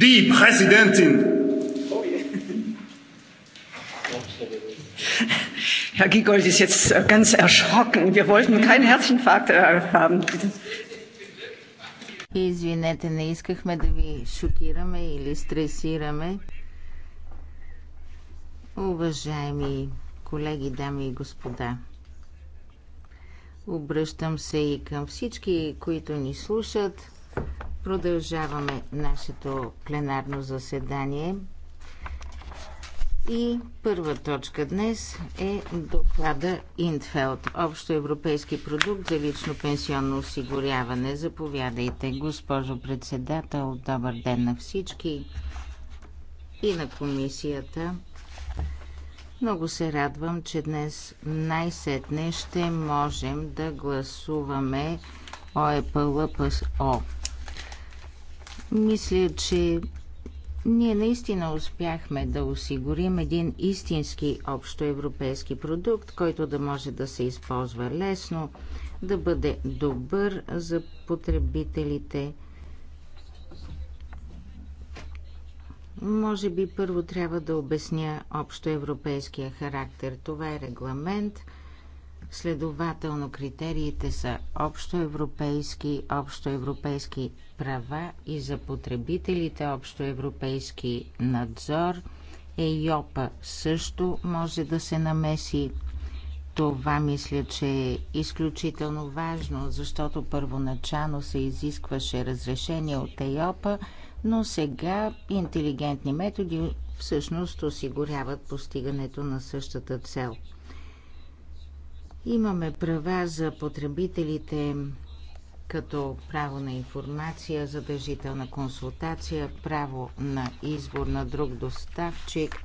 die Präsidentin. Herr Giegold ist jetzt ganz erschrocken. Wir wollten keinen Herzinfarkt äh, haben. Извинете, не искахме да ви шокираме или стресираме. Уважаеми колеги, дами и господа, обръщам се и към всички, които ни слушат. Продължаваме нашето пленарно заседание. И първа точка днес е доклада Интфелд. Общо европейски продукт за лично пенсионно осигуряване. Заповядайте, госпожо председател. Добър ден на всички и на комисията. Много се радвам, че днес най-сетне ще можем да гласуваме ОЕПЛПСО е мисля, че ние наистина успяхме да осигурим един истински общоевропейски продукт, който да може да се използва лесно, да бъде добър за потребителите. Може би първо трябва да обясня общоевропейския характер. Това е регламент – Следователно критериите са общоевропейски, общоевропейски права и за потребителите, общоевропейски надзор. ЕЙОПА също може да се намеси. Това мисля, че е изключително важно, защото първоначално се изискваше разрешение от ЕЙОПА, но сега интелигентни методи всъщност осигуряват постигането на същата цел – Имаме права за потребителите като право на информация, задължителна консултация, право на избор на друг доставчик,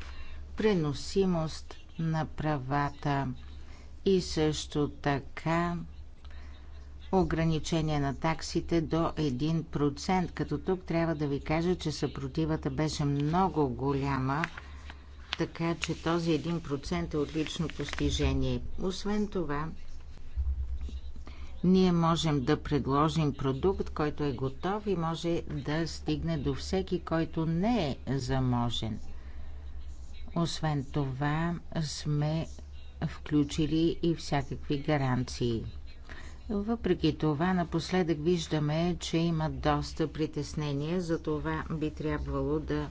преносимост на правата и също така ограничение на таксите до 1%, като тук трябва да ви кажа, че съпротивата беше много голяма така че този 1% е отлично постижение. Освен това, ние можем да предложим продукт, който е готов и може да стигне до всеки, който не е заможен. Освен това, сме включили и всякакви гаранции. Въпреки това, напоследък виждаме, че има доста притеснения, за това би трябвало да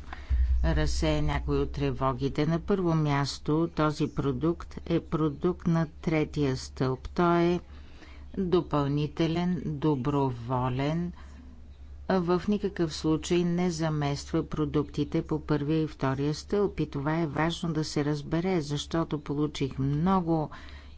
разсее някои от тревогите. На първо място този продукт е продукт на третия стълб. Той е допълнителен, доброволен, в никакъв случай не замества продуктите по първия и втория стълб и това е важно да се разбере, защото получих много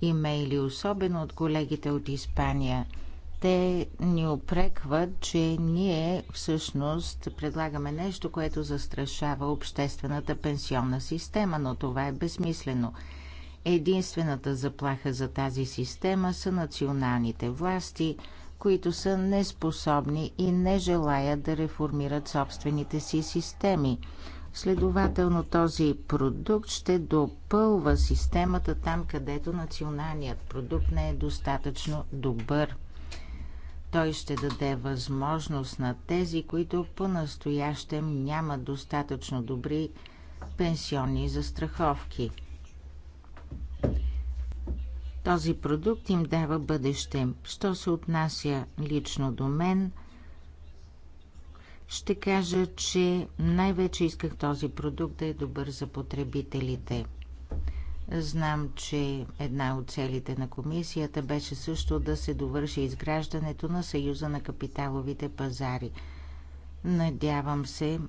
имейли, особено от колегите от Испания – те ни опрекват, че ние всъщност предлагаме нещо, което застрашава обществената пенсионна система, но това е безмислено. Единствената заплаха за тази система са националните власти, които са неспособни и не желаят да реформират собствените си системи. Следователно този продукт ще допълва системата там, където националният продукт не е достатъчно добър. Той ще даде възможност на тези, които по-настоящем нямат достатъчно добри пенсионни застраховки. Този продукт им дава бъдеще. Що се отнася лично до мен, ще кажа, че най-вече исках този продукт да е добър за потребителите – Знам, че една от целите на комисията беше също да се довърши изграждането на Съюза на капиталовите пазари. Надявам се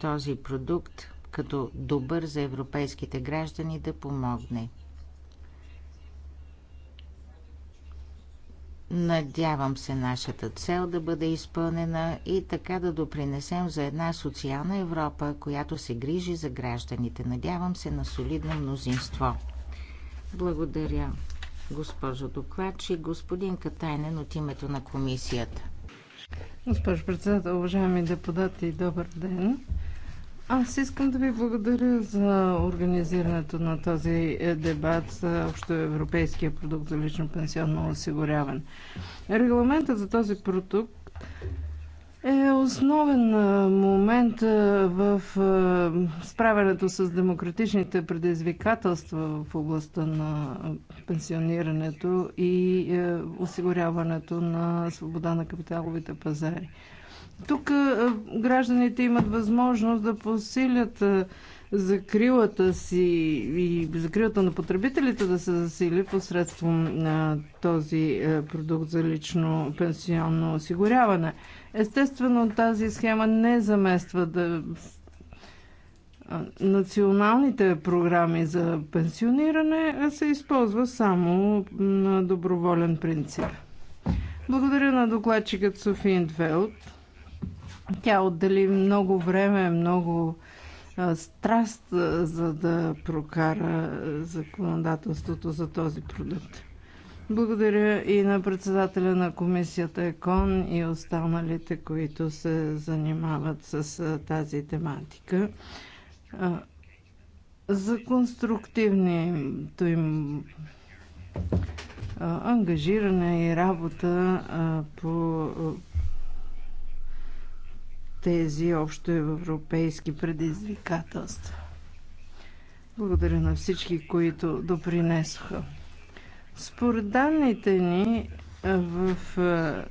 този продукт като добър за европейските граждани да помогне. Надявам се нашата цел да бъде изпълнена и така да допринесем за една социална Европа, която се грижи за гражданите. Надявам се на солидно мнозинство. Благодаря, госпожо докладчи. Господин Катайнен от името на комисията. Госпожо председател, уважаеми депутати, добър ден. Аз искам да ви благодаря за организирането на този е, дебат за общоевропейския продукт за лично пенсионно осигуряване. Регламентът за този продукт е основен е, момент е, в справянето с демократичните предизвикателства в областта на пенсионирането и осигуряването на свобода на капиталовите пазари. Тук гражданите имат възможност да посилят закрилата си и закрилата на потребителите да се засили посредством на този продукт за лично пенсионно осигуряване. Естествено, тази схема не замества да националните програми за пенсиониране се използва само на доброволен принцип. Благодаря на докладчикът Софин Велт. Тя отдели много време, много страст, за да прокара законодателството за този продукт. Благодаря и на председателя на комисията ЕКОН и останалите, които се занимават с тази тематика. За конструктивното им ангажиране и работа по тези общоевропейски предизвикателства. Благодаря на всички, които допринесоха. Според данните ни е, в е,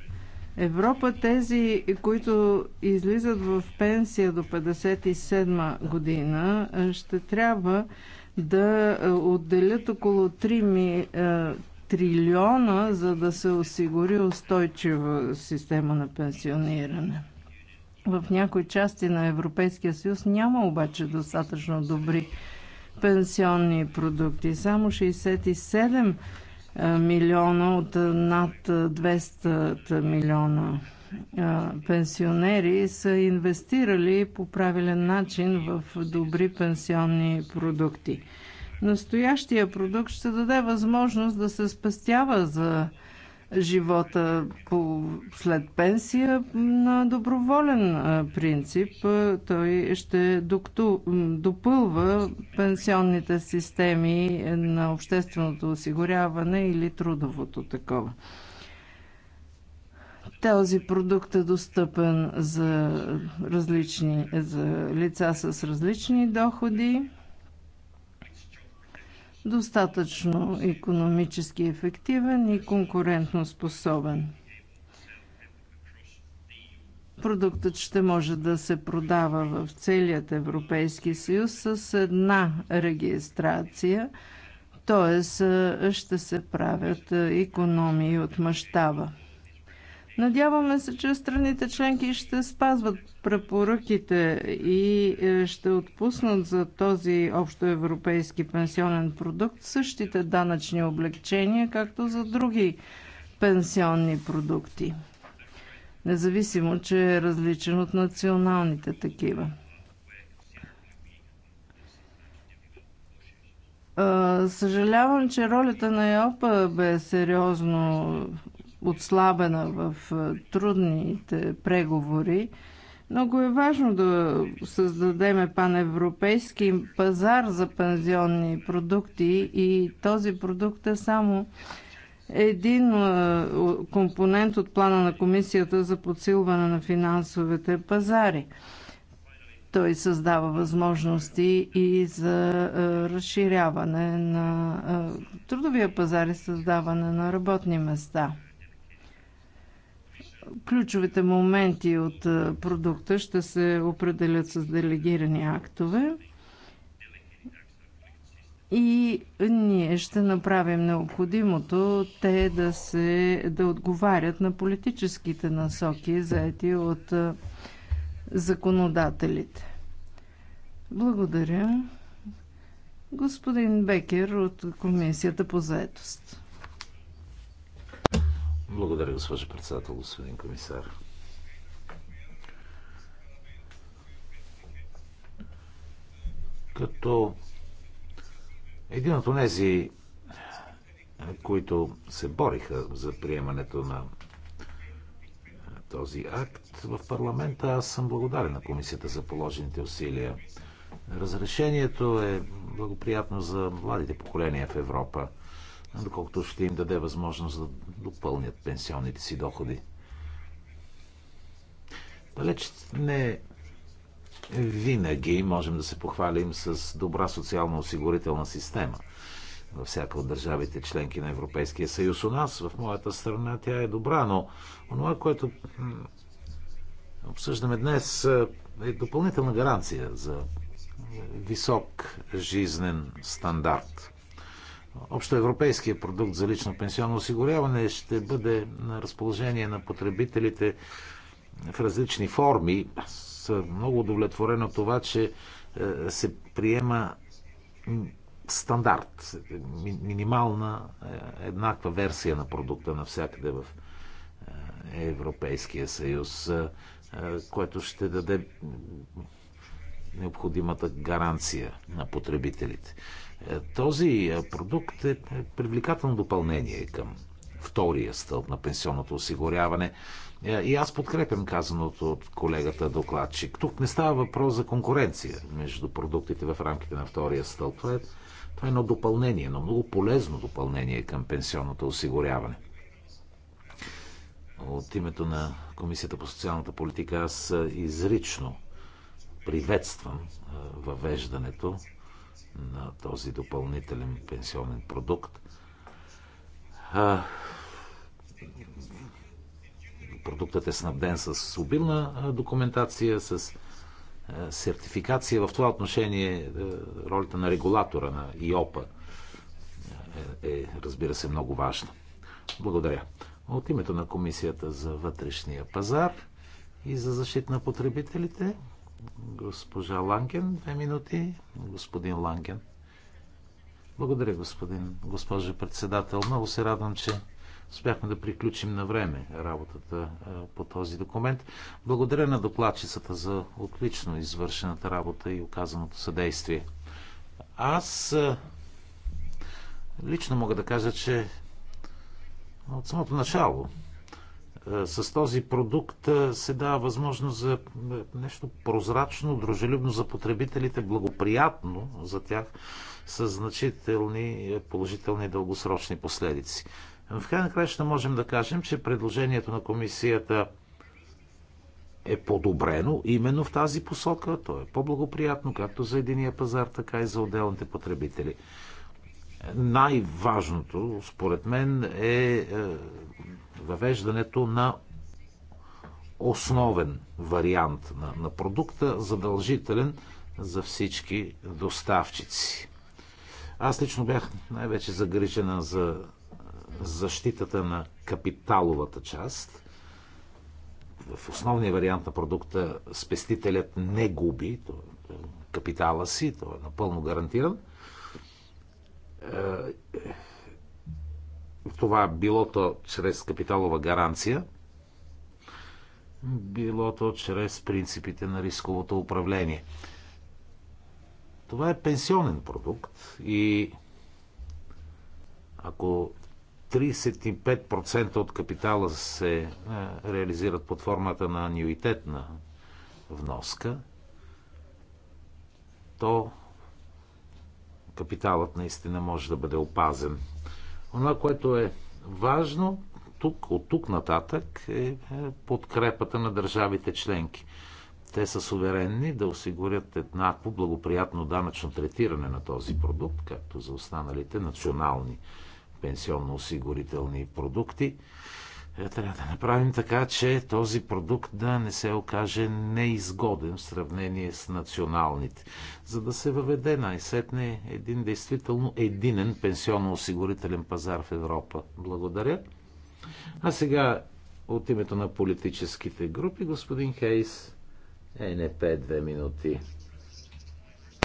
Европа тези, които излизат в пенсия до 57 година, е, ще трябва да отделят около 3 ми, трилиона, за да се осигури устойчива система на пенсиониране. В някои части на Европейския съюз няма обаче достатъчно добри пенсионни продукти. Само 67 милиона от над 200 милиона пенсионери са инвестирали по правилен начин в добри пенсионни продукти. Настоящия продукт ще даде възможност да се спестява за живота по, след пенсия на доброволен принцип. Той ще докту, допълва пенсионните системи на общественото осигуряване или трудовото такова. Този продукт е достъпен за, различни, за лица с различни доходи достатъчно економически ефективен и конкурентно способен. Продуктът ще може да се продава в целият Европейски съюз с една регистрация, т.е. ще се правят економии от мащаба. Надяваме се, че страните членки ще спазват препоръките и е, ще отпуснат за този общоевропейски пенсионен продукт същите данъчни облегчения, както за други пенсионни продукти. Независимо, че е различен от националните такива. Е, съжалявам, че ролята на ЕОПА бе сериозно отслабена в трудните преговори. Много е важно да създадеме паневропейски пазар за пензионни продукти и този продукт е само един компонент от плана на комисията за подсилване на финансовите пазари. Той създава възможности и за разширяване на трудовия пазар и създаване на работни места – Ключовите моменти от продукта ще се определят с делегирани актове и ние ще направим необходимото те да, се, да отговарят на политическите насоки, заети от законодателите. Благодаря. Господин Бекер от Комисията по заедост. Благодаря, госпожо председател, господин комисар. Като един от тези, които се бориха за приемането на този акт в парламента, аз съм благодарен на комисията за положените усилия. Разрешението е благоприятно за младите поколения в Европа – доколкото ще им даде възможност да допълнят пенсионните си доходи. Далеч не винаги можем да се похвалим с добра социално-осигурителна система във всяка от държавите членки на Европейския съюз. У нас, в моята страна, тя е добра, но това, което обсъждаме днес, е допълнителна гаранция за висок жизнен стандарт общоевропейския продукт за лично пенсионно осигуряване ще бъде на разположение на потребителите в различни форми. Съм много удовлетворен от това, че е, се приема стандарт, минимална е, еднаква версия на продукта навсякъде в е, Европейския съюз, което ще даде необходимата гаранция на потребителите. Този е, продукт е привлекателно допълнение към втория стълб на пенсионното осигуряване. Е, и аз подкрепям казаното от колегата докладчик. Тук не става въпрос за конкуренция между продуктите в рамките на втория стълб. Това е, това е едно допълнение, едно много полезно допълнение към пенсионното осигуряване. От името на Комисията по социалната политика аз е, изрично приветствам въвеждането на този допълнителен пенсионен продукт. А, продуктът е снабден с обилна документация, с сертификация. В това отношение ролята на регулатора на ИОПА е, е разбира се, много важна. Благодаря. От името на Комисията за вътрешния пазар и за защита на потребителите Госпожа Ланген, две минути. Господин Ланген. Благодаря, господин, госпожо председател. Много се радвам, че успяхме да приключим на време работата по този документ. Благодаря на докладчицата за отлично извършената работа и оказаното съдействие. Аз лично мога да кажа, че от самото начало е, с този продукт е, се дава възможност за е, нещо прозрачно, дружелюбно за потребителите, благоприятно за тях, с значителни положителни дългосрочни последици. В край на ще можем да кажем, че предложението на комисията е подобрено именно в тази посока. То е по-благоприятно както за единия пазар, така и за отделните потребители. Най-важното, според мен, е въвеждането на основен вариант на, на продукта, задължителен за всички доставчици. Аз лично бях най-вече загрижена за защитата на капиталовата част. В основния вариант на продукта спестителят не губи е капитала си, той е напълно гарантиран е, това е било то чрез капиталова гаранция, било то чрез принципите на рисковото управление. Това е пенсионен продукт и ако 35% от капитала се е, реализират под формата на анюитетна вноска, то капиталът наистина може да бъде опазен. Онова, което е важно тук, от тук нататък е, е подкрепата на държавите членки. Те са суверенни да осигурят еднакво благоприятно данъчно третиране на този продукт, както за останалите национални пенсионно-осигурителни продукти е, трябва да направим така, че този продукт да не се окаже неизгоден в сравнение с националните, за да се въведе най-сетне един действително единен пенсионно-осигурителен пазар в Европа. Благодаря. А сега от името на политическите групи господин Хейс, ЕНП, две минути.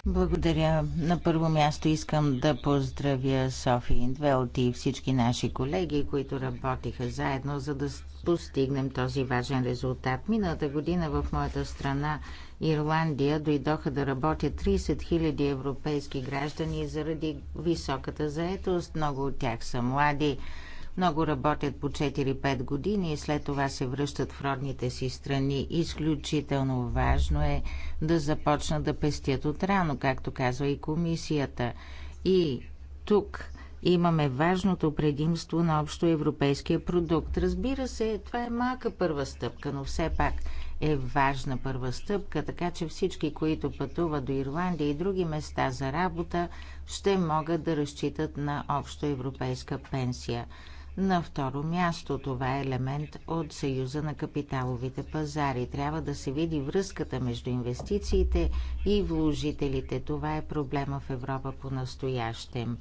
Благодаря. На първо място искам да поздравя Софи Индвелт и всички наши колеги, които работиха заедно, за да постигнем този важен резултат. Миналата година в моята страна Ирландия дойдоха да работят 30 000 европейски граждани заради високата заетост. Много от тях са млади. Много работят по 4-5 години и след това се връщат в родните си страни. Изключително важно е да започнат да пестят от рано, както казва и комисията. И тук имаме важното предимство на общо европейския продукт. Разбира се, това е малка първа стъпка, но все пак е важна първа стъпка, така че всички, които пътуват до Ирландия и други места за работа, ще могат да разчитат на общо европейска пенсия. На второ място това е елемент от Съюза на капиталовите пазари. Трябва да се види връзката между инвестициите и вложителите. Това е проблема в Европа по настоящем.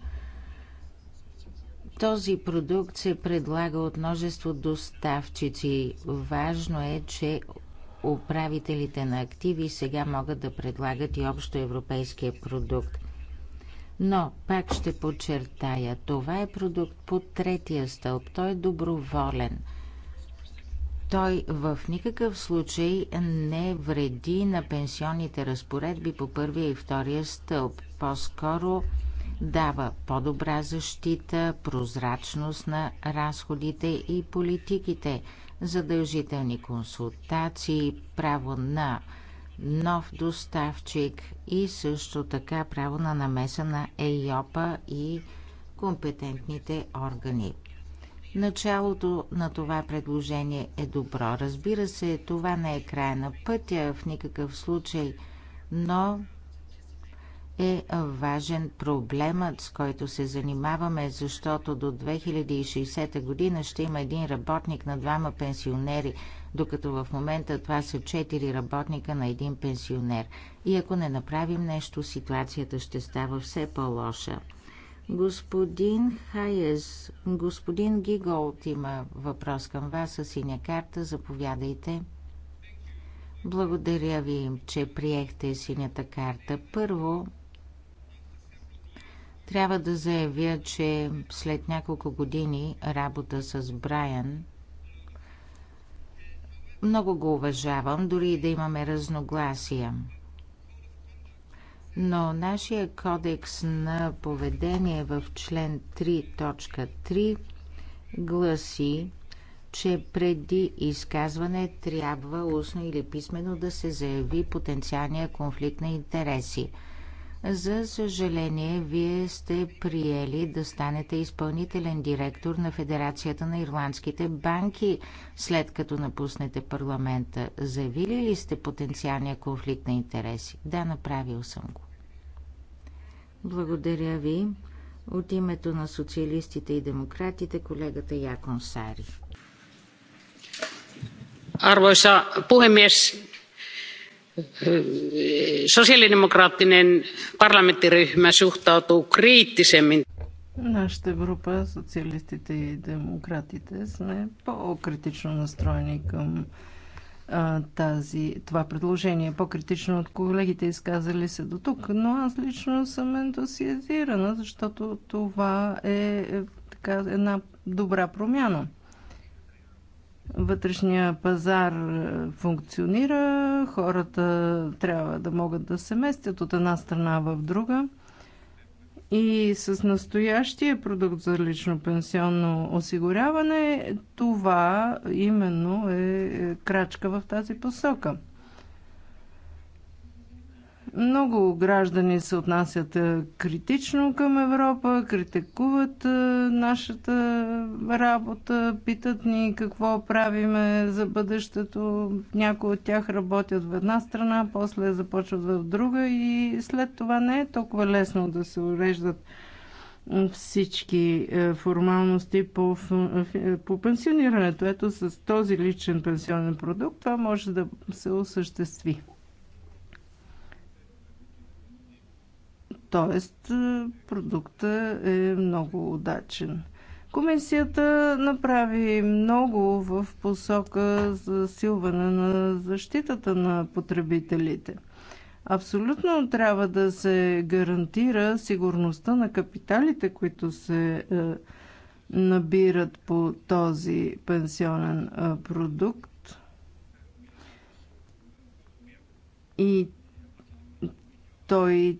Този продукт се предлага от множество доставчици. Важно е, че управителите на активи сега могат да предлагат и общо европейския продукт. Но, пак ще подчертая, това е продукт по третия стълб. Той е доброволен. Той в никакъв случай не вреди на пенсионните разпоредби по първия и втория стълб. По-скоро дава по-добра защита, прозрачност на разходите и политиките, задължителни консултации, право на нов доставчик и също така право на намеса на ЕИОПа и компетентните органи. Началото на това предложение е добро. Разбира се, това не е края на пътя в никакъв случай, но е важен проблемът, с който се занимаваме, защото до 2060 година ще има един работник на двама пенсионери, докато в момента това са четири работника на един пенсионер. И ако не направим нещо, ситуацията ще става все по-лоша. Господин Хайес, господин Гиголт има въпрос към вас с синя карта. Заповядайте. Благодаря ви, че приехте синята карта. Първо, трябва да заявя, че след няколко години работа с Брайан много го уважавам, дори и да имаме разногласия. Но нашия кодекс на поведение в член 3.3 гласи, че преди изказване трябва устно или писмено да се заяви потенциалния конфликт на интереси – за съжаление, вие сте приели да станете изпълнителен директор на Федерацията на ирландските банки, след като напуснете парламента. Заявили ли сте потенциалния конфликт на интереси? Да, направил съм го. Благодаря ви. От името на социалистите и демократите, колегата Якон Сари. Arvoisa puhemies, Sosiaalidemokraattinen parlamenttiryhmä suhtautuu kriittisemmin. Нашата група, социалистите и демократите, сме по-критично настроени към а, тази, това предложение. По-критично от колегите изказали се до тук, но аз лично съм ентусиазирана, защото това е, е така, една добра промяна вътрешния пазар е, функционира, хората трябва да могат да се местят от една страна в друга. И с настоящия продукт за лично пенсионно осигуряване, това именно е, е крачка в тази посока. Много граждани се отнасят критично към Европа, критикуват нашата работа, питат ни какво правиме за бъдещето. Някои от тях работят в една страна, после започват в друга и след това не е толкова лесно да се уреждат всички е, формалности по, по пенсионирането. Ето с този личен пенсионен продукт това може да се осъществи. Тоест, е, продуктът е много удачен. Комисията направи много в посока за силване на защитата на потребителите. Абсолютно трябва да се гарантира сигурността на капиталите, които се е, набират по този пенсионен е, продукт. И той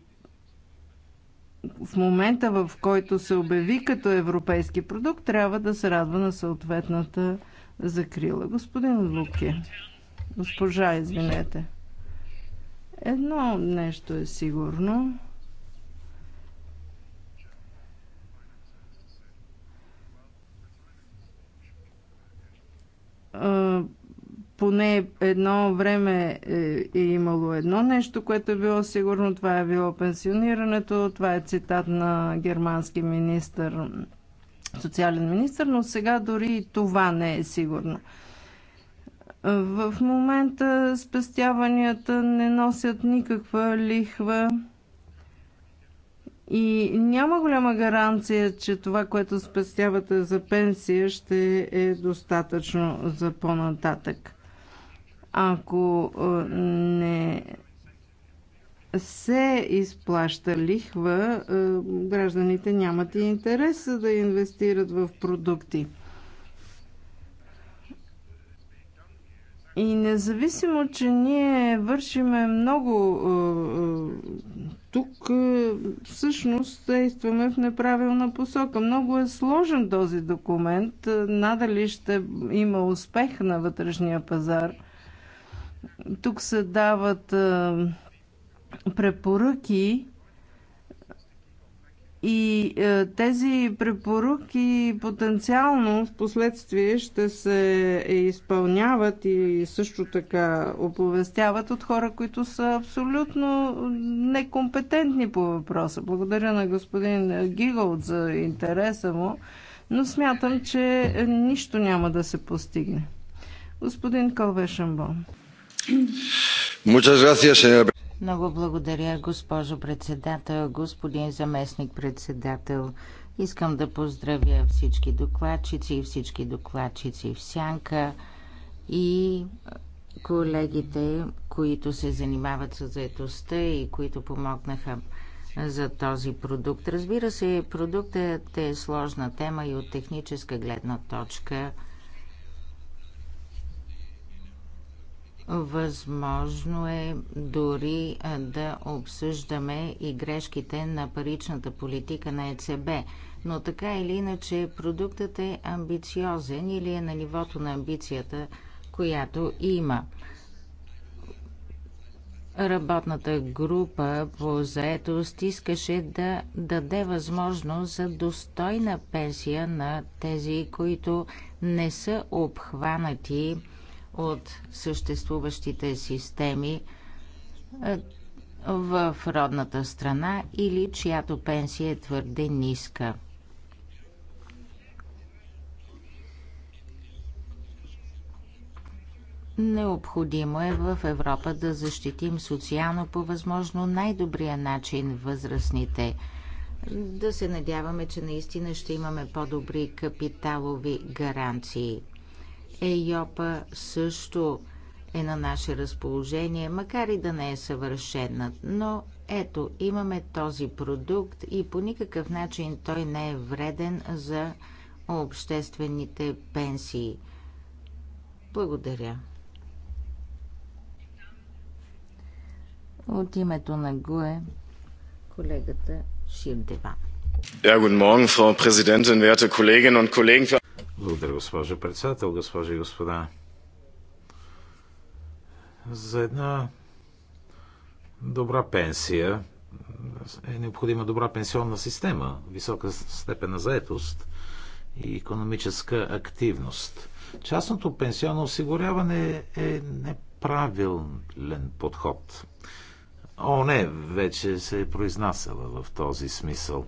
в момента, в който се обяви като европейски продукт, трябва да се радва на съответната закрила. Господин Луки, госпожа, извинете. Едно нещо е сигурно. А, поне едно време е, е имало едно нещо, което е било сигурно, това е било пенсионирането, това е цитат на германски министр, социален министр, но сега дори и това не е сигурно. В момента спестяванията не носят никаква лихва и няма голяма гаранция, че това, което спестявате за пенсия, ще е достатъчно за по-нататък. Ако е, не се изплаща лихва, е, гражданите нямат и интерес да инвестират в продукти. И независимо, че ние вършиме много е, тук, всъщност действаме в неправилна посока. Много е сложен този документ. Надали ще има успех на вътрешния пазар – тук се дават препоръки и тези препоръки потенциално в последствие ще се изпълняват и също така оповестяват от хора, които са абсолютно некомпетентни по въпроса. Благодаря на господин Гигълд за интереса му, но смятам, че нищо няма да се постигне. Господин Калвешенбон. Много благодаря, госпожо председател, господин заместник председател. Искам да поздравя всички докладчици и всички докладчици в Сянка и колегите, които се занимават с заедостта и които помогнаха за този продукт. Разбира се, продуктът е сложна тема и от техническа гледна точка – Възможно е дори да обсъждаме и грешките на паричната политика на ЕЦБ, но така или иначе продуктът е амбициозен или е на нивото на амбицията, която има. Работната група по заетост искаше да даде възможност за достойна пенсия на тези, които не са обхванати от съществуващите системи е, в родната страна или чиято пенсия е твърде ниска. Необходимо е в Европа да защитим социално по възможно най-добрия начин възрастните. Да се надяваме, че наистина ще имаме по-добри капиталови гаранции. ЕЙОПА също е на наше разположение, макар и да не е съвършена. Но ето, имаме този продукт и по никакъв начин той не е вреден за обществените пенсии. Благодаря. От името на ГУЕ колегата Ширдева. Ja, guten Morgen, Frau Präsidentin, werte Kolleginnen und Kollegen. Благодаря, госпожо председател, госпожи и господа. За една добра пенсия е необходима добра пенсионна система, висока степен на заетост и економическа активност. Частното пенсионно осигуряване е неправилен подход. О, не, вече се е произнасяла в този смисъл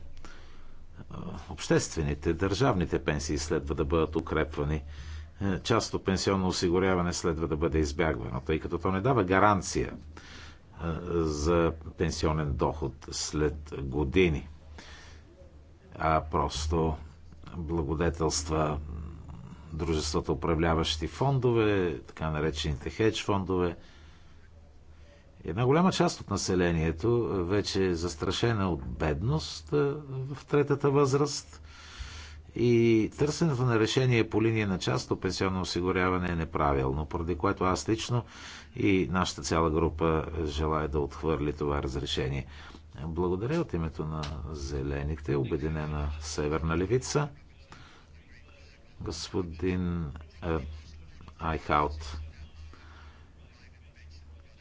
обществените, държавните пенсии следва да бъдат укрепвани. Е, Часто пенсионно осигуряване следва да бъде избягвано, тъй като то не дава гаранция е, за пенсионен доход след години, а просто благодетелства дружествата, управляващи фондове, така наречените хедж фондове, Една голяма част от населението вече е застрашена от бедност е, в третата възраст и търсенето на решение по линия на от пенсионно осигуряване е неправилно, поради което аз лично и нашата цяла група желая да отхвърли това разрешение. Благодаря от името на Зелените, Обединена Северна Левица, господин е, Айхаут.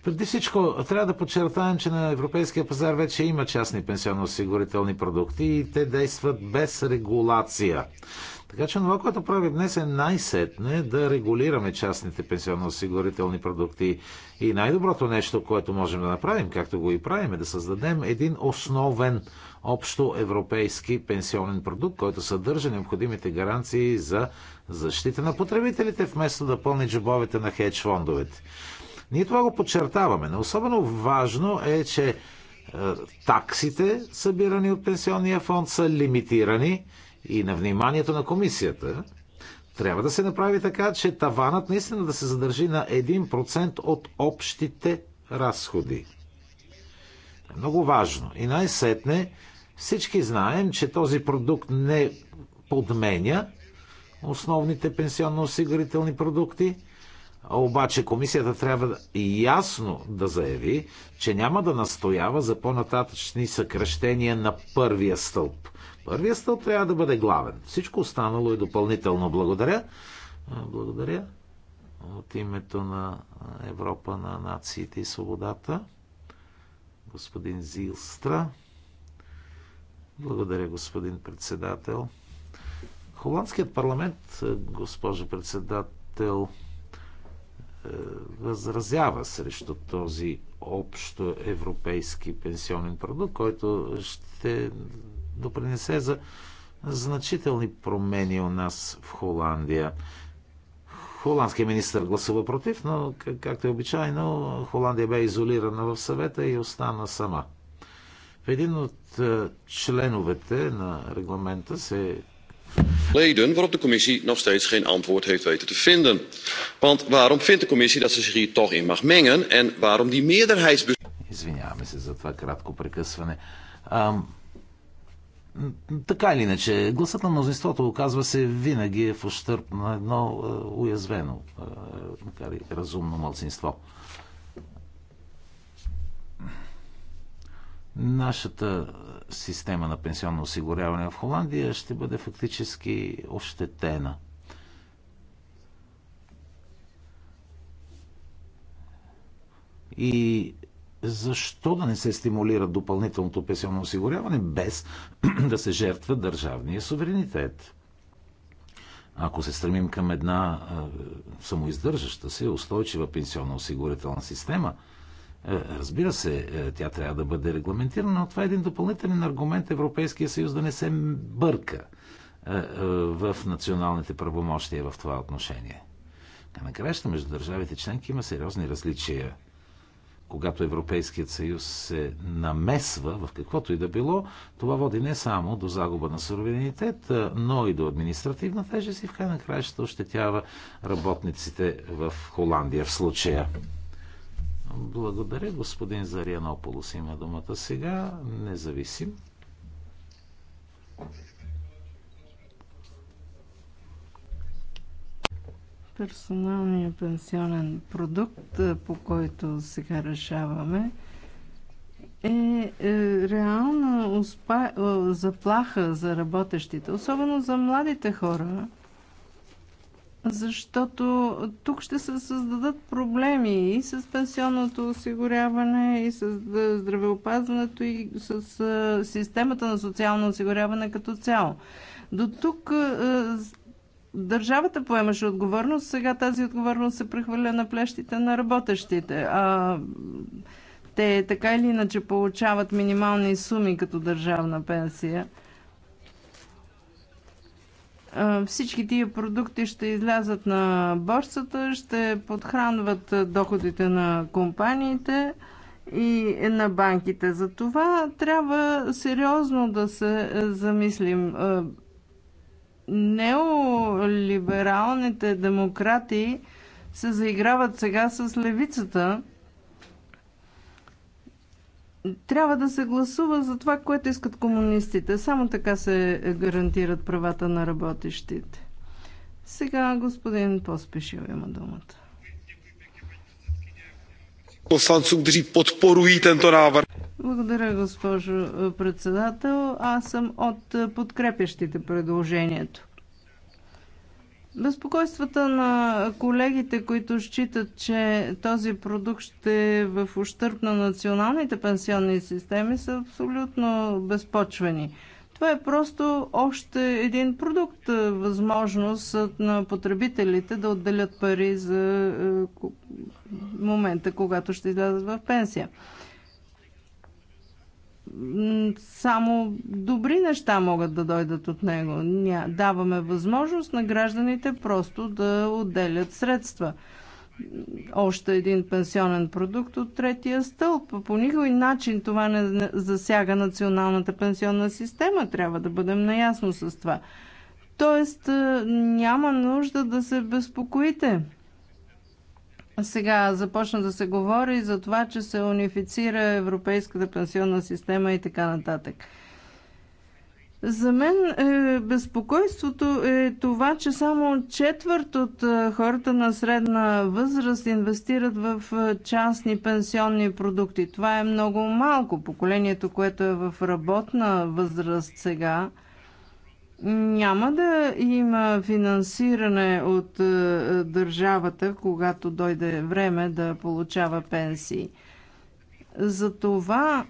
Преди всичко, трябва да подчертаем, че на европейския пазар вече има частни пенсионно-осигурителни продукти и те действат без регулация. Така че това, което прави днес е най-сетне да регулираме частните пенсионно-осигурителни продукти. И най-доброто нещо, което можем да направим, както го и правим, е да създадем един основен общо европейски пенсионен продукт, който съдържа необходимите гаранции за защита на потребителите, вместо да пълни джобовете на хедж фондовете. Ние това го подчертаваме. Но особено важно е, че е, таксите, събирани от пенсионния фонд, са лимитирани и на вниманието на комисията. Трябва да се направи така, че таванът наистина да се задържи на 1% от общите разходи. Много важно. И най-сетне всички знаем, че този продукт не подменя основните пенсионно-осигурителни продукти – обаче комисията трябва ясно да заяви, че няма да настоява за по-нататъчни съкръщения на първия стълб. Първия стълб трябва да бъде главен. Всичко останало е допълнително. Благодаря. Благодаря от името на Европа на нациите и свободата. Господин Зилстра. Благодаря, господин председател. Холандският парламент, госпожо председател, възразява срещу този общо европейски пенсионен продукт, който ще допринесе за значителни промени у нас в Холандия. Холандският министр гласува против, но както е обичайно, Холандия бе изолирана в съвета и остана сама. В един от е, членовете на регламента се leden waarop de commissie nog steeds geen antwoord heeft weten te vinden. Want waarom vindt de commissie dat ze zich hier toch in mag mengen en waarom die meerderheidsbeslissing. Така или иначе, гласът на мнозинството оказва се винаги в ущърп на едно уязвено, макар и разумно мълцинство. Нашата система на пенсионно осигуряване в Холандия ще бъде фактически ощетена. И защо да не се стимулира допълнителното пенсионно осигуряване без да се жертва държавния суверенитет? Ако се стремим към една самоиздържаща се, устойчива пенсионно осигурителна система – е, разбира се, е, тя трябва да бъде регламентирана, но това е един допълнителен аргумент Европейския съюз да не се бърка е, в националните правомощия в това отношение. А накрая между държавите членки има сериозни различия. Когато Европейският съюз се намесва в каквото и да било, това води не само до загуба на суверенитет, но и до административна тежест и в край на ще ощетява работниците в Холандия в случая. Благодаря, господин Зарианополос има думата сега. Независим. Персоналният пенсионен продукт, е, по който сега решаваме, е, е реална успа... Е, заплаха за работещите, особено за младите хора – защото тук ще се създадат проблеми и с пенсионното осигуряване, и с здравеопазването, и с системата на социално осигуряване като цяло. До тук държавата поемаше отговорност, сега тази отговорност се прехвърля на плещите на работещите. А, те така или иначе получават минимални суми като държавна пенсия – всички тия продукти ще излязат на борсата, ще подхранват доходите на компаниите и на банките. За това трябва сериозно да се замислим. Неолибералните демократи се заиграват сега с левицата трябва да се гласува за това, което искат комунистите. Само така се гарантират правата на работещите. Сега господин Поспешил има думата. Посланцу, Благодаря, госпожо председател. Аз съм от подкрепящите предложението. Безпокойствата на колегите, които считат, че този продукт ще е в ущърп на националните пенсионни системи, са абсолютно безпочвени. Това е просто още един продукт, е, възможност на потребителите да отделят пари за е, момента, когато ще излязат в пенсия само добри неща могат да дойдат от него. Даваме възможност на гражданите просто да отделят средства. Още един пенсионен продукт от третия стълб. По никой начин това не засяга националната пенсионна система. Трябва да бъдем наясно с това. Тоест, е, няма нужда да се безпокоите. Сега започна да се говори за това, че се унифицира европейската пенсионна система и така нататък. За мен е, безпокойството е това, че само четвърт от е, хората на средна възраст инвестират в е, частни пенсионни продукти. Това е много малко. Поколението, което е в работна възраст сега, няма да има финансиране от е, държавата, когато дойде време да получава пенсии. Затова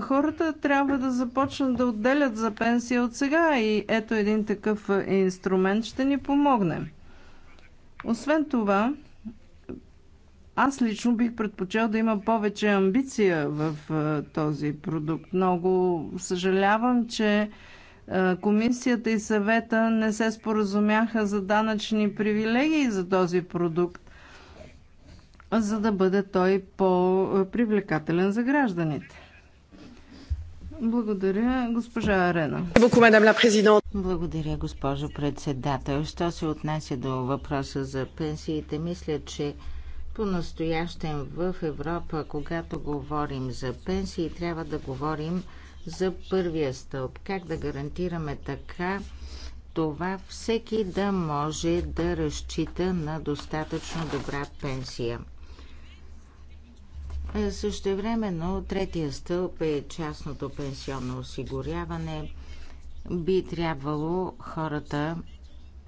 хората трябва да започнат да отделят за пенсия от сега и ето един такъв инструмент ще ни помогне. Освен това, аз лично бих предпочел да има повече амбиция в е, този продукт. Много съжалявам, че е, комисията и съвета не се споразумяха за данъчни привилегии за този продукт, за да бъде той по-привлекателен за гражданите. Благодаря, госпожа Арена. Благодаря, госпожо председател. Що се отнася до въпроса за пенсиите, мисля, че по-настоящем в Европа, когато говорим за пенсии, трябва да говорим за първия стълб. Как да гарантираме така това всеки да може да разчита на достатъчно добра пенсия? Е, но третия стълб е частното пенсионно осигуряване. Би трябвало хората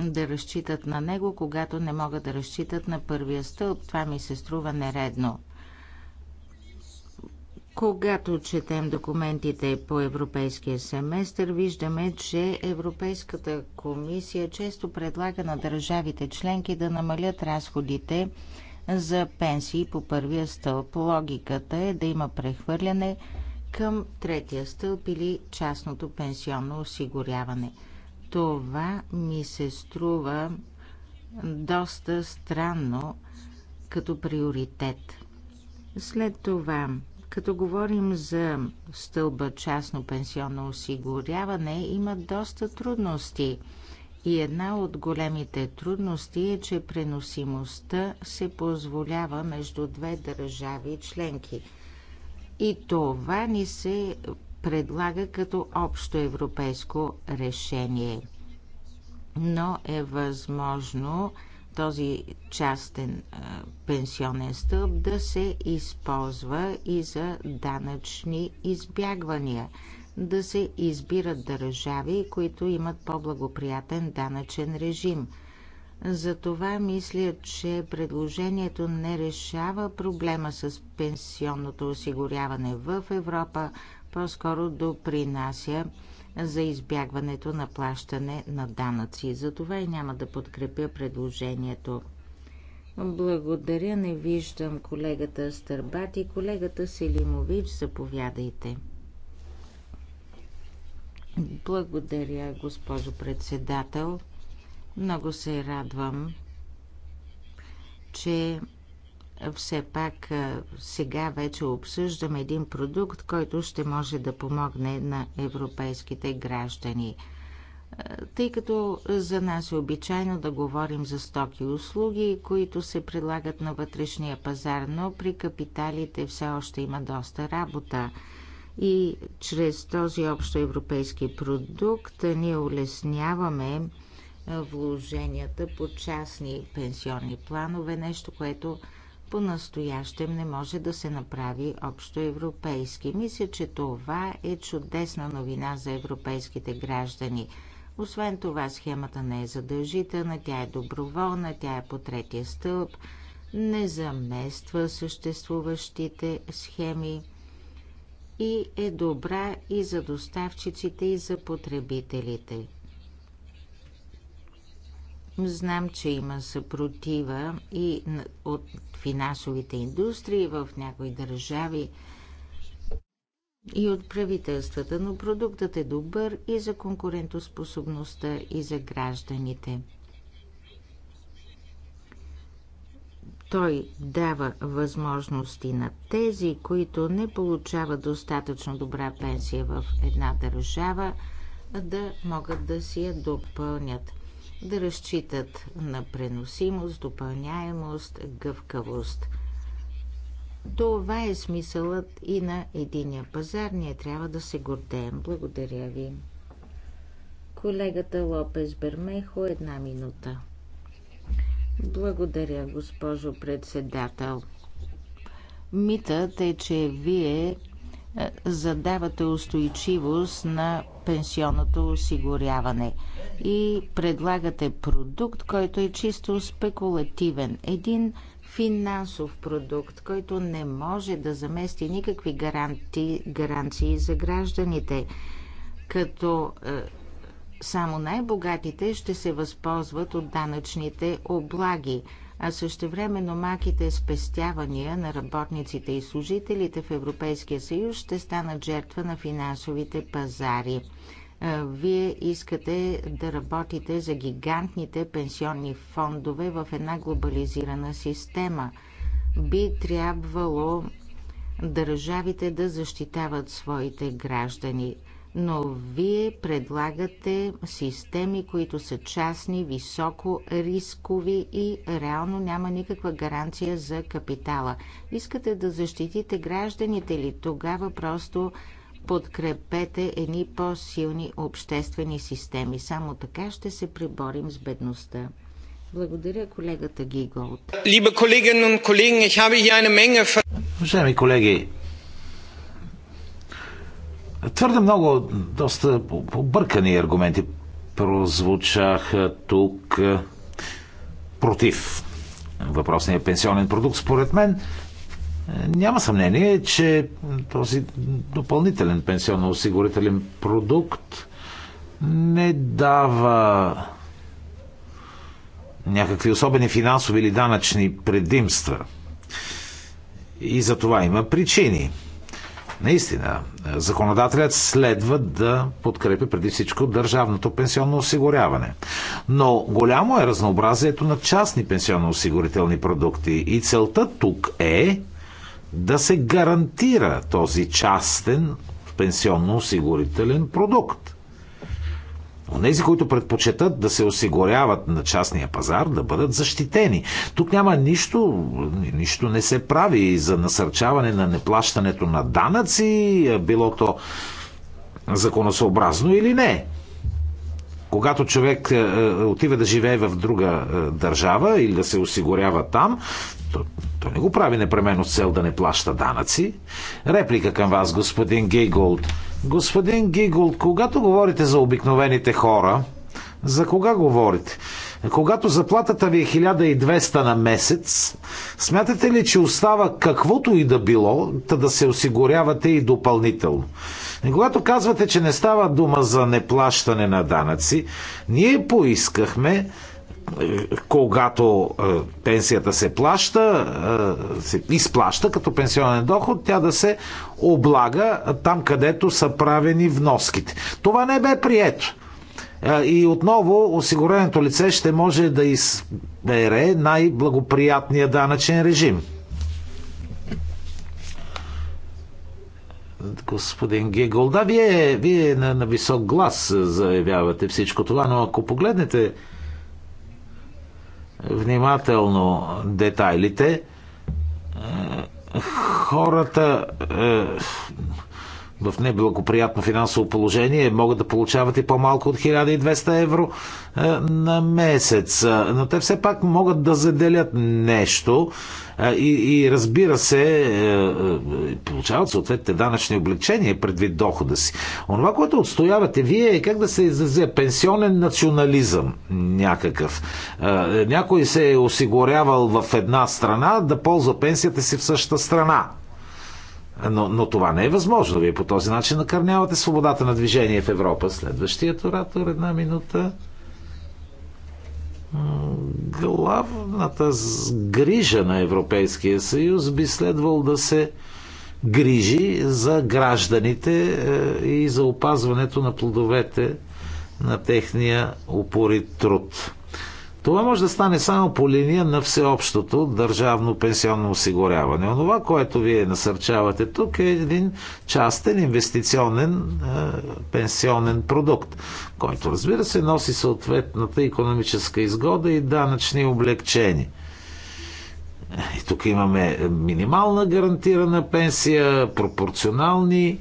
да разчитат на него, когато не могат да разчитат на първия стълб. Това ми се струва нередно. Когато четем документите по европейския семестър, виждаме, че Европейската комисия често предлага на държавите членки да намалят разходите за пенсии по първия стълб. Логиката е да има прехвърляне към третия стълб или частното пенсионно осигуряване. Това ми се струва доста странно като приоритет. След това като говорим за стълба частно пенсионно осигуряване, има доста трудности. И една от големите трудности е, че преносимостта се позволява между две държави членки. И това ни се предлага като общо европейско решение. Но е възможно този частен пенсионен стълб да се използва и за данъчни избягвания, да се избират държави, които имат по-благоприятен данъчен режим. Затова мисля, че предложението не решава проблема с пенсионното осигуряване в Европа, по-скоро допринася за избягването на плащане на данъци. Затова и няма да подкрепя предложението. Благодаря, не виждам колегата и Колегата Селимович, заповядайте. Благодаря, госпожо председател. Много се радвам, че все пак сега вече обсъждаме един продукт, който ще може да помогне на европейските граждани. Тъй като за нас е обичайно да говорим за стоки и услуги, които се предлагат на вътрешния пазар, но при капиталите все още има доста работа. И чрез този общо европейски продукт ние улесняваме вложенията по частни пенсионни планове, нещо, което по-настоящем не може да се направи общо европейски. Мисля, че това е чудесна новина за европейските граждани. Освен това, схемата не е задължителна, тя е доброволна, тя е по третия стълб, не замества съществуващите схеми и е добра и за доставчиците, и за потребителите. Знам, че има съпротива и от финансовите индустрии в някои държави и от правителствата, но продуктът е добър и за конкурентоспособността и за гражданите. Той дава възможности на тези, които не получават достатъчно добра пенсия в една държава, да могат да си я допълнят да разчитат на преносимост, допълняемост, гъвкавост. Това е смисълът и на единия пазар. Ние трябва да се гордеем. Благодаря ви. Колегата Лопес Бермехо, една минута. Благодаря, госпожо председател. Митът е, че вие е, задавате устойчивост на пенсионното осигуряване. И предлагате продукт, който е чисто спекулативен. Един финансов продукт, който не може да замести никакви гаранти, гаранции за гражданите, като е, само най-богатите ще се възползват от данъчните облаги а същевременно маките спестявания на работниците и служителите в Европейския съюз ще станат жертва на финансовите пазари. Вие искате да работите за гигантните пенсионни фондове в една глобализирана система. Би трябвало държавите да защитават своите граждани но вие предлагате системи, които са частни, високо рискови и реално няма никаква гаранция за капитала. Искате да защитите гражданите ли? Тогава просто подкрепете едни по-силни обществени системи. Само така ще се приборим с бедността. Благодаря колегата Гиголд. Уважаеми колеги, Твърде много, доста объркани аргументи прозвучаха тук е, против въпросния пенсионен продукт. Според мен е, няма съмнение, че този допълнителен пенсионно-осигурителен продукт не дава някакви особени финансови или данъчни предимства. И за това има причини – Наистина, законодателят следва да подкрепи преди всичко държавното пенсионно осигуряване. Но голямо е разнообразието на частни пенсионно-осигурителни продукти и целта тук е да се гарантира този частен пенсионно-осигурителен продукт. Онези, които предпочитат да се осигуряват на частния пазар, да бъдат защитени. Тук няма нищо, нищо не се прави за насърчаване на неплащането на данъци, било то законосъобразно или не. Когато човек е, е, отива да живее в друга е, държава или да се осигурява там, той то не го прави непременно с цел да не плаща данъци. Реплика към вас, господин Гиголд. Господин Гиголд, когато говорите за обикновените хора, за кога говорите? Когато заплатата ви е 1200 на месец, смятате ли, че остава каквото и да било, та да се осигурявате и допълнително? И когато казвате, че не става дума за неплащане на данъци, ние поискахме когато е, пенсията се плаща, е, се изплаща като пенсионен доход, тя да се облага там, където са правени вноските. Това не бе прието. Е, и отново осигуреното лице ще може да избере най-благоприятния данъчен режим. господин Гегол, Да, вие, вие на, на висок глас заявявате всичко това, но ако погледнете внимателно детайлите, е, хората е, в неблагоприятно финансово положение могат да получават и по-малко от 1200 евро е, на месец. Е, но те все пак могат да заделят нещо е, и, и разбира се, получават съответните данъчни облегчения предвид дохода си. Онова, което отстоявате вие е как да се изразя пенсионен национализъм някакъв. Някой се е осигурявал в една страна да ползва пенсията си в същата страна. Но, но това не е възможно. Вие по този начин накърнявате свободата на движение в Европа. Следващият оратор, една минута. Главната грижа на Европейския съюз би следвал да се грижи за гражданите е, и за опазването на плодовете на техния упорит труд. Това може да стане само по линия на всеобщото държавно пенсионно осигуряване. Онова, което вие насърчавате тук е един частен инвестиционен е, пенсионен продукт, който разбира се носи съответната економическа изгода и данъчни облегчения. И тук имаме минимална гарантирана пенсия, пропорционални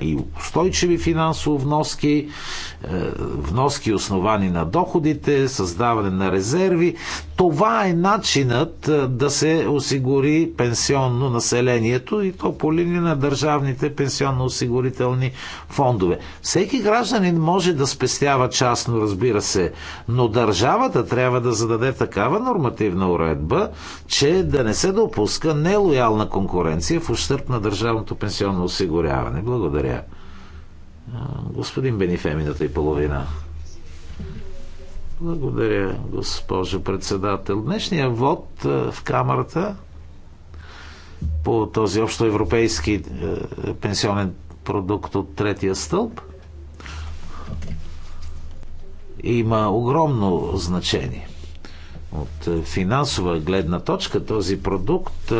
и устойчиви финансово вноски, е, вноски основани на доходите, създаване на резерви. Това е начинът е, да се осигури пенсионно населението и то по линия на държавните пенсионно-осигурителни фондове. Всеки гражданин може да спестява частно, разбира се, но държавата трябва да зададе такава нормативна уредба, че да не се допуска нелоялна конкуренция в ущърп на държавното пенсионно осигуряване. Благодаря. Господин Бенифе, минута и половина. Благодаря, госпожо председател. Днешния вод в Камерата по този общо европейски пенсионен продукт от третия стълб има огромно значение. От финансова гледна точка този продукт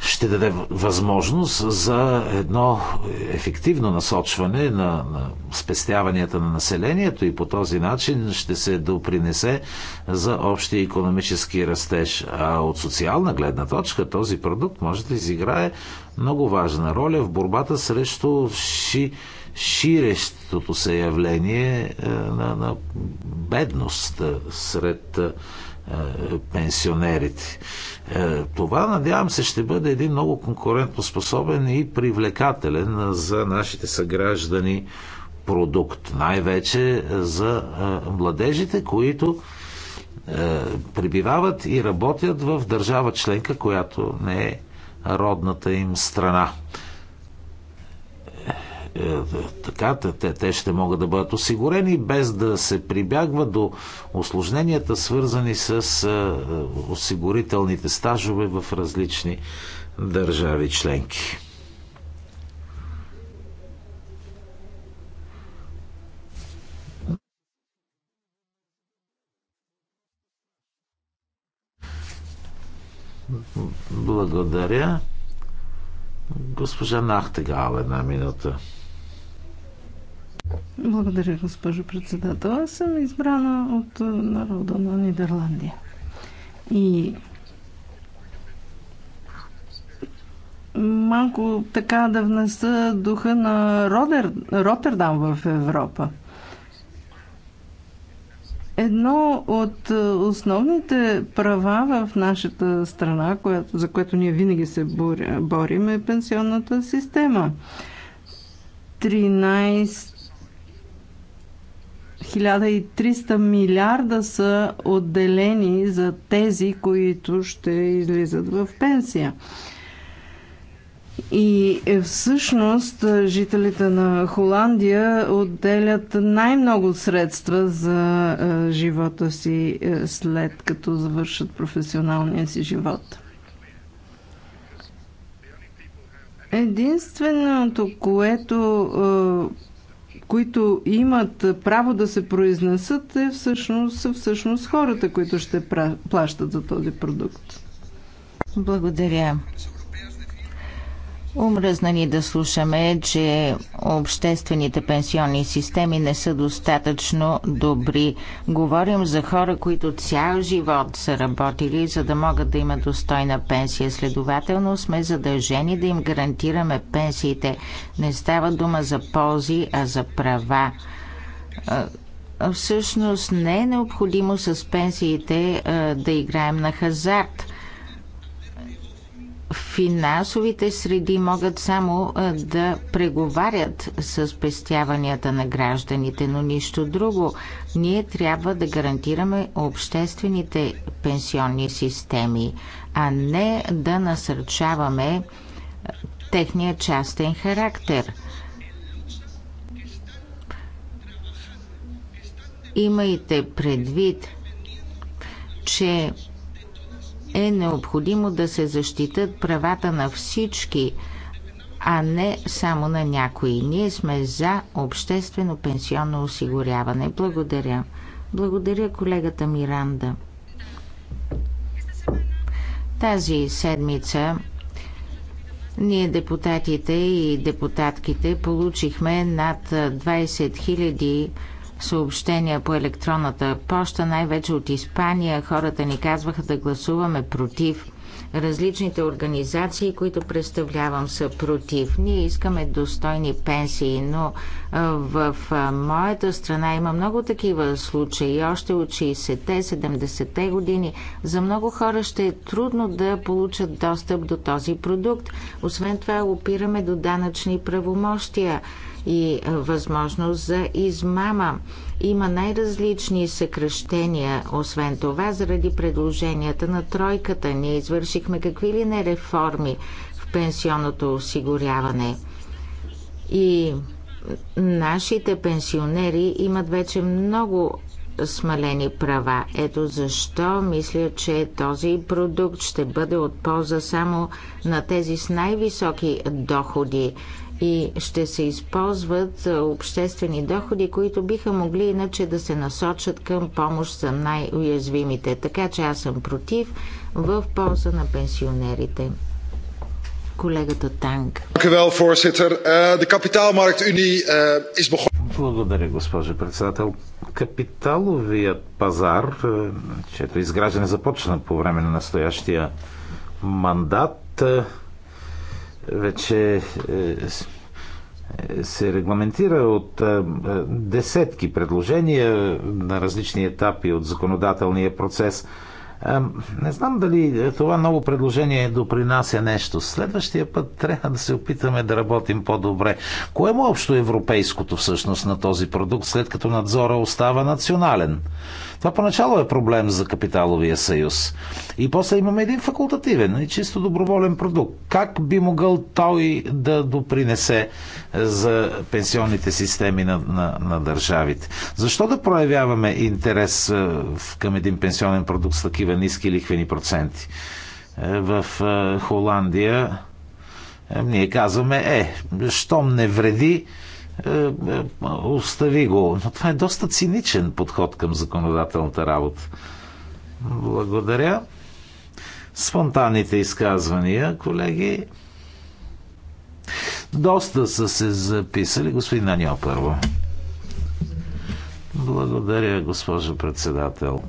ще даде възможност за едно ефективно насочване на, на спестяванията на населението и по този начин ще се допринесе за общия економически растеж. А от социална гледна точка този продукт може да изиграе много важна роля в борбата срещу ши, ширещото се явление е, на, на бедност е, сред е, пенсионерите. Това, надявам се, ще бъде един много конкурентоспособен и привлекателен за нашите съграждани продукт. Най-вече за младежите, които прибивават и работят в държава членка, която не е родната им страна. Е, така, те, те ще могат да бъдат осигурени, без да се прибягва до осложненията, свързани с е, осигурителните стажове в различни държави членки. Благодаря. Госпожа Нахтегава, една минута. Благодаря, госпожо председател. Аз съм избрана от е, народа на Нидерландия. И малко така да внеса духа на Родер... Роттердам в Европа. Едно от е, основните права в нашата страна, която, за което ние винаги се борим, е пенсионната система. 13 1300 милиарда са отделени за тези, които ще излизат в пенсия. И е, всъщност жителите на Холандия отделят най-много средства за е, живота си е, след като завършат професионалния си живот. Единственото, което които имат право да се произнесат, е всъщност, са всъщност хората, които ще плащат за този продукт. Благодаря. Умръзна ни да слушаме, че обществените пенсионни системи не са достатъчно добри. Говорим за хора, които цял живот са работили, за да могат да имат достойна пенсия. Следователно сме задължени да им гарантираме пенсиите. Не става дума за ползи, а за права. Всъщност не е необходимо с пенсиите да играем на хазарт – финансовите среди могат само да преговарят с пестяванията на гражданите, но нищо друго. Ние трябва да гарантираме обществените пенсионни системи, а не да насърчаваме техния частен характер. Имайте предвид, че е необходимо да се защитат правата на всички, а не само на някои. Ние сме за обществено пенсионно осигуряване. Благодаря. Благодаря колегата Миранда. Тази седмица ние депутатите и депутатките получихме над 20 000 съобщения по електронната поща, най-вече от Испания. Хората ни казваха да гласуваме против. Различните организации, които представлявам, са против. Ние искаме достойни пенсии, но в моята страна има много такива случаи. Още от 60-те, 70-те години за много хора ще е трудно да получат достъп до този продукт. Освен това, опираме до данъчни правомощия и е, възможност за измама. Има най-различни съкръщения. Освен това, заради предложенията на тройката, ние извършихме какви ли не реформи в пенсионното осигуряване. И нашите пенсионери имат вече много смалени права. Ето защо мисля, че този продукт ще бъде от полза само на тези с най-високи доходи и ще се използват обществени доходи, които биха могли иначе да се насочат към помощ за най-уязвимите. Така че аз съм против в полза на пенсионерите. Колегата Танк. Eh, eh, Благодаря, госпожо председател. Капиталовият пазар, е, чето изграждане започна по време на настоящия мандат, е, вече е, е, се регламентира от е, десетки предложения на различни етапи от законодателния процес – не знам дали е, това ново предложение допринася нещо. Следващия път трябва да се опитаме да работим по-добре. Кое му общо европейското всъщност на този продукт, след като надзора остава национален? Това поначало е проблем за капиталовия съюз. И после имаме един факултативен и чисто доброволен продукт. Как би могъл той да допринесе е, за пенсионните системи на, на, на държавите? Защо да проявяваме интерес е, към един пенсионен продукт с такива такива ниски лихвени проценти. Е, в е, Холандия е, ние казваме, е, щом не вреди, остави го. Но това е доста циничен подход към законодателната работа. Благодаря. Спонтанните изказвания, колеги. Доста са се записали. Господин Наньо първо. Благодаря, госпожо председател.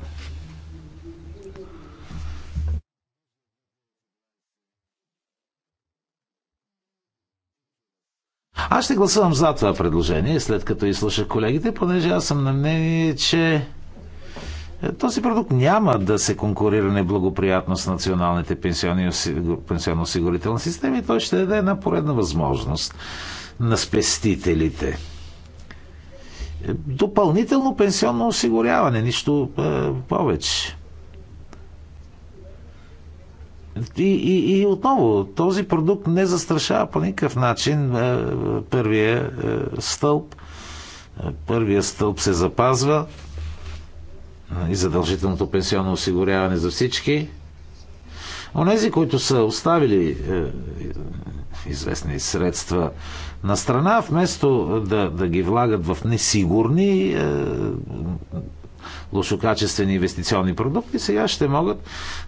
Аз ще гласувам за това предложение, след като изслушах колегите, понеже аз съм на мнение, че е, този продукт няма да се конкурира неблагоприятно с националните пенсионно-осигурителни системи той ще даде една поредна възможност на спестителите. Е, допълнително пенсионно осигуряване, нищо е, повече. И, и, и отново, този продукт не застрашава по никакъв начин е, първия е, стълб. Е, първия стълб се запазва и задължителното пенсионно осигуряване за всички. Онези, които са оставили известни средства на страна, вместо да, да ги влагат в несигурни лошокачествени инвестиционни продукти, сега ще могат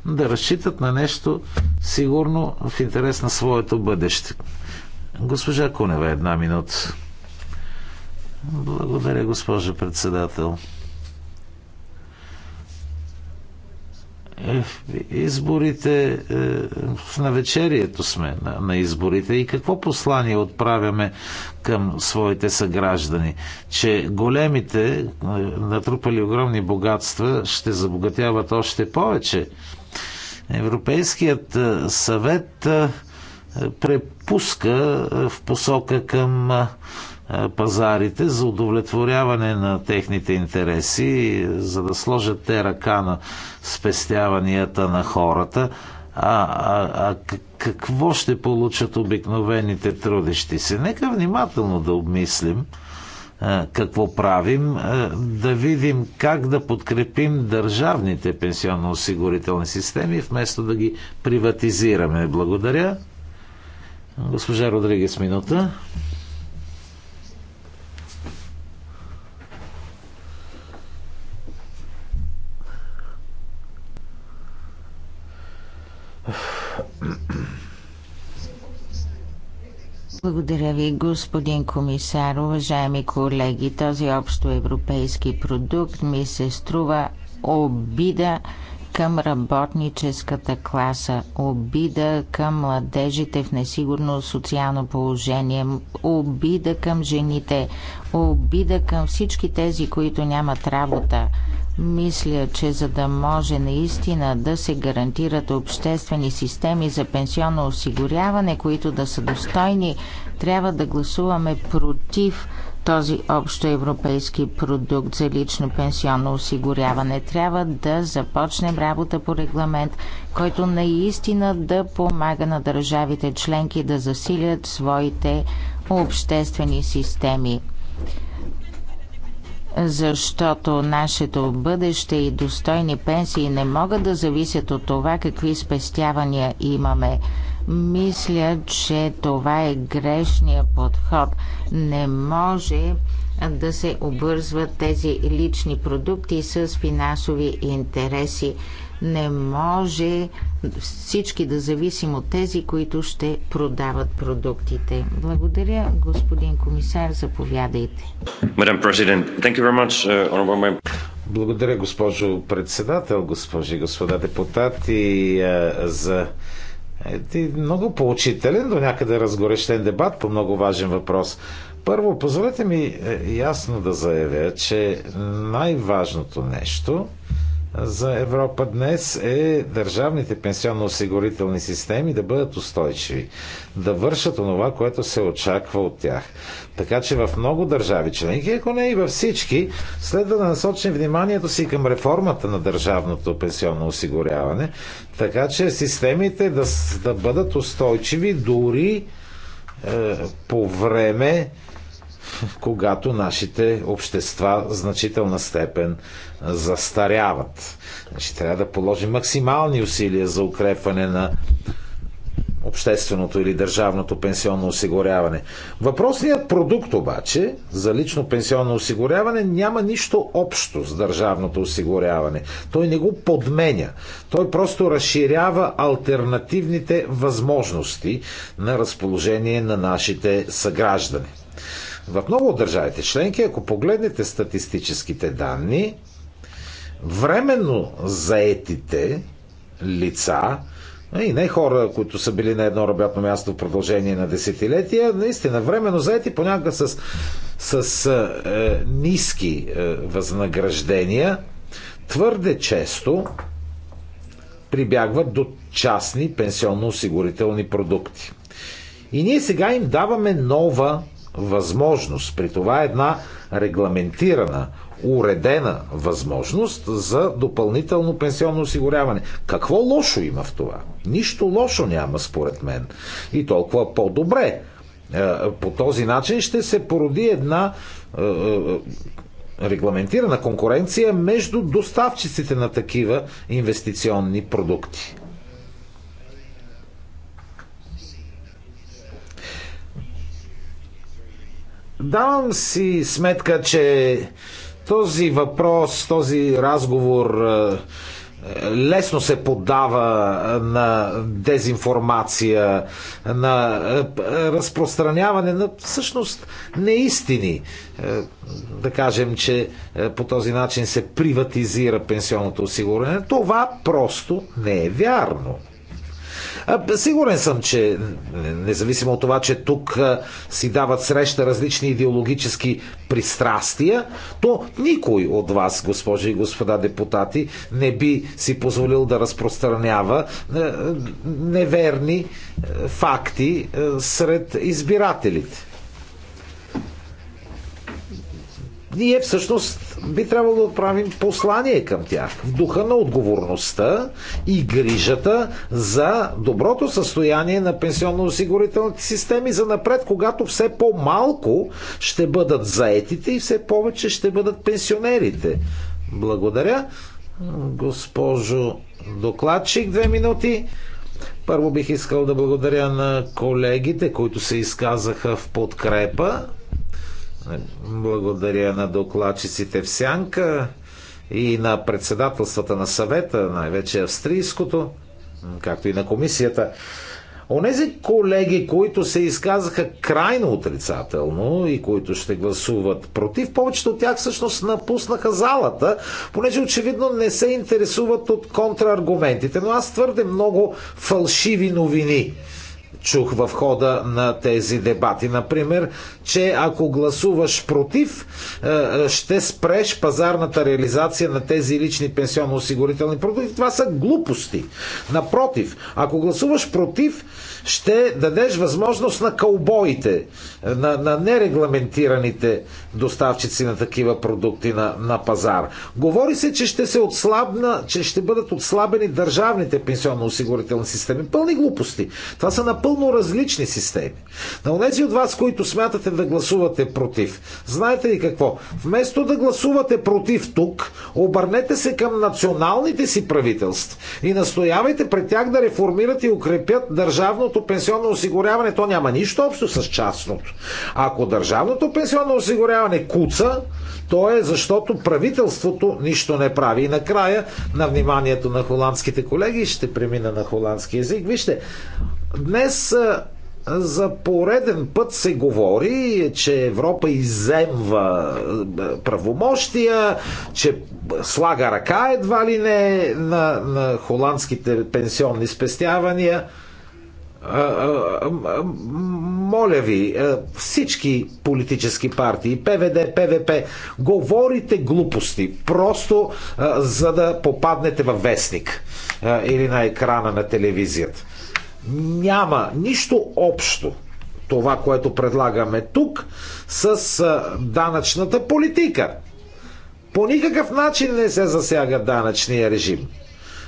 да разчитат на нещо сигурно в интерес на своето бъдеще. Госпожа Кунева, една минута. Благодаря, госпожа председател. Е, изборите, в е, навечерието сме на, на изборите и какво послание отправяме към своите съграждани, че големите, е, натрупали огромни богатства, ще забогатяват още повече. Европейският съвет препуска в посока към пазарите за удовлетворяване на техните интереси, за да сложат те ръка на спестяванията на хората. А, а, а какво ще получат обикновените трудещи се? Нека внимателно да обмислим какво правим, да видим как да подкрепим държавните пенсионно-осигурителни системи, вместо да ги приватизираме. Благодаря. Госпожа Родригес, минута. Благодаря ви, господин комисар. Уважаеми колеги, този общо европейски продукт ми се струва обида към работническата класа, обида към младежите в несигурно социално положение, обида към жените, обида към всички тези, които нямат работа. Мисля, че за да може наистина да се гарантират обществени системи за пенсионно осигуряване, които да са достойни, трябва да гласуваме против този общо европейски продукт за лично пенсионно осигуряване. Трябва да започнем работа по регламент, който наистина да помага на държавите членки да засилят своите обществени системи защото нашето бъдеще и достойни пенсии не могат да зависят от това какви спестявания имаме. Мисля, че това е грешния подход. Не може да се обвързват тези лични продукти с финансови интереси. Не може всички да зависим от тези, които ще продават продуктите. Благодаря, господин комисар, заповядайте. Uh, Благодаря, госпожо председател, госпожи и господа депутати, е, за един много поучителен, до някъде разгорещен дебат по много важен въпрос. Първо, позволете ми е, ясно да заявя, че най-важното нещо – за Европа днес е държавните пенсионно-осигурителни системи да бъдат устойчиви, да вършат онова, което се очаква от тях. Така че в много държави членки, ако не и във всички, следва да насочим вниманието си към реформата на държавното пенсионно осигуряване, така че системите да, да бъдат устойчиви дори е, по време когато нашите общества в значителна степен застаряват. Значи, трябва да положим максимални усилия за укрепване на общественото или държавното пенсионно осигуряване. Въпросният продукт обаче за лично пенсионно осигуряване няма нищо общо с държавното осигуряване. Той не го подменя. Той просто разширява альтернативните възможности на разположение на нашите съграждани. В много от държавите членки, ако погледнете статистическите данни, временно заетите лица, и не хора, които са били на едно работно място в продължение на десетилетия, наистина временно заети понякога с, с е, ниски е, възнаграждения, твърде често прибягват до частни пенсионно-осигурителни продукти. И ние сега им даваме нова възможност. При това една регламентирана, уредена възможност за допълнително пенсионно осигуряване. Какво лошо има в това? Нищо лошо няма, според мен. И толкова по-добре. Е, по този начин ще се породи една е, е, регламентирана конкуренция между доставчиците на такива инвестиционни продукти. Давам си сметка, че този въпрос, този разговор е, е, лесно се поддава е, на дезинформация, на разпространяване на всъщност неистини. Да кажем, че по този начин се приватизира пенсионното осигурение. Това просто не е вярно. Сигурен съм, че независимо от това, че тук си дават среща различни идеологически пристрастия, то никой от вас, госпожи и господа депутати, не би си позволил да разпространява неверни факти сред избирателите. ние всъщност би трябвало да отправим послание към тях в духа на отговорността и грижата за доброто състояние на пенсионно-осигурителните системи за напред, когато все по-малко ще бъдат заетите и все повече ще бъдат пенсионерите. Благодаря. Госпожо докладчик, две минути. Първо бих искал да благодаря на колегите, които се изказаха в подкрепа благодаря на докладчиците в Сянка и на председателствата на съвета, най-вече австрийското, както и на комисията. Онези колеги, които се изказаха крайно отрицателно и които ще гласуват против, повечето от тях всъщност напуснаха залата, понеже очевидно не се интересуват от контраргументите. Но аз твърде много фалшиви новини чух в хода на тези дебати. Например, че ако гласуваш против, е, е, ще спреш пазарната реализация на тези лични пенсионно-осигурителни продукти. Това са глупости. Напротив, ако гласуваш против, ще дадеш възможност на каубоите, на, на нерегламентираните доставчици на такива продукти на, на пазар. Говори се, че ще се отслабна, че ще бъдат отслабени държавните пенсионно-осигурителни системи. Пълни глупости. Това са напълно различни системи. На тези от вас, които смятате да гласувате против, знаете ли какво? Вместо да гласувате против тук, обърнете се към националните си правителства и настоявайте пред тях да реформират и укрепят държавното държавното пенсионно осигуряване, то няма нищо общо с частното. Ако държавното пенсионно осигуряване куца, то е защото правителството нищо не прави. И накрая, на вниманието на холандските колеги, ще премина на холандски язик. Вижте, днес за пореден път се говори, че Европа иземва правомощия, че слага ръка едва ли не на, на холандските пенсионни спестявания – моля ви, всички политически партии, ПВД, ПВП, говорите глупости, просто за да попаднете във вестник или на екрана на телевизията. Няма нищо общо това, което предлагаме тук с данъчната политика. По никакъв начин не се засяга данъчния режим.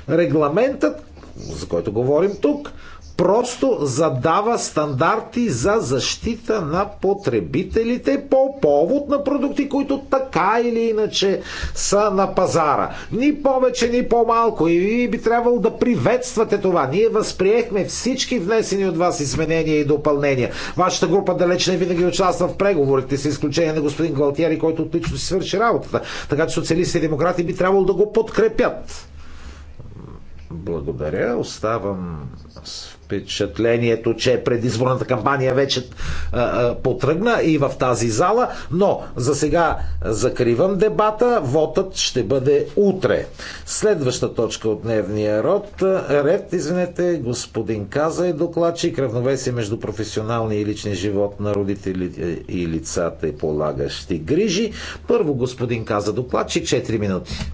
Регламентът, за който говорим тук, просто задава стандарти за защита на потребителите по повод на продукти, които така или иначе са на пазара. Ни повече, ни по-малко. И вие би трябвало да приветствате това. Ние възприехме всички внесени от вас изменения и допълнения. Вашата група далеч не винаги участва в преговорите, с изключение на господин Галтиери, който отлично си свърши работата. Така че социалисти и демократи би трябвало да го подкрепят. Благодаря. Оставам с впечатлението, че предизборната кампания вече а, а, потръгна и в тази зала, но за сега закривам дебата. Вотът ще бъде утре. Следваща точка от дневния род, ред, извинете, господин Каза е докладчик, равновесие между професионалния и личния живот на родителите и лицата и полагащи грижи. Първо господин Каза докладчик, 4 минути.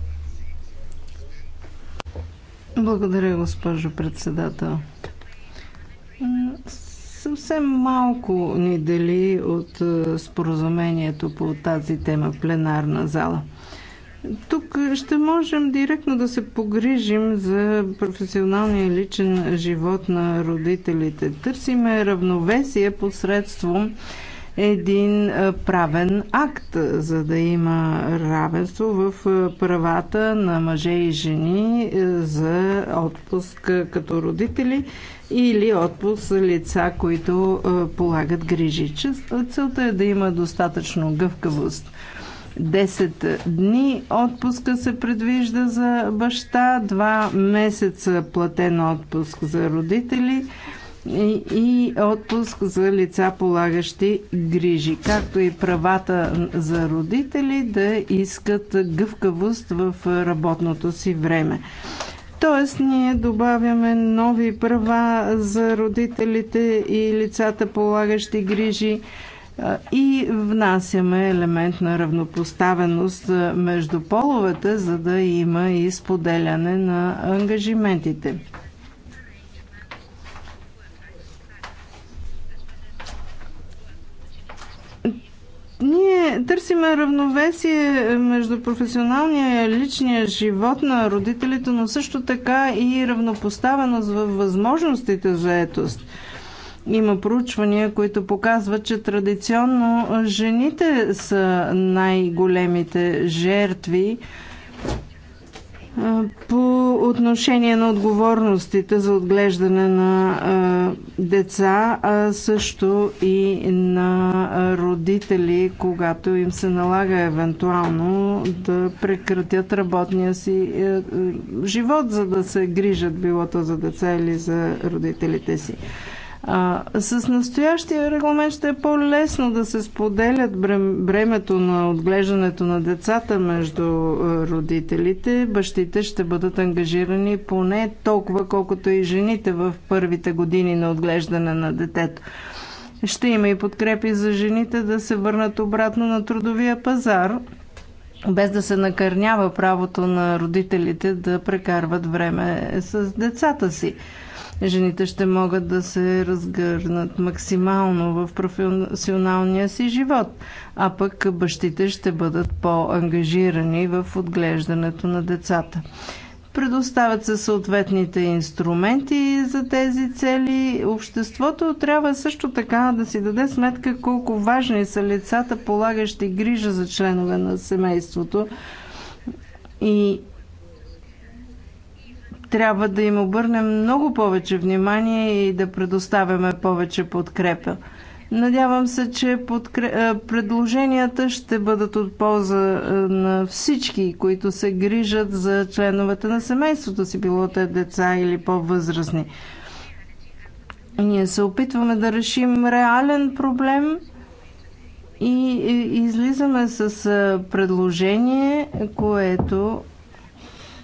Благодаря, госпожо председател. Съвсем малко ни дели от е, споразумението по тази тема в пленарна зала. Тук ще можем директно да се погрижим за професионалния личен живот на родителите. Търсиме равновесие посредством един правен акт, за да има равенство в правата на мъже и жени за отпуск като родители или отпуск за лица, които полагат грижи. Целта е да има достатъчно гъвкавост. 10 дни отпуска се предвижда за баща, 2 месеца платен отпуск за родители – и отпуск за лица полагащи грижи, както и правата за родители да искат гъвкавост в работното си време. Тоест, ние добавяме нови права за родителите и лицата полагащи грижи и внасяме елемент на равнопоставеност между половете, за да има и споделяне на ангажиментите. Ние търсиме равновесие между професионалния и личния живот на родителите, но също така и равнопоставеност във възможностите за етост. Има проучвания, които показват, че традиционно жените са най-големите жертви по отношение на отговорностите за отглеждане на деца, а също и на родители, когато им се налага евентуално да прекратят работния си е, е, живот, за да се грижат билото за деца или за родителите си. А, с настоящия регламент ще е по-лесно да се споделят бремето на отглеждането на децата между родителите. Бащите ще бъдат ангажирани поне толкова, колкото и жените в първите години на отглеждане на детето. Ще има и подкрепи за жените да се върнат обратно на трудовия пазар, без да се накърнява правото на родителите да прекарват време с децата си жените ще могат да се разгърнат максимално в професионалния си живот, а пък бащите ще бъдат по-ангажирани в отглеждането на децата. Предоставят се съответните инструменти за тези цели. Обществото трябва също така да си даде сметка колко важни са лицата, полагащи грижа за членове на семейството. И трябва да им обърнем много повече внимание и да предоставяме повече подкрепа. Надявам се, че подкр... предложенията ще бъдат от полза на всички, които се грижат за членовете на семейството си, било те деца или по-възрастни. Ние се опитваме да решим реален проблем и излизаме с предложение, което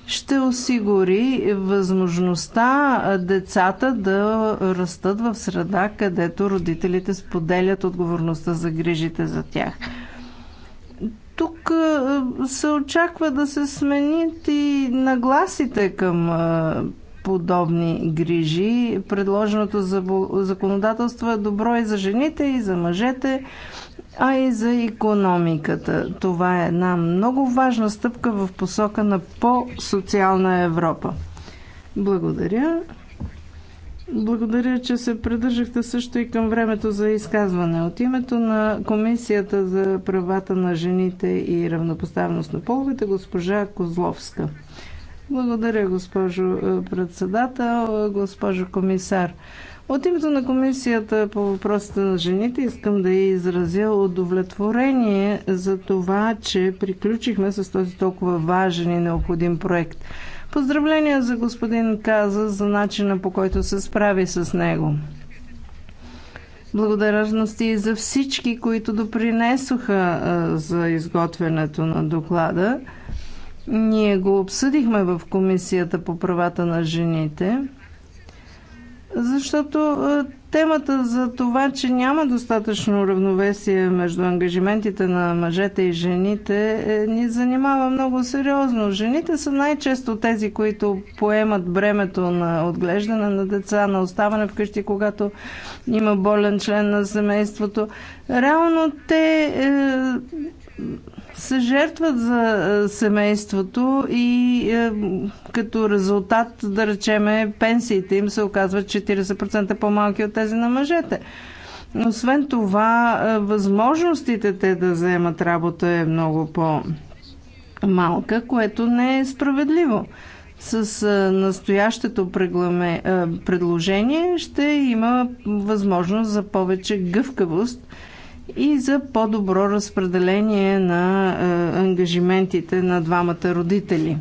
ще осигури възможността децата да растат в среда, където родителите споделят отговорността за грижите за тях. Тук се очаква да се сменят и нагласите към подобни грижи. Предложеното законодателство е добро и за жените, и за мъжете а и за економиката. Това е една много важна стъпка в посока на по-социална Европа. Благодаря. Благодаря, че се придържахте също и към времето за изказване. От името на Комисията за правата на жените и равнопоставеност на половете, госпожа Козловска. Благодаря, госпожо е, председател, е, госпожо комисар. От името на комисията по въпросите на жените искам да изразя удовлетворение за това, че приключихме с този толкова важен и необходим проект. Поздравления за господин Каза за начина по който се справи с него. Благодарности за всички, които допринесоха за изготвянето на доклада. Ние го обсъдихме в Комисията по правата на жените – защото е, темата за това, че няма достатъчно равновесие между ангажиментите на мъжете и жените, е, ни занимава много сериозно. Жените са най-често тези, които поемат бремето на отглеждане на деца, на оставане вкъщи, когато има болен член на семейството. Реално те е, се жертват за е, семейството и е, като резултат, да речеме, пенсиите им се оказват 40% по-малки от тези на мъжете. Освен това, е, възможностите те да вземат работа е много по-малка, което не е справедливо. С настоящето предложение ще има възможност за повече гъвкавост – и за по-добро разпределение на е, ангажиментите на двамата родители.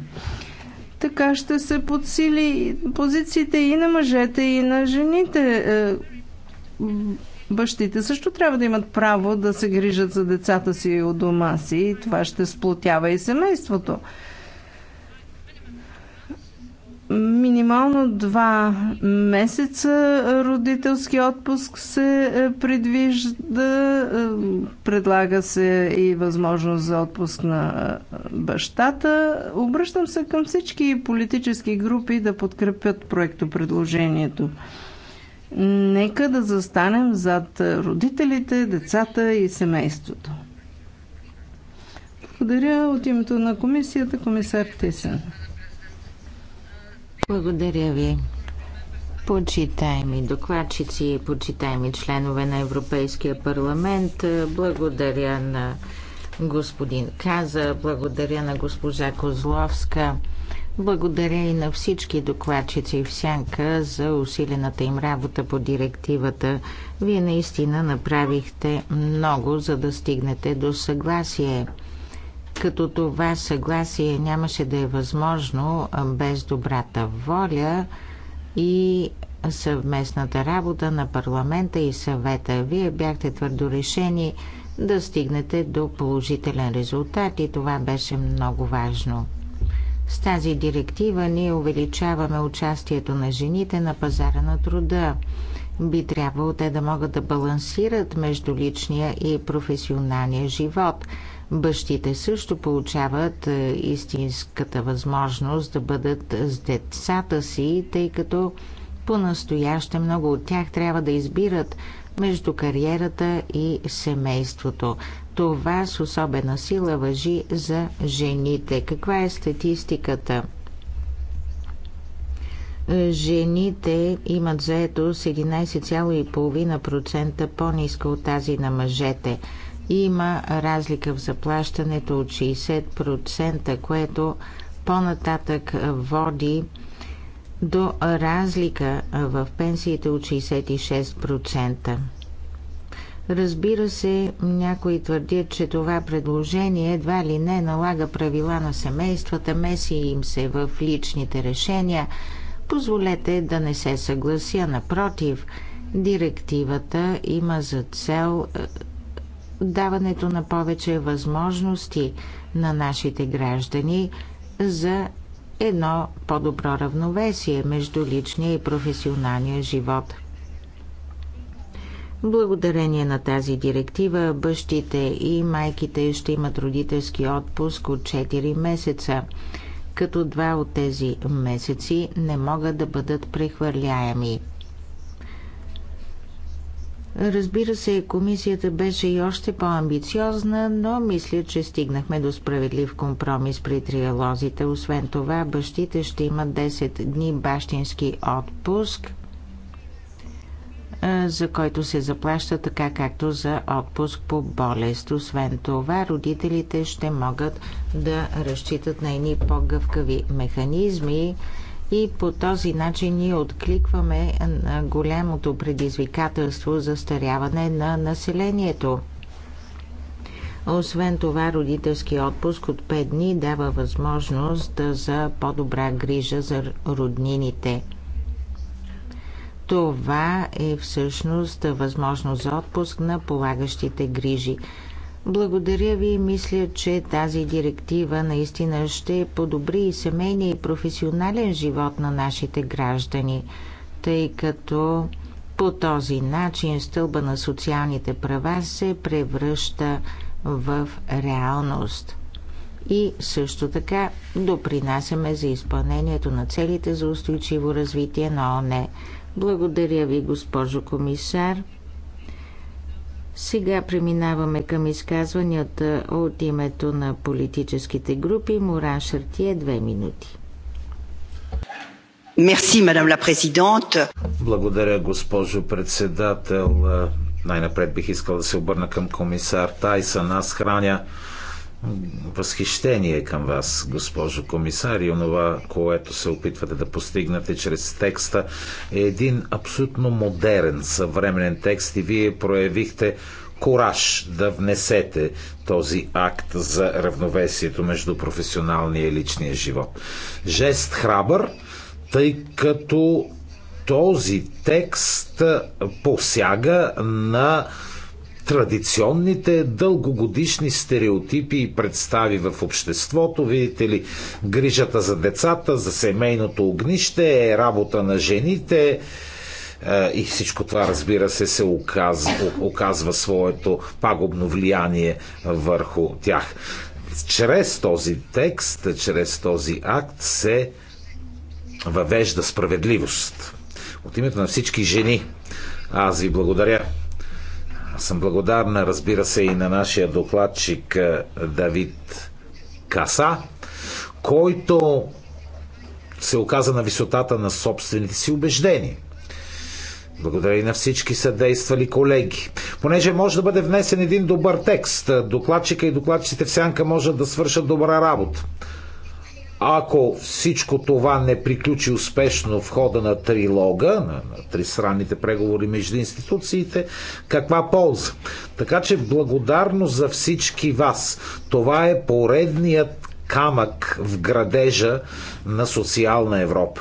Така ще се подсили позициите и на мъжете, и на жените. Е, бащите също трябва да имат право да се грижат за децата си от дома си и това ще сплотява и семейството. Минимално два месеца родителски отпуск се е, предвижда. Е, предлага се и възможност за отпуск на е, бащата. Обръщам се към всички политически групи да подкрепят проекто предложението. Нека да застанем зад родителите, децата и семейството. Благодаря от името на комисията комисар Тесен. Благодаря ви. Почитаеми докладчици, почитаеми членове на Европейския парламент, благодаря на господин Каза, благодаря на госпожа Козловска, благодаря и на всички докладчици в Сянка за усилената им работа по директивата. Вие наистина направихте много, за да стигнете до съгласие като това съгласие нямаше да е възможно без добрата воля и съвместната работа на парламента и съвета. Вие бяхте твърдо решени да стигнете до положителен резултат и това беше много важно. С тази директива ние увеличаваме участието на жените на пазара на труда. Би трябвало те да могат да балансират между личния и професионалния живот – Бащите също получават е, истинската възможност да бъдат с децата си, тъй като по-настояще много от тях трябва да избират между кариерата и семейството. Това с особена сила въжи за жените. Каква е статистиката? Е, жените имат заето с 11,5% по-ниска от тази на мъжете – има разлика в заплащането от 60%, което по-нататък води до разлика в пенсиите от 66%. Разбира се, някои твърдят, че това предложение едва ли не налага правила на семействата, меси им се в личните решения. Позволете да не се съглася, напротив, директивата има за цел даването на повече възможности на нашите граждани за едно по-добро равновесие между личния и професионалния живот. Благодарение на тази директива бащите и майките ще имат родителски отпуск от 4 месеца, като два от тези месеци не могат да бъдат прехвърляеми. Разбира се, комисията беше и още по-амбициозна, но мисля, че стигнахме до справедлив компромис при триалозите. Освен това, бащите ще имат 10 дни бащински отпуск, за който се заплаща така както за отпуск по болест. Освен това, родителите ще могат да разчитат на едни по-гъвкави механизми, и по този начин ние откликваме на голямото предизвикателство за старяване на населението. Освен това, родителски отпуск от 5 дни дава възможност за по-добра грижа за роднините. Това е всъщност възможност за отпуск на полагащите грижи. Благодаря ви. Мисля, че тази директива наистина ще подобри и семейния и професионален живот на нашите граждани, тъй като по този начин стълба на социалните права се превръща в реалност. И също така допринасяме за изпълнението на целите за устойчиво развитие на ОНЕ. Благодаря ви, госпожо комисар. Сега преминаваме към изказванията от името на политическите групи. Моран Шартие, две минути. Мерси, мадам ла президент. Благодаря, госпожо председател. Най-напред бих искал да се обърна към комисар Тайсън. Аз храня възхищение към вас, госпожо комисар, и онова, което се опитвате да постигнете чрез текста, е един абсолютно модерен, съвременен текст и вие проявихте кораж да внесете този акт за равновесието между професионалния и личния живот. Жест храбър, тъй като този текст посяга на традиционните дългогодишни стереотипи и представи в обществото. Видите ли, грижата за децата, за семейното огнище е работа на жените. Е, и всичко това, разбира се, се оказва, оказва своето пагубно влияние върху тях. Чрез този текст, чрез този акт се въвежда справедливост. От името на всички жени, аз ви благодаря съм благодарна, разбира се, и на нашия докладчик е, Давид Каса, който се оказа на висотата на собствените си убеждения. Благодаря и на всички съдействали колеги. Понеже може да бъде внесен един добър текст, докладчика и докладчиците в сянка може да свършат добра работа ако всичко това не приключи успешно в хода на трилога, на, на тристранните преговори между институциите, каква полза? Така че благодарно за всички вас. Това е поредният камък в градежа на социална Европа.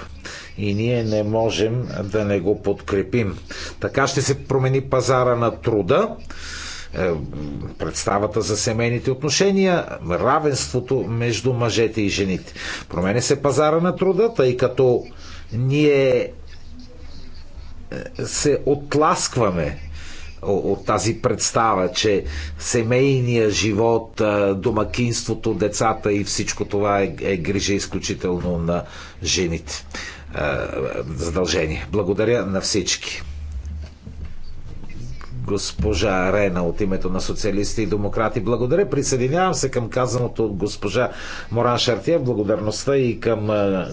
И ние не можем да не го подкрепим. Така ще се промени пазара на труда е, представата за семейните отношения, равенството между мъжете и жените. Променя се пазара на труда, тъй като ние е, се отласкваме от тази представа, че семейния живот, е, домакинството, децата и всичко това е, е грижа изключително на жените. Задължение. Благодаря на всички госпожа Арена от името на социалисти и демократи. Благодаря. Присъединявам се към казаното от госпожа Моран Шартия. Благодарността и към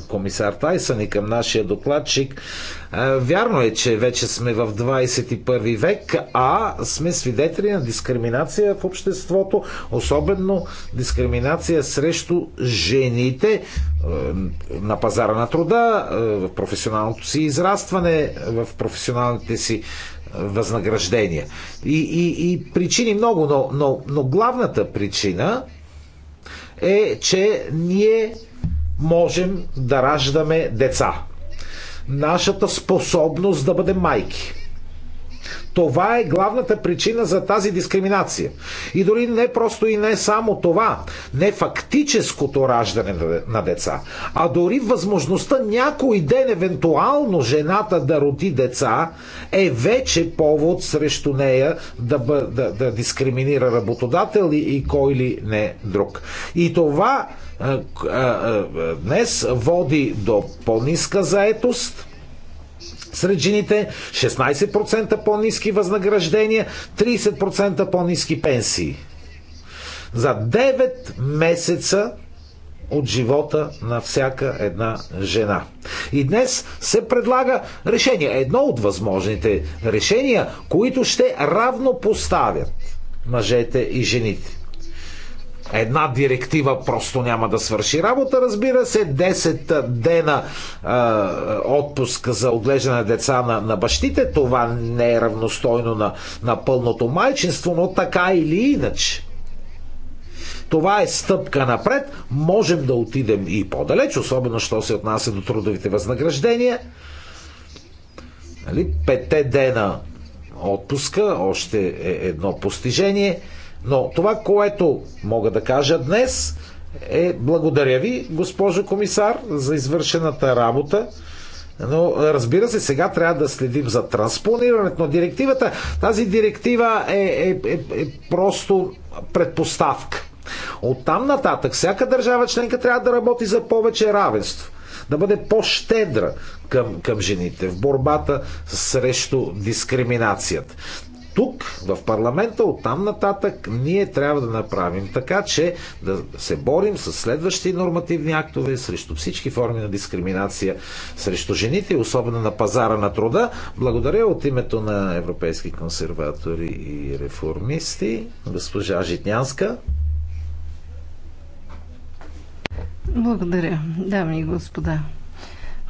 комисар Тайсън и към нашия докладчик. Вярно е, че вече сме в 21 век, а сме свидетели на дискриминация в обществото, особено дискриминация срещу жените на пазара на труда, в професионалното си израстване, в професионалните си възнаграждения. И, и, и причини много, но, но, но главната причина е, че ние можем да раждаме деца. Нашата способност да бъдем майки това е главната причина за тази дискриминация. И дори не просто и не само това, не фактическото раждане на деца, а дори възможността някой ден евентуално жената да роди деца е вече повод срещу нея да, бъ, да, да дискриминира работодател и кой ли не друг. И това днес води до по-ниска заетост, сред жените 16% по-низки възнаграждения, 30% по-низки пенсии. За 9 месеца от живота на всяка една жена. И днес се предлага решение, едно от възможните решения, които ще равно поставят мъжете и жените. Една директива просто няма да свърши работа, разбира се. 10 дена а, отпуск за отглеждане на деца на, на бащите, това не е равностойно на, на пълното майчинство, но така или иначе. Това е стъпка напред. Можем да отидем и по-далеч, особено що се отнася до трудовите възнаграждения. Нали? Петте дена отпуска, още е едно постижение – но това, което мога да кажа днес, е благодаря ви, госпожо комисар, за извършената работа. Но разбира се, сега трябва да следим за транспонирането на директивата. Тази директива е, е, е, е просто предпоставка. От там нататък всяка държава членка трябва да работи за повече равенство, да бъде по-щедра към, към жените в борбата срещу дискриминацията тук, в парламента, от там нататък, ние трябва да направим така, че да се борим с следващи нормативни актове, срещу всички форми на дискриминация, срещу жените, особено на пазара на труда. Благодаря от името на европейски консерватори и реформисти, госпожа Житнянска. Благодаря, дами и господа.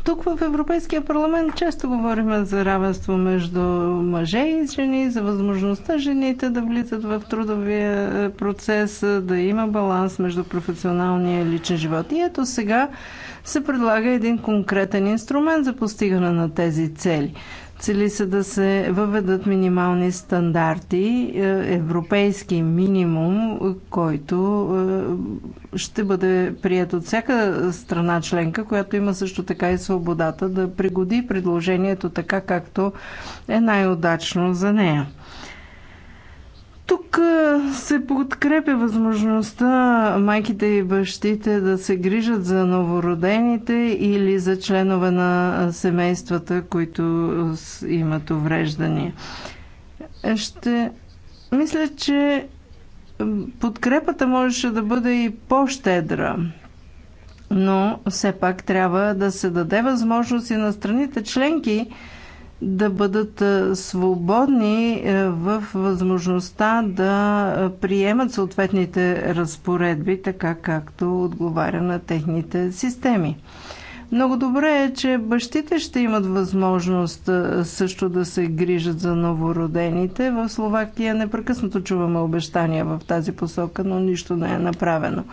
Тук в Европейския парламент често говорим за равенство между мъже и жени, за възможността жените да влизат в трудовия е, процес, е, да има баланс между професионалния и личен живот. И ето сега се предлага един конкретен инструмент за постигане на тези цели. Цели се да се въведат минимални стандарти, е, европейски минимум, който е, ще бъде прият от всяка страна членка, която има също така и свободата да пригоди предложението така, както е най-удачно за нея. Тук се подкрепя възможността майките и бащите да се грижат за новородените или за членове на семействата, които имат увреждания. Ще мисля, че подкрепата можеше да бъде и по-щедра. Но все пак трябва да се даде възможност и на страните членки да бъдат свободни в възможността да приемат съответните разпоредби, така както отговаря на техните системи. Много добре е, че бащите ще имат възможност също да се грижат за новородените. В Словакия непрекъснато чуваме обещания в тази посока, но нищо не е направено.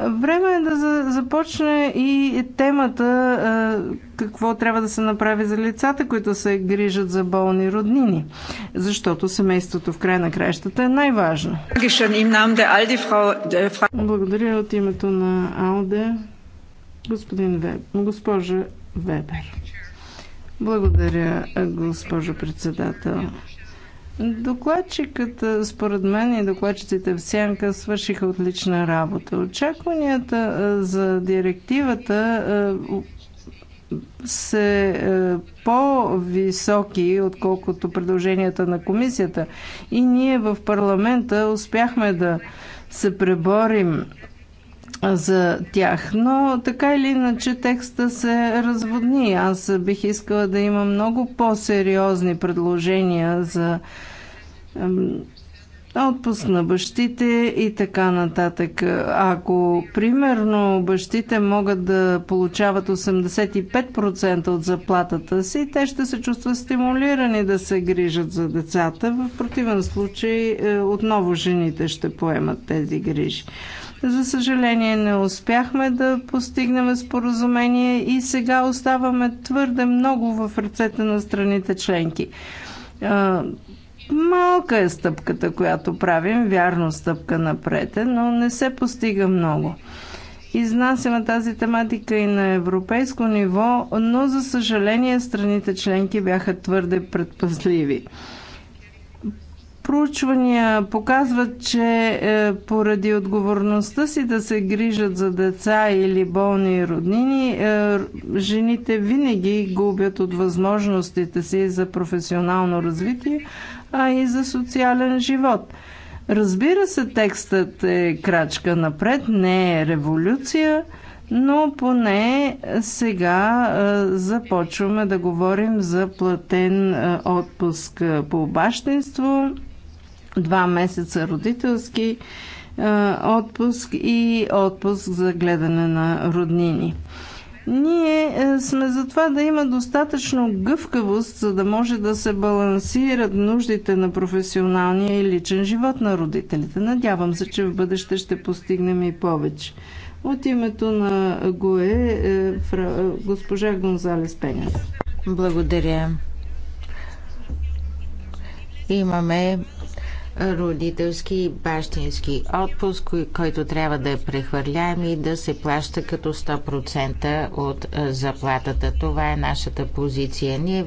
Време е да започне и темата какво трябва да се направи за лицата, които се грижат за болни роднини, защото семейството в край на краищата е най-важно. Благодаря от името на Алде, господин Веб, госпожа Вебер. Благодаря, госпожо председател. Докладчикът, според мен и докладчиците в Сянка свършиха отлична работа. Очакванията за директивата се по-високи, отколкото предложенията на комисията. И ние в парламента успяхме да се преборим за тях. Но така или иначе текста се разводни. Аз бих искала да има много по-сериозни предложения за отпуск на бащите и така нататък. Ако, примерно, бащите могат да получават 85% от заплатата си, те ще се чувстват стимулирани да се грижат за децата. В противен случай, е, отново жените ще поемат тези грижи. За съжаление, не успяхме да постигнем споразумение и сега оставаме твърде много в ръцете на страните членки е, Малка е стъпката, която правим, вярно стъпка напред е, но не се постига много. Изнасяме тази тематика и на европейско ниво, но за съжаление страните членки бяха твърде предпазливи проучвания показват, че е, поради отговорността си да се грижат за деца или болни роднини, е, жените винаги губят от възможностите си за професионално развитие, а и за социален живот. Разбира се, текстът е крачка напред, не е революция, но поне сега започваме да говорим за платен отпуск по бащинство, два месеца родителски отпуск и отпуск за гледане на роднини. Ние е, сме за това да има достатъчно гъвкавост, за да може да се балансират нуждите на професионалния и личен живот на родителите. Надявам се, че в бъдеще ще постигнем и повече. От името на ГОЕ, е, е, госпожа Гонзалес Пенес. Благодаря. Имаме родителски и бащински отпуск, който трябва да е прехвърляем и да се плаща като 100% от заплатата. Това е нашата позиция. Ние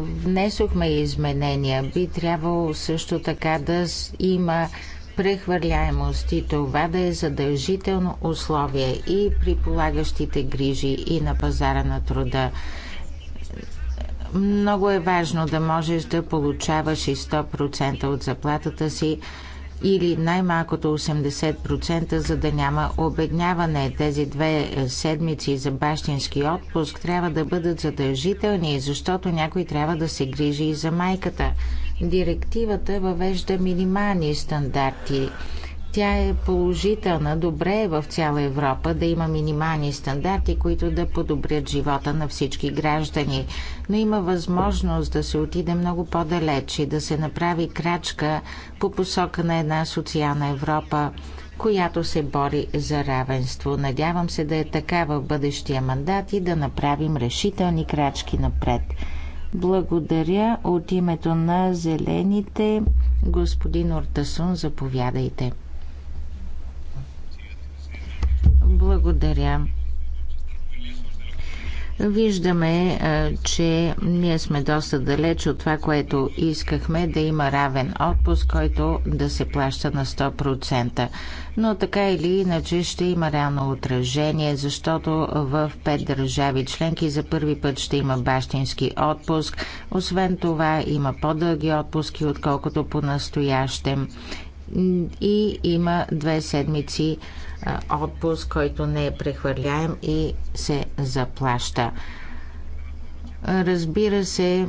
внесохме изменения. Би трябвало също така да има прехвърляемост и това да е задължително условие и при полагащите грижи и на пазара на труда. Много е важно да можеш да получаваш и 100% от заплатата си или най-малкото 80%, за да няма обедняване. Тези две седмици за бащински отпуск трябва да бъдат задължителни, защото някой трябва да се грижи и за майката. Директивата въвежда минимални стандарти тя е положителна. Добре е в цяла Европа да има минимални стандарти, които да подобрят живота на всички граждани. Но има възможност да се отиде много по-далеч и да се направи крачка по посока на една социална Европа, която се бори за равенство. Надявам се да е така в бъдещия мандат и да направим решителни крачки напред. Благодаря от името на зелените. Господин Ортасун, заповядайте. Благодаря. Виждаме, че ние сме доста далеч от това, което искахме да има равен отпуск, който да се плаща на 100%. Но така или иначе ще има реално отражение, защото в пет държави членки за първи път ще има бащински отпуск. Освен това има по-дълги отпуски, отколкото по настоящем. И има две седмици отпуск отпуск, който не е прехвърляем и се заплаща. Разбира се,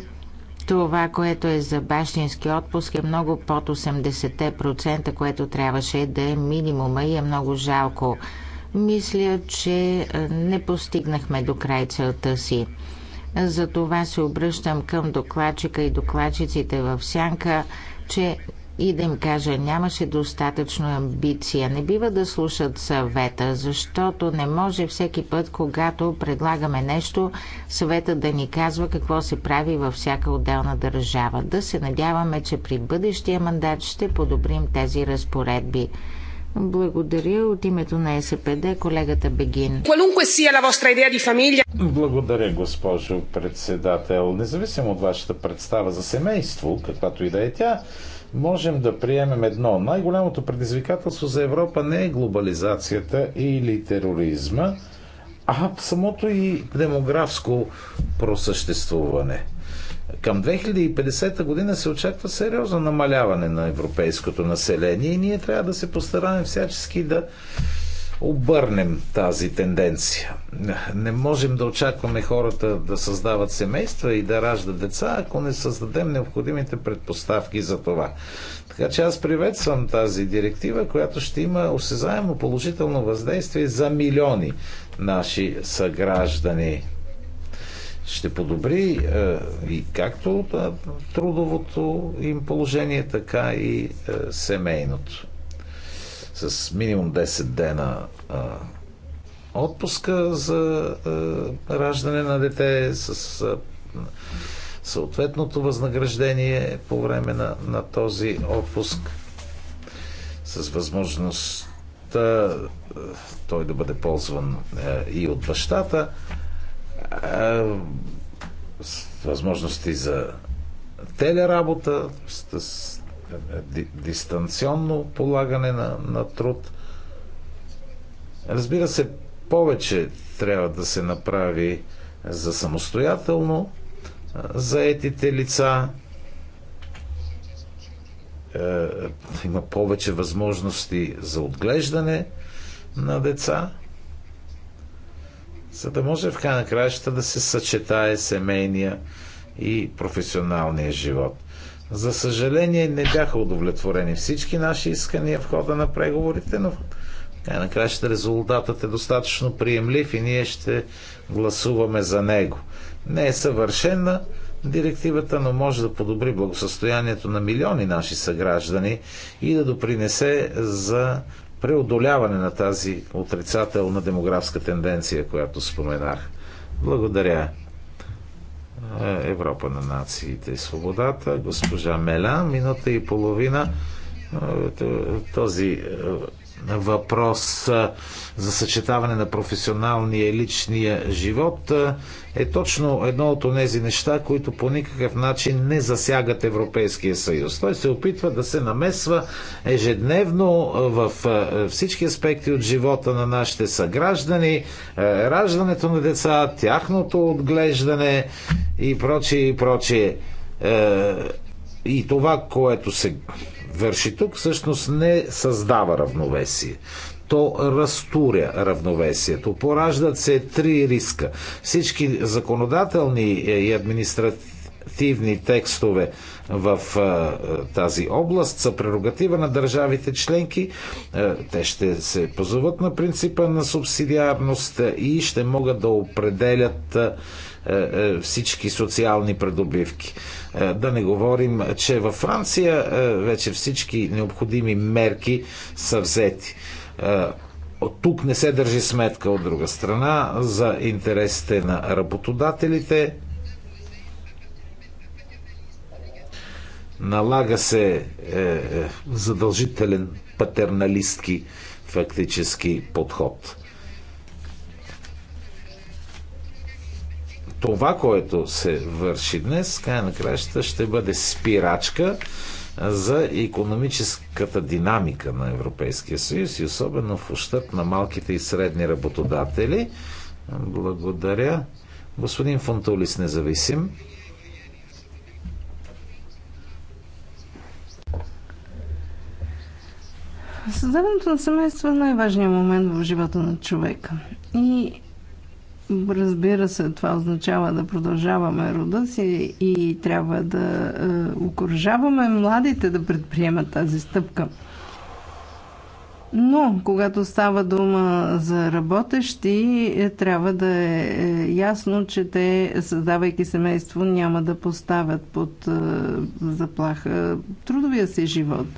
това, което е за бащински отпуск е много под 80%, което трябваше да е минимума и е много жалко. Мисля, че не постигнахме до край целта си. За това се обръщам към докладчика и докладчиците в сянка, че и да им кажа нямаше достатъчно амбиция. Не бива да слушат съвета, защото не може всеки път, когато предлагаме нещо, съвета да ни казва какво се прави във всяка отделна държава. Да се надяваме, че при бъдещия мандат ще подобрим тези разпоредби. Благодаря от името на СПД колегата Бегин. Благодаря, госпожо председател. Независимо от вашата представа за семейство, каквато и да е тя, можем да приемем едно. Най-голямото предизвикателство за Европа не е глобализацията или тероризма, а самото и демографско просъществуване. Към 2050 година се очаква сериозно намаляване на европейското население и ние трябва да се постараем всячески да обърнем тази тенденция. Не можем да очакваме хората да създават семейства и да раждат деца, ако не създадем необходимите предпоставки за това. Така че аз приветствам тази директива, която ще има осезаемо положително въздействие за милиони наши съграждани. Ще подобри е, и както е, трудовото им положение, така и е, семейното с минимум 10 дена а, отпуска за а, раждане на дете, с а, съответното възнаграждение по време на, на този отпуск, с възможността той да бъде ползван а, и от бащата, а, с възможности за телеработа, с е, е, дистанционно полагане на, на труд. Разбира се, повече трябва да се направи за самостоятелно е, заетите лица. Има повече възможности за отглеждане на деца, за да може в край на да се съчетае семейния и професионалния живот. За съжаление не бяха удовлетворени всички наши искания в хода на преговорите, но край накрая ще резултатът е достатъчно приемлив и ние ще гласуваме за него. Не е съвършена директивата, но може да подобри благосъстоянието на милиони наши съграждани и да допринесе за преодоляване на тази отрицателна демографска тенденция, която споменах. Благодаря. Е, Европа на нациите и свободата, госпожа Мелян, минута и половина. Е, този е, въпрос за съчетаване на професионалния и личния живот е точно едно от тези неща, които по никакъв начин не засягат Европейския съюз. Той се опитва да се намесва ежедневно в всички аспекти от живота на нашите съграждани, раждането на деца, тяхното отглеждане и прочие и прочие. И това, което се върши тук, всъщност не създава равновесие. То разтуря равновесието. Пораждат се три риска. Всички законодателни е, и административни нормативни текстове в тази област са прерогатива на държавите членки. Те ще се позоват на принципа на субсидиарност и ще могат да определят всички социални предобивки. Да не говорим, че във Франция вече всички необходими мерки са взети. От тук не се държи сметка от друга страна за интересите на работодателите, Налага се е, е, задължителен патерналистки фактически подход. Това, което се върши днес, край на краща, ще бъде спирачка е, за економическата динамика на Европейския съюз и особено в ущърп на малките и средни работодатели. Благодаря. Господин Фонтулис, независим. Създаването на семейство е най-важният момент в живота на човека. И разбира се, това означава да продължаваме рода си и трябва да е, окоръжаваме младите да предприемат тази стъпка. Но, когато става дума за работещи, е, трябва да е, е, ясно, че те, създавайки семейство, няма да поставят под е, заплаха трудовия си живот –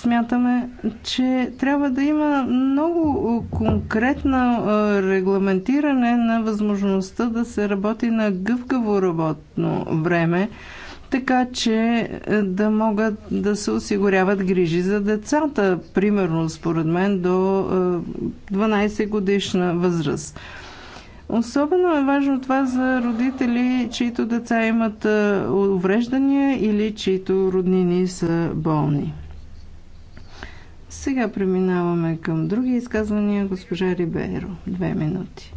Смятаме, че трябва да има много конкретно регламентиране на възможността да се работи на гъвкаво работно време, така че да могат да се осигуряват грижи за децата, примерно според мен до 12 годишна възраст. Особено е важно това за родители, чието деца имат увреждания или чието роднини са болни. Сега преминаваме към други изказвания. Госпожа Рибейро, две минути.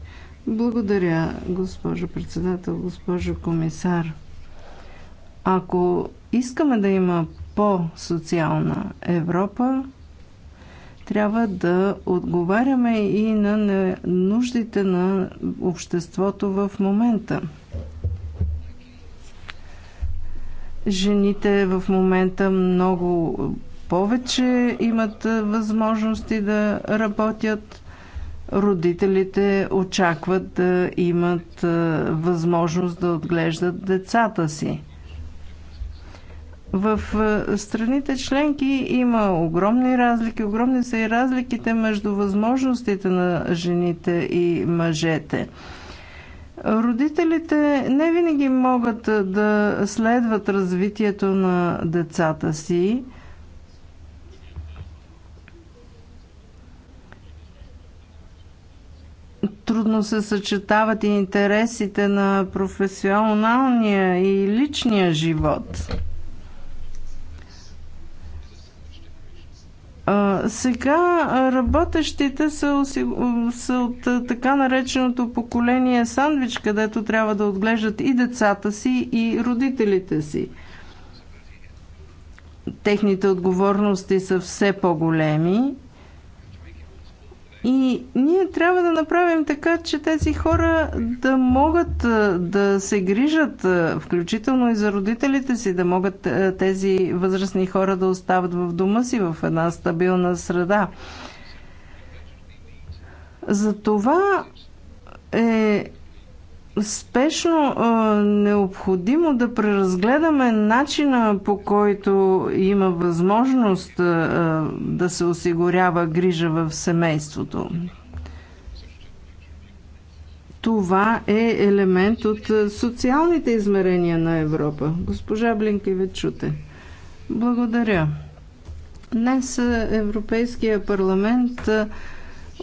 Благодаря, госпожо председател, госпожо комисар. Ако искаме да има по-социална Европа, трябва да отговаряме и на нуждите на обществото в момента. Жените в момента много повече имат възможности да работят. Родителите очакват да имат възможност да отглеждат децата си. В страните членки има огромни разлики. Огромни са и разликите между възможностите на жените и мъжете. Родителите не винаги могат да следват развитието на децата си трудно се съчетават и интересите на професионалния и личния живот. сега работещите са, са от така нареченото поколение сандвич, където трябва да отглеждат и децата си, и родителите си. Техните отговорности са все по-големи и ние трябва да направим така, че тези хора да могат да се грижат, включително и за родителите си, да могат тези възрастни хора да остават в дома си в една стабилна среда. Затова е спешно а, необходимо да преразгледаме начина по който има възможност а, да се осигурява грижа в семейството. Това е елемент от социалните измерения на Европа. Госпожа и чуте. Благодаря. Днес Европейския парламент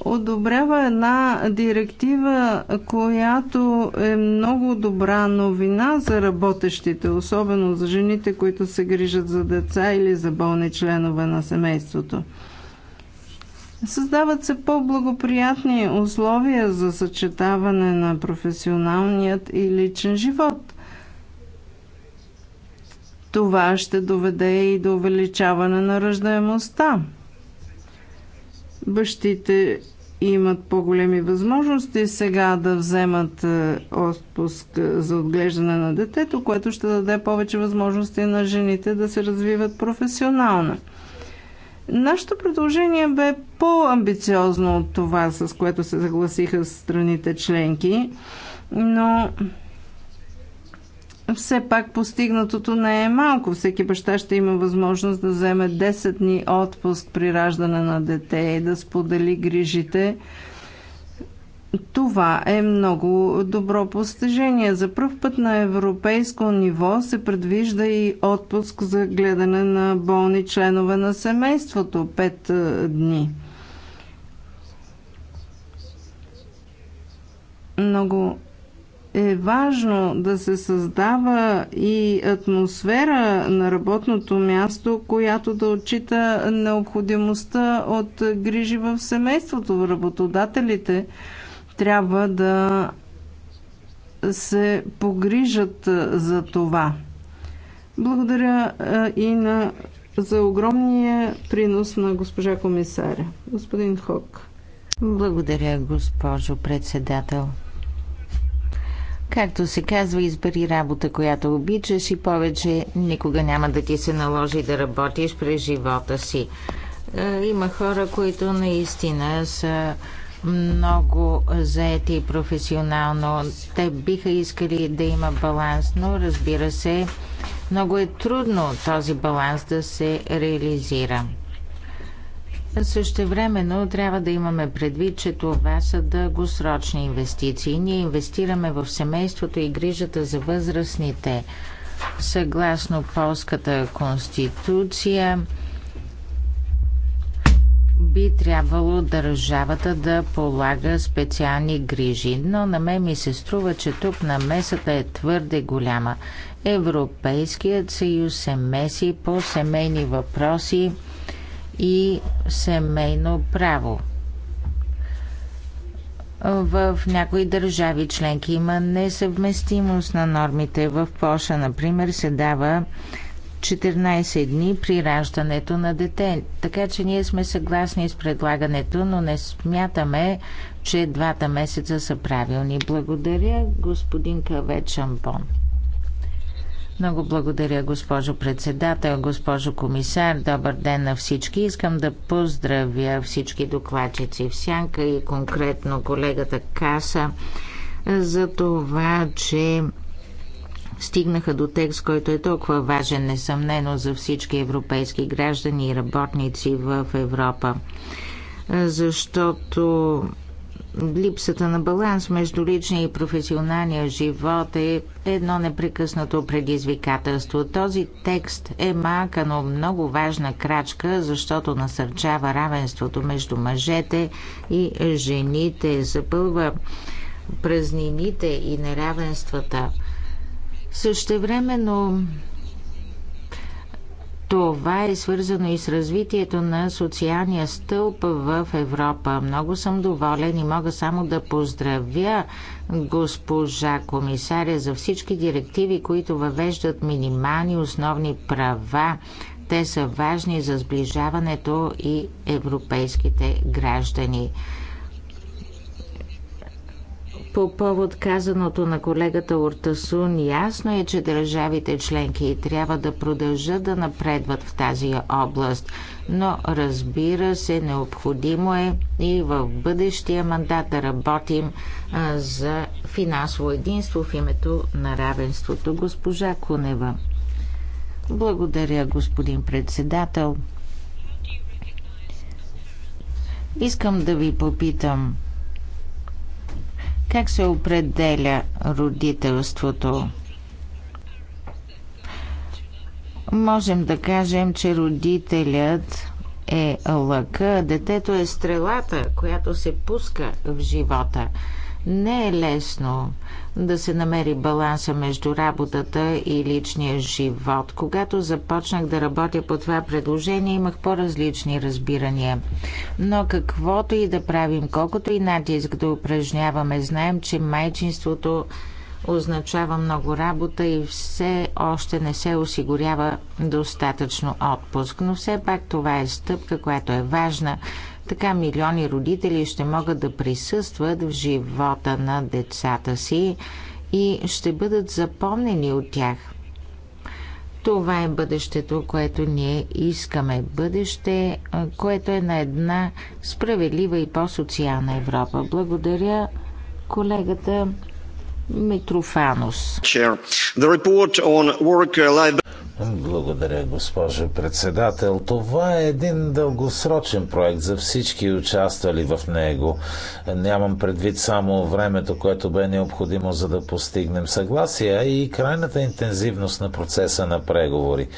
одобрява една директива, която е много добра новина за работещите, особено за жените, които се грижат за деца или за болни членове на семейството. Създават се по-благоприятни условия за съчетаване на професионалният и личен живот. Това ще доведе и до увеличаване на ръждаемостта бащите имат по-големи възможности сега да вземат е, отпуск е, за отглеждане на детето, което ще даде повече възможности на жените да се развиват професионално. Нашето предложение бе по-амбициозно от това, с което се съгласиха страните членки, но все пак постигнатото не е малко. Всеки баща ще има възможност да вземе 10 дни отпуск при раждане на дете и да сподели грижите. Това е много добро постижение. За първ път на европейско ниво се предвижда и отпуск за гледане на болни членове на семейството 5 дни. Много е важно да се създава и атмосфера на работното място, която да отчита необходимостта от грижи в семейството. Работодателите трябва да се погрижат за това. Благодаря е, и на, за огромния принос на госпожа комисаря. Господин Хок. Благодаря, госпожо председател. Както се казва, избери работа, която обичаш и повече никога няма да ти се наложи да работиш през живота си. Е, има хора, които наистина са много заети професионално. Те биха искали да има баланс, но разбира се, много е трудно този баланс да се реализира. Същевременно трябва да имаме предвид, че това са дългосрочни инвестиции. Ние инвестираме в семейството и грижата за възрастните. Съгласно полската конституция, би трябвало държавата да полага специални грижи, но на мен ми се струва, че тук намесата е твърде голяма. Европейският съюз се меси по семейни въпроси и семейно право. В някои държави членки има несъвместимост на нормите. В Польша, например, се дава 14 дни при раждането на дете. Така че ние сме съгласни с предлагането, но не смятаме, че двата месеца са правилни. Благодаря, господин Кавет Шампон. Много благодаря, госпожо председател, госпожо комисар. Добър ден на всички. Искам да поздравя всички докладчици в Сянка и конкретно колегата Каса за това, че стигнаха до текст, който е толкова важен, несъмнено, за всички европейски граждани и работници в Европа. Защото липсата на баланс между личния и професионалния живот е едно непрекъснато предизвикателство. Този текст е малка, но много важна крачка, защото насърчава равенството между мъжете и жените, запълва празнините и неравенствата. Същевременно това е свързано и с развитието на социалния стълб в Европа. Много съм доволен и мога само да поздравя госпожа комисаря за всички директиви, които въвеждат минимални основни права. Те са важни за сближаването и европейските граждани. По повод казаното на колегата Ортасун, ясно е, че държавите членки трябва да продължат да напредват в тази област, но разбира се, необходимо е и в бъдещия мандат да работим а, за финансово единство в името на равенството. Госпожа Кунева. Благодаря, господин председател. Искам да ви попитам – как се определя родителството? Можем да кажем, че родителят е лъка, детето е стрелата, която се пуска в живота – не е лесно да се намери баланса между работата и личния живот. Когато започнах да работя по това предложение, имах по-различни разбирания. Но каквото и да правим, колкото и натиск да упражняваме, знаем, че майчинството означава много работа и все още не се осигурява достатъчно отпуск. Но все пак това е стъпка, която е важна така милиони родители ще могат да присъстват в живота на децата си и ще бъдат запомнени от тях. Това е бъдещето, което ние искаме. Бъдеще, което е на една справедлива и по-социална Европа. Благодаря колегата Митрофанос. Uh, Благодаря, госпожо председател. Това е един дългосрочен проект за всички участвали в него. Нямам предвид само времето, което бе необходимо за да постигнем съгласие и крайната интензивност на процеса на преговори.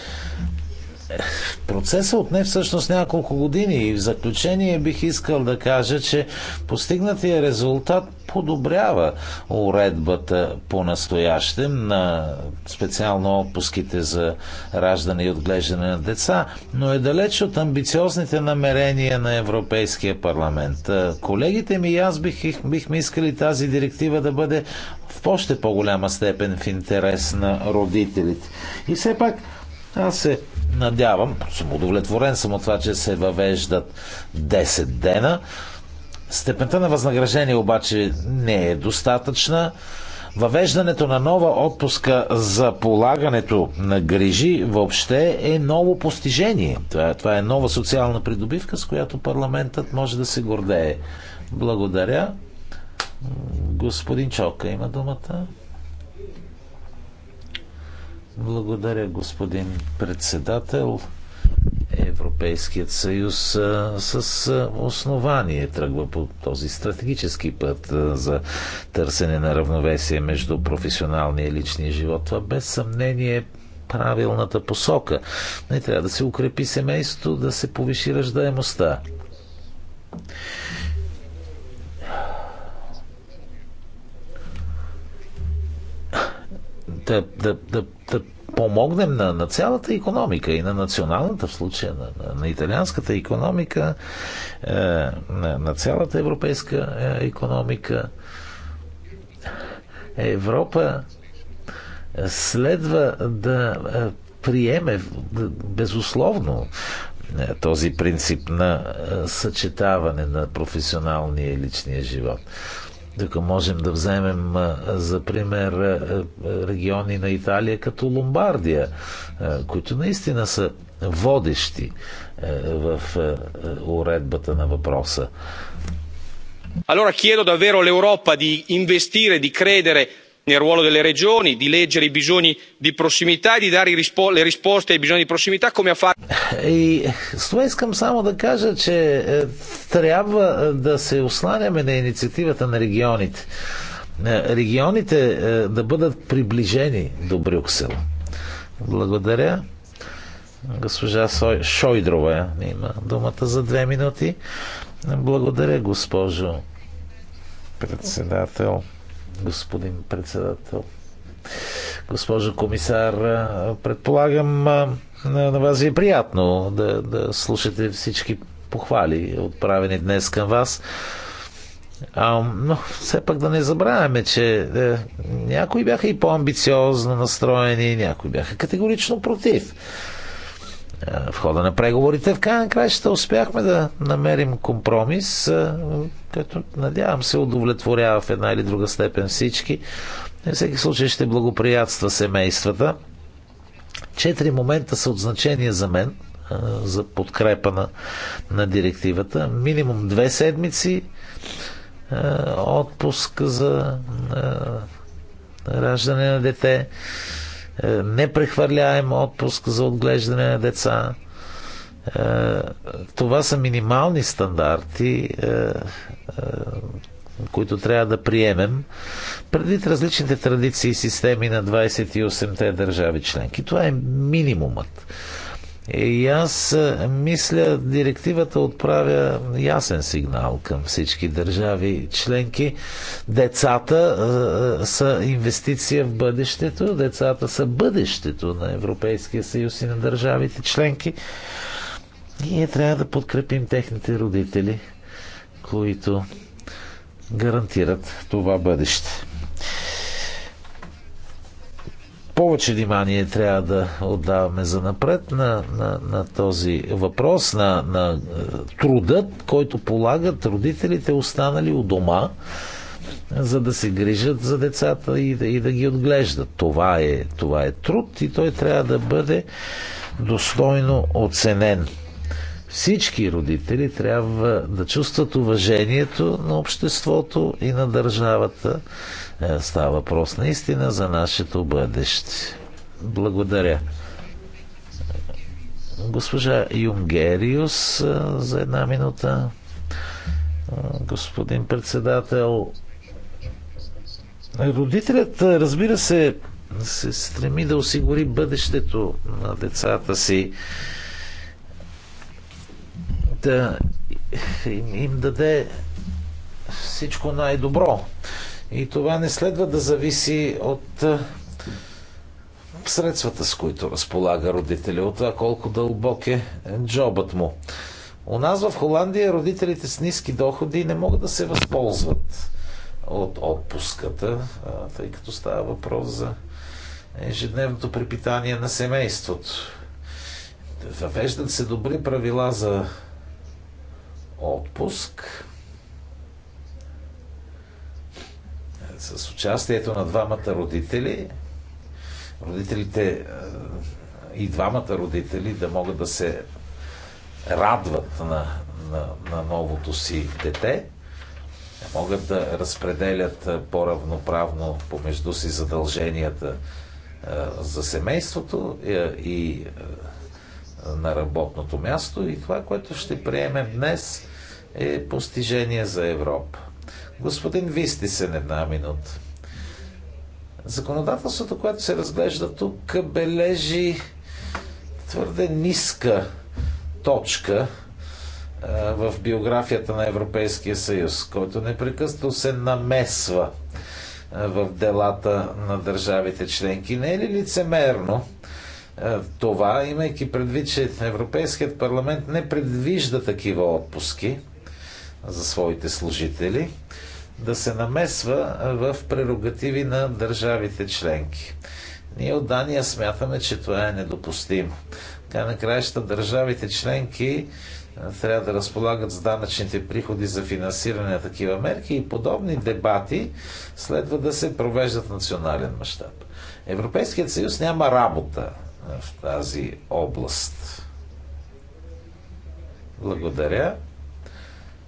Процесът отне всъщност няколко години и в заключение бих искал да кажа, че постигнатия резултат подобрява уредбата по настоящем на специално отпуските за раждане и отглеждане на деца, но е далеч от амбициозните намерения на Европейския парламент. Колегите ми и аз бих, бихме искали тази директива да бъде в още по-голяма степен в интерес на родителите. И все пак аз се надявам, съм удовлетворен съм от това, че се въвеждат 10 дена. Степента на възнаграждение обаче не е достатъчна. Въвеждането на нова отпуска за полагането на грижи въобще е ново постижение. Това е, това е нова социална придобивка, с която парламентът може да се гордее. Благодаря. Господин Чока има думата. Благодаря, господин председател. Европейският съюз а, с основание тръгва по този стратегически път а, за търсене на равновесие между професионалния и личния живот. Това без съмнение е правилната посока. Не трябва да се укрепи семейството, да се повиши ръждаемостта. да, да, да, да помогнем на, на цялата економика и на националната в случая, на, на, на италианската економика, е, на, на цялата европейска економика. Европа следва да е, приеме безусловно е, този принцип на е, съчетаване на професионалния и личния живот. Така можем да вземем за пример региони на Италия като Ломбардия, които наистина са водещи в уредбата на въпроса. Allora chiedo davvero all'Europa di investire, di credere nel ruolo delle regioni di leggere i bisogni di prossimità e di dare le risposte ai bisogni di prossimità come ha fatto. И това искам само да кажа, че е, трябва е, да се осланяме на инициативата на регионите. Е, регионите да бъдат приближени до Брюксел. Благодаря. Госпожа Шойдрова има думата за две минути. Благодаря, госпожо председател господин председател. Госпожо комисар, предполагам на вас ви е приятно да, да слушате всички похвали, отправени днес към вас. А, но все пак да не забравяме, че е, някои бяха и по-амбициозно настроени, някои бяха категорично против в хода на преговорите в крайна краища успяхме да намерим компромис, който надявам се удовлетворява в една или друга степен всички. В всеки случай ще благоприятства семействата. Четири момента са от значение за мен, за подкрепа на, на директивата. Минимум две седмици отпуск за раждане на дете е, непрехвърляем отпуск за отглеждане на деца. Е, това са минимални стандарти, е, които трябва да приемем, предвид различните традиции и системи на 28-те държави членки. Това е минимумът. Е, и аз мисля, директивата отправя ясен сигнал към всички държави членки. Децата е, са инвестиция в бъдещето, децата са бъдещето на Европейския съюз и на държавите членки. И ние трябва да подкрепим техните родители, които гарантират това бъдеще повече внимание трябва да отдаваме за напред на, на, на този въпрос, на, на е, трудът, който полагат родителите, останали у дома, за да се грижат за децата и да, и да ги отглеждат. Това е, това е труд и той трябва да бъде достойно оценен. Всички родители трябва да чувстват уважението на обществото и на държавата. Е, става въпрос наистина за нашето бъдеще. Благодаря. Госпожа Юнгериус е, за една минута. Е, господин председател, родителят, разбира се, се стреми да осигури бъдещето на децата си да им, им даде всичко най-добро. И това не следва да зависи от средствата, с които разполага родителя, от това колко дълбок е джобът му. У нас в Холандия родителите с ниски доходи не могат да се възползват от отпуската, тъй като става въпрос за ежедневното препитание на семейството. Въвеждат се добри правила за отпуск с участието на двамата родители. Родителите е, и двамата родители да могат да се радват на, на, на новото си дете, могат да разпределят е, по-равноправно помежду си задълженията е, за семейството и на работното място. И това, което ще приемем днес, е постижение за Европа. Господин Вистисен, една минута. Законодателството, което се разглежда тук, бележи твърде ниска точка в биографията на Европейския съюз, който непрекъснато се намесва в делата на държавите членки. Не е ли лицемерно това, имайки предвид, че Европейският парламент не предвижда такива отпуски? за своите служители, да се намесва в прерогативи на държавите членки. Ние от Дания смятаме, че това е недопустимо. Така на краища държавите членки трябва да разполагат с данъчните приходи за финансиране на такива мерки и подобни дебати следва да се провеждат в национален мащаб. Европейският съюз няма работа в тази област. Благодаря.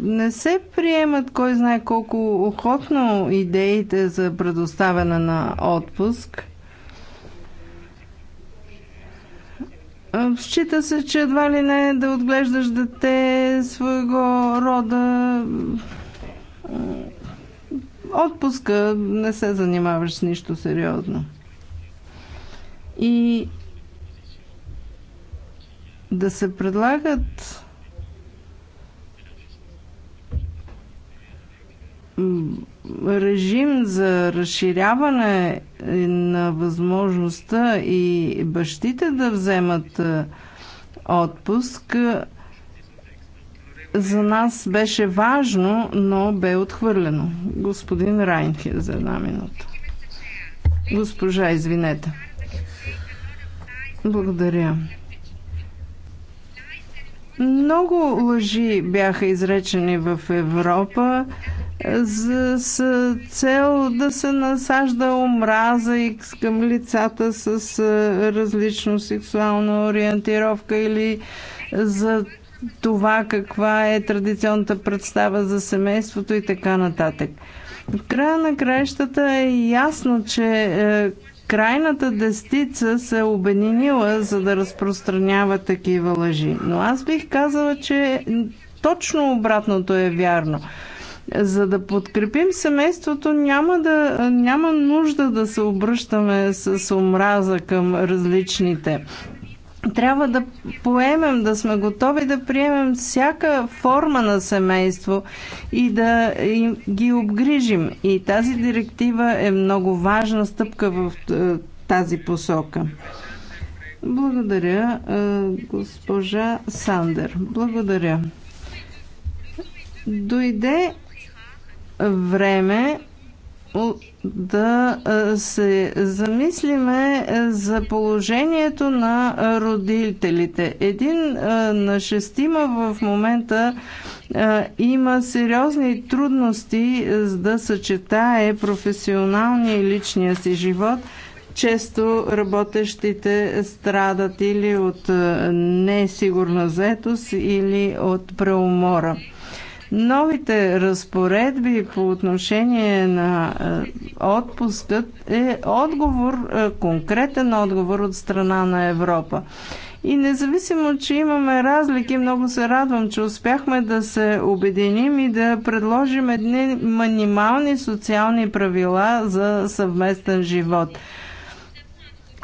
не се приемат кой знае колко охотно идеите за предоставяне на отпуск. Счита се, че едва ли не да отглеждаш дете своего рода отпуска, не се занимаваш с нищо сериозно. И да се предлагат режим за разширяване на възможността и бащите да вземат отпуск за нас беше важно, но бе отхвърлено. Господин Райнхе за една минута. Госпожа, извинете. Благодаря. Много лъжи бяха изречени в Европа е, с цел да се насажда омраза и към лицата с е, различно сексуална ориентировка или за това каква е традиционната представа за семейството и така нататък. В края на краищата е ясно, че е, крайната десница се е обединила, за да разпространява такива лъжи. Но аз бих казала, че точно обратното е вярно. За да подкрепим семейството, няма, да, няма нужда да се обръщаме с омраза към различните трябва да поемем, да сме готови да приемем всяка форма на семейство и да им, ги обгрижим. И тази директива е много важна стъпка в е, тази посока. Благодаря, е, госпожа Сандер. Благодаря. Дойде време да се замислиме за положението на родителите. Един на шестима в момента има сериозни трудности да съчетае професионалния и личния си живот. Често работещите страдат или от несигурна заетост, или от преумора. Новите разпоредби по отношение на е, отпускът е отговор, е, конкретен отговор от страна на Европа. И независимо, че имаме разлики, много се радвам, че успяхме да се обединим и да предложим едни минимални социални правила за съвместен живот –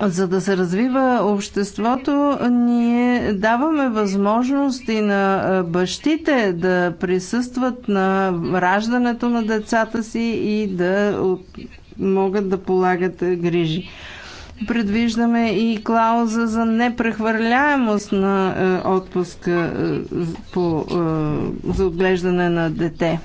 за да се развива обществото, ние даваме възможност и на бащите да присъстват на раждането на децата си и да могат да полагат грижи. Предвиждаме и клауза за непрехвърляемост на отпуска по, за отглеждане на дете.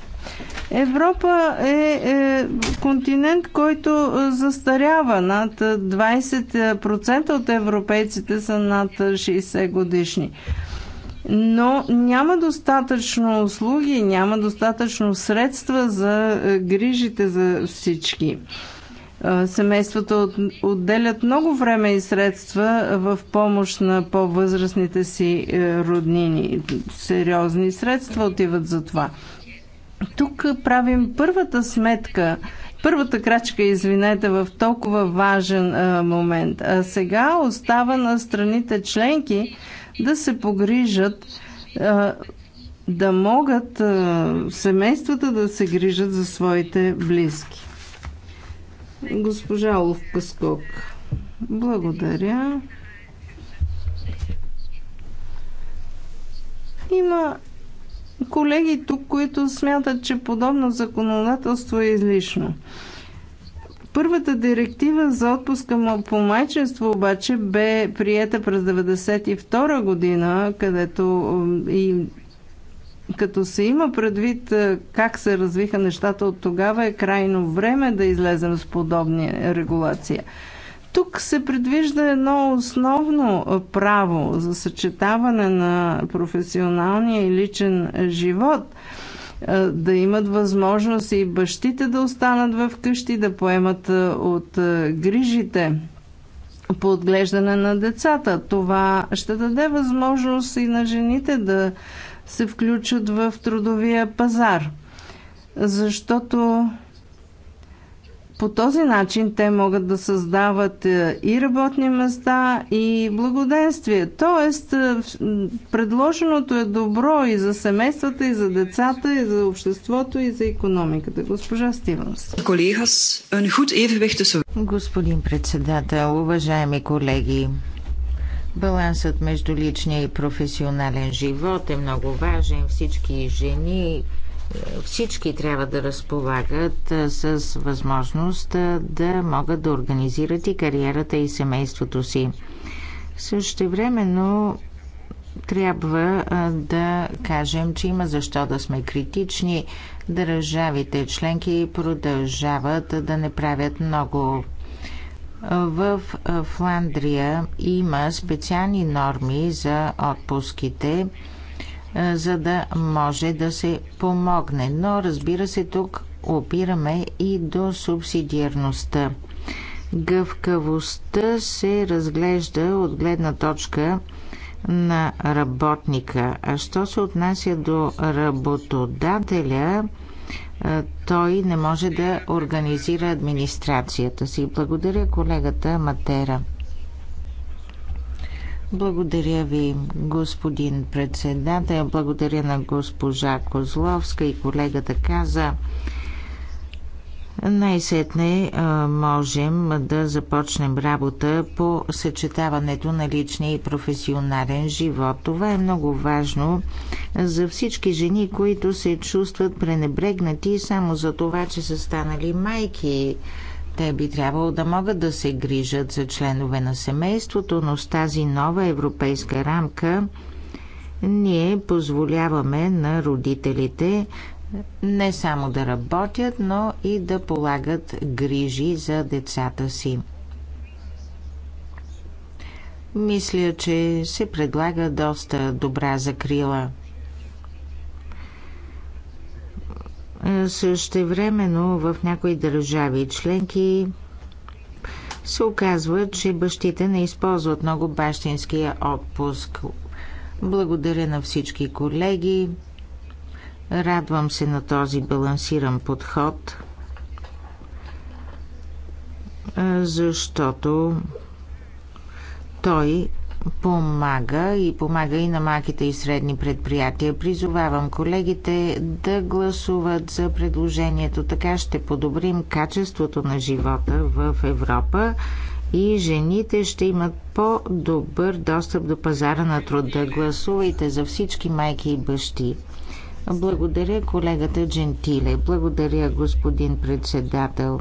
Европа е, е континент, който е, застарява. Над 20% е, от европейците са над 60 е, годишни но няма достатъчно услуги, няма достатъчно средства за грижите за всички. Семействата отделят много време и средства в помощ на по-възрастните си роднини. Сериозни средства отиват за това. Тук правим първата сметка, първата крачка, извинете, в толкова важен а, момент. А сега остава на страните членки да се погрижат а, да могат а, семействата да се грижат за своите близки. Госпожа Оловка Скок, благодаря. Има колеги тук, които смятат, че подобно законодателство е излишно. Първата директива за отпуска по майчинство обаче бе приета през 1992 година, където и като се има предвид е, как се развиха нещата от тогава, е крайно време да излезем с подобни регулация. Тук се предвижда едно основно право за съчетаване на професионалния и личен живот – да имат възможност и бащите да останат в къщи, да поемат от грижите по отглеждане на децата. Това ще даде възможност и на жените да се включат в трудовия пазар. Защото по този начин те могат да създават е, и работни места, и благоденствие. Тоест, е, предложеното е добро и за семействата, и за децата, и за обществото, и за економиката. Госпожа Стивенс. Колегас, Господин председател, уважаеми колеги, балансът между личния и професионален живот е много важен. Всички жени всички трябва да разполагат с възможност да могат да организират и кариерата и семейството си. Също Същевременно трябва да кажем, че има защо да сме критични. Държавите членки продължават да не правят много. В Фландрия има специални норми за отпуските – е, за да може да се помогне. Но разбира се, тук опираме и до субсидиарността. Гъвкавостта се разглежда от гледна точка на работника. А що се отнася до работодателя, е, той не може да организира администрацията си. Благодаря колегата Матера. Благодаря ви, господин председател. Благодаря на госпожа Козловска и колегата каза. Най-сетне можем да започнем работа по съчетаването на личния и професионален живот. Това е много важно за всички жени, които се чувстват пренебрегнати само за това, че са станали майки. Те би трябвало да могат да се грижат за членове на семейството, но с тази нова европейска рамка ние позволяваме на родителите не само да работят, но и да полагат грижи за децата си. Мисля, че се предлага доста добра закрила – времено в някои държави членки се оказва, че бащите не използват много бащинския отпуск. Благодаря на всички колеги. Радвам се на този балансиран подход, защото той помага и помага и на малките и средни предприятия. Призовавам колегите да гласуват за предложението. Така ще подобрим качеството на живота в Европа и жените ще имат по-добър достъп до пазара на труда. Гласувайте за всички майки и бащи. Благодаря колегата Джентиле. Благодаря господин председател.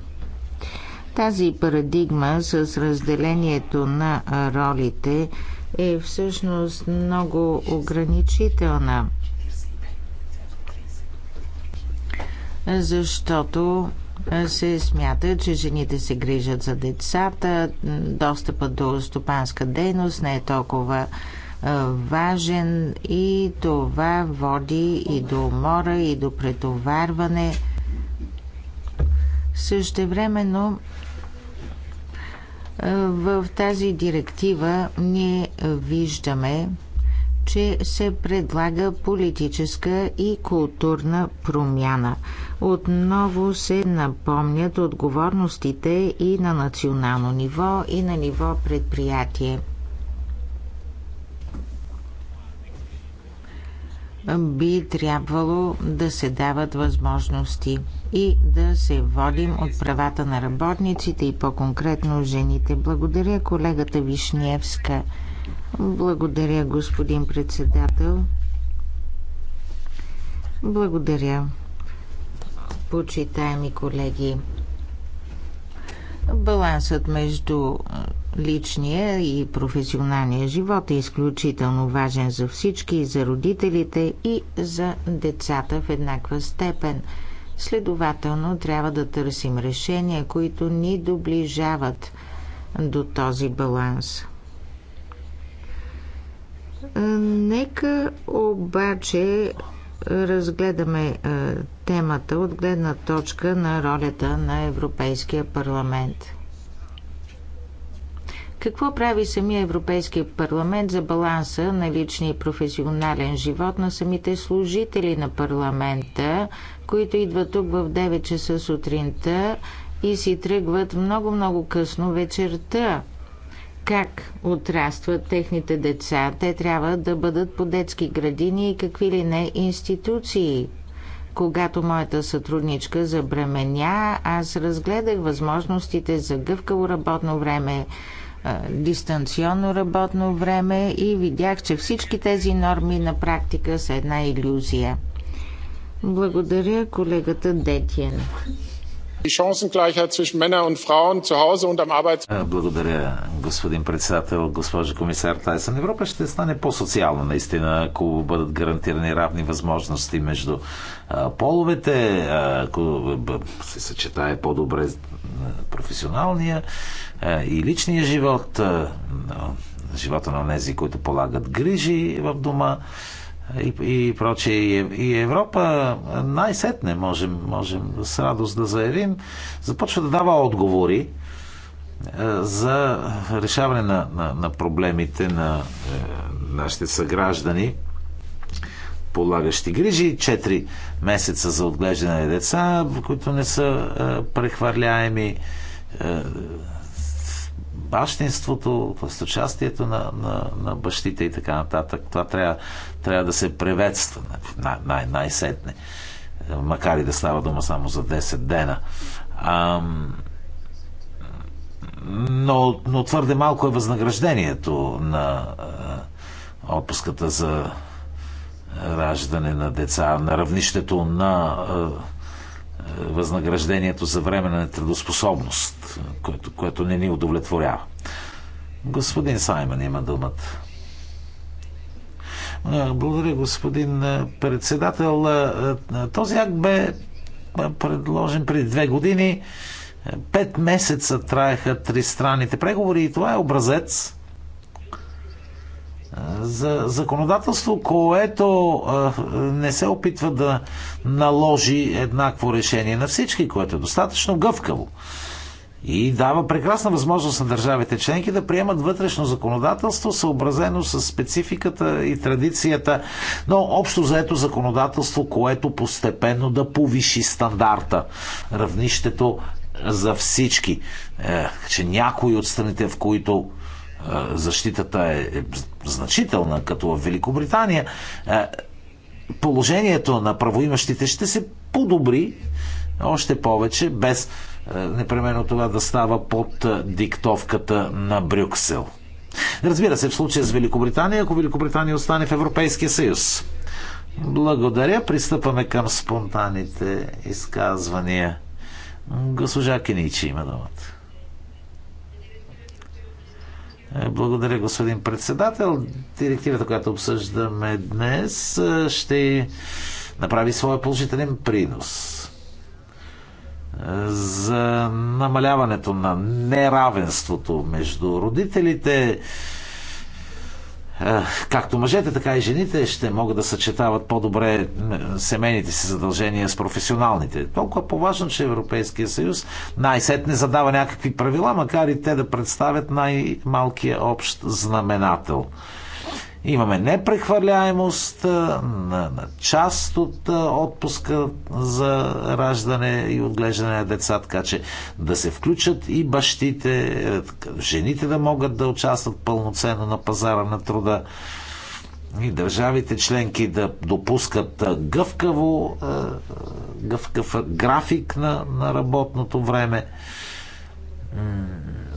Тази парадигма с разделението на ролите е всъщност много ограничителна, защото се смята, че жените се грижат за децата, достъпът до стопанска дейност не е толкова важен и това води и до умора, и до претоварване. Също времено, в тази директива ние виждаме, че се предлага политическа и културна промяна. Отново се напомнят отговорностите и на национално ниво, и на ниво предприятие. Би трябвало да се дават възможности и да се водим от правата на работниците и по-конкретно жените. Благодаря колегата Вишневска. Благодаря господин председател. Благодаря. Почитаеми колеги, балансът между личния и професионалния живот е изключително важен за всички, и за родителите и за децата в еднаква степен – Следователно трябва да търсим решения, които ни доближават до този баланс. Е, нека обаче разгледаме е, темата от гледна точка на ролята на Европейския парламент. Какво прави самия Европейския парламент за баланса на личния и професионален живот на самите служители на парламента, които идват тук в 9 часа сутринта и си тръгват много-много късно вечерта. Как отрастват техните деца? Те трябва да бъдат по детски градини и какви ли не институции. Когато моята сътрудничка забременя, аз разгледах възможностите за гъвкаво работно време, дистанционно работно време и видях, че всички тези норми на практика са една иллюзия. Благодаря колегата Детиен. Благодаря, господин председател, госпожа комисар Тайсън. Европа ще стане по-социална наистина, ако бъдат гарантирани равни възможности между половете, ако се съчетае по-добре професионалния и личния живот, живота на тези, които полагат грижи в дома и, и прочие, И Европа най-сетне, можем, можем с радост да заявим, започва да дава отговори е, за решаване на, на, на проблемите на е, нашите съграждани, полагащи грижи, 4 месеца за отглеждане на деца, които не са е, прехвърляеми, е, бащинството, в на, на, на бащите и така нататък. Това трябва, трябва да се приветства най- най- най-сетне. Макар и да става дума само за 10 дена. Ам... Но, но твърде малко е възнаграждението на а, отпуската за раждане на деца на равнището на а, възнаграждението за временна на което, което не ни удовлетворява. Господин Саймън има думата. Благодаря, господин председател. Този акт бе предложен преди две години. Пет месеца траеха три странните преговори и това е образец за законодателство, което не се опитва да наложи еднакво решение на всички, което е достатъчно гъвкаво. И дава прекрасна възможност на държавите членки да приемат вътрешно законодателство, съобразено с спецификата и традицията, но общо заето законодателство, което постепенно да повиши стандарта, равнището за всички. Е, че някои от страните, в които защитата е, е значителна, като в Великобритания, положението на правоимащите ще се подобри още повече, без непременно това да става под диктовката на Брюксел. Разбира се, в случая с Великобритания, ако Великобритания остане в Европейския съюз. Благодаря. Пристъпваме към спонтанните изказвания. Госпожа Кеничи има думата. Е, благодаря, господин председател. Директивата, която обсъждаме днес, е, ще направи своя положителен принос е, за намаляването на неравенството между родителите, е, както мъжете, така и жените ще могат да съчетават по-добре е, семейните си задължения с професионалните. Толкова по-важно, че Европейския съюз най-сетне задава някакви правила, макар и те да представят най-малкия общ знаменател. Имаме непрехвърляемост на, на част от отпуска за раждане и отглеждане на деца, така че да се включат и бащите, е, жените да могат да участват пълноценно на пазара на труда и държавите членки да допускат гъвкаво, гъвкав график на, на работното време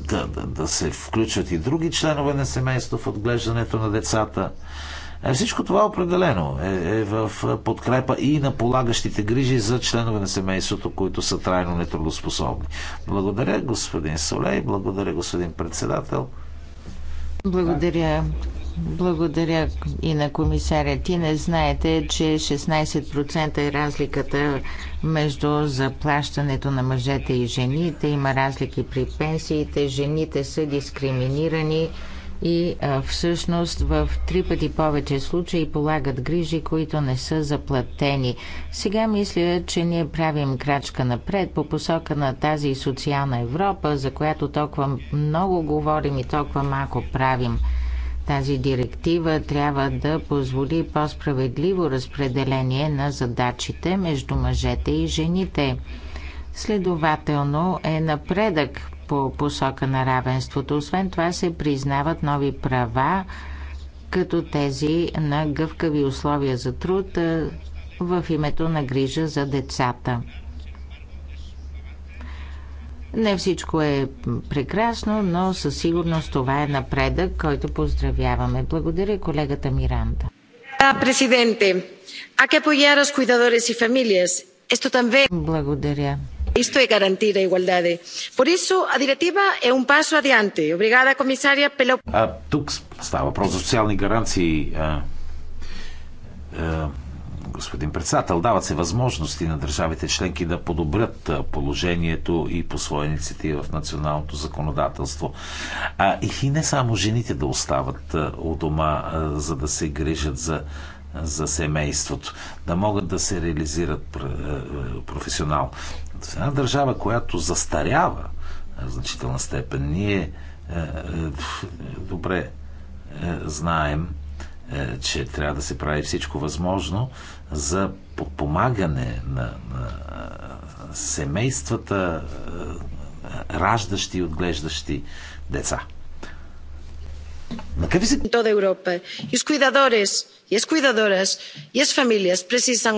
да, да, да се включват и други членове на семейство в отглеждането на децата. Е, всичко това определено е, е в подкрепа и на полагащите грижи за членове на семейството, които са трайно нетрудоспособни. Благодаря, господин Солей, благодаря, господин председател. Благодаря. Благодаря и на комисаря. Ти не знаете, че 16% е разликата между заплащането на мъжете и жените. Има разлики при пенсиите. Жените са дискриминирани и а, всъщност в три пъти повече случаи полагат грижи, които не са заплатени. Сега мисля, че ние правим крачка напред по посока на тази социална Европа, за която толкова много говорим и толкова малко правим. Тази директива трябва да позволи по-справедливо разпределение на задачите между мъжете и жените. Следователно е напредък по посока на равенството. Освен това се признават нови права, като тези на гъвкави условия за труд в името на грижа за децата. Не всичко е прекрасно, но със сигурност това е напредък, който поздравяваме. Благодаря колегата Миранда. Благодаря. Благодаря isto é garantir a igualdade. Por iso, a directiva é un paso adiante. Obrigada, комисаря Пело. А, тук става въпрос за социални гаранции. А, а, господин председател, дават се възможности на държавите членки да подобрят положението и по своя инициатива в националното законодателство. А, и не само жените да остават у дома, а, за да се грижат за за семейството, да могат да се реализират професионално. В една държава, която застарява в значителна степен, ние е, е, добре е, знаем, че трябва да се прави всичко възможно за подпомагане на, на семействата, раждащи и отглеждащи деца. На какви се... Toda Europa. И с cuidadores, и с cuidadoras, и с familias precisan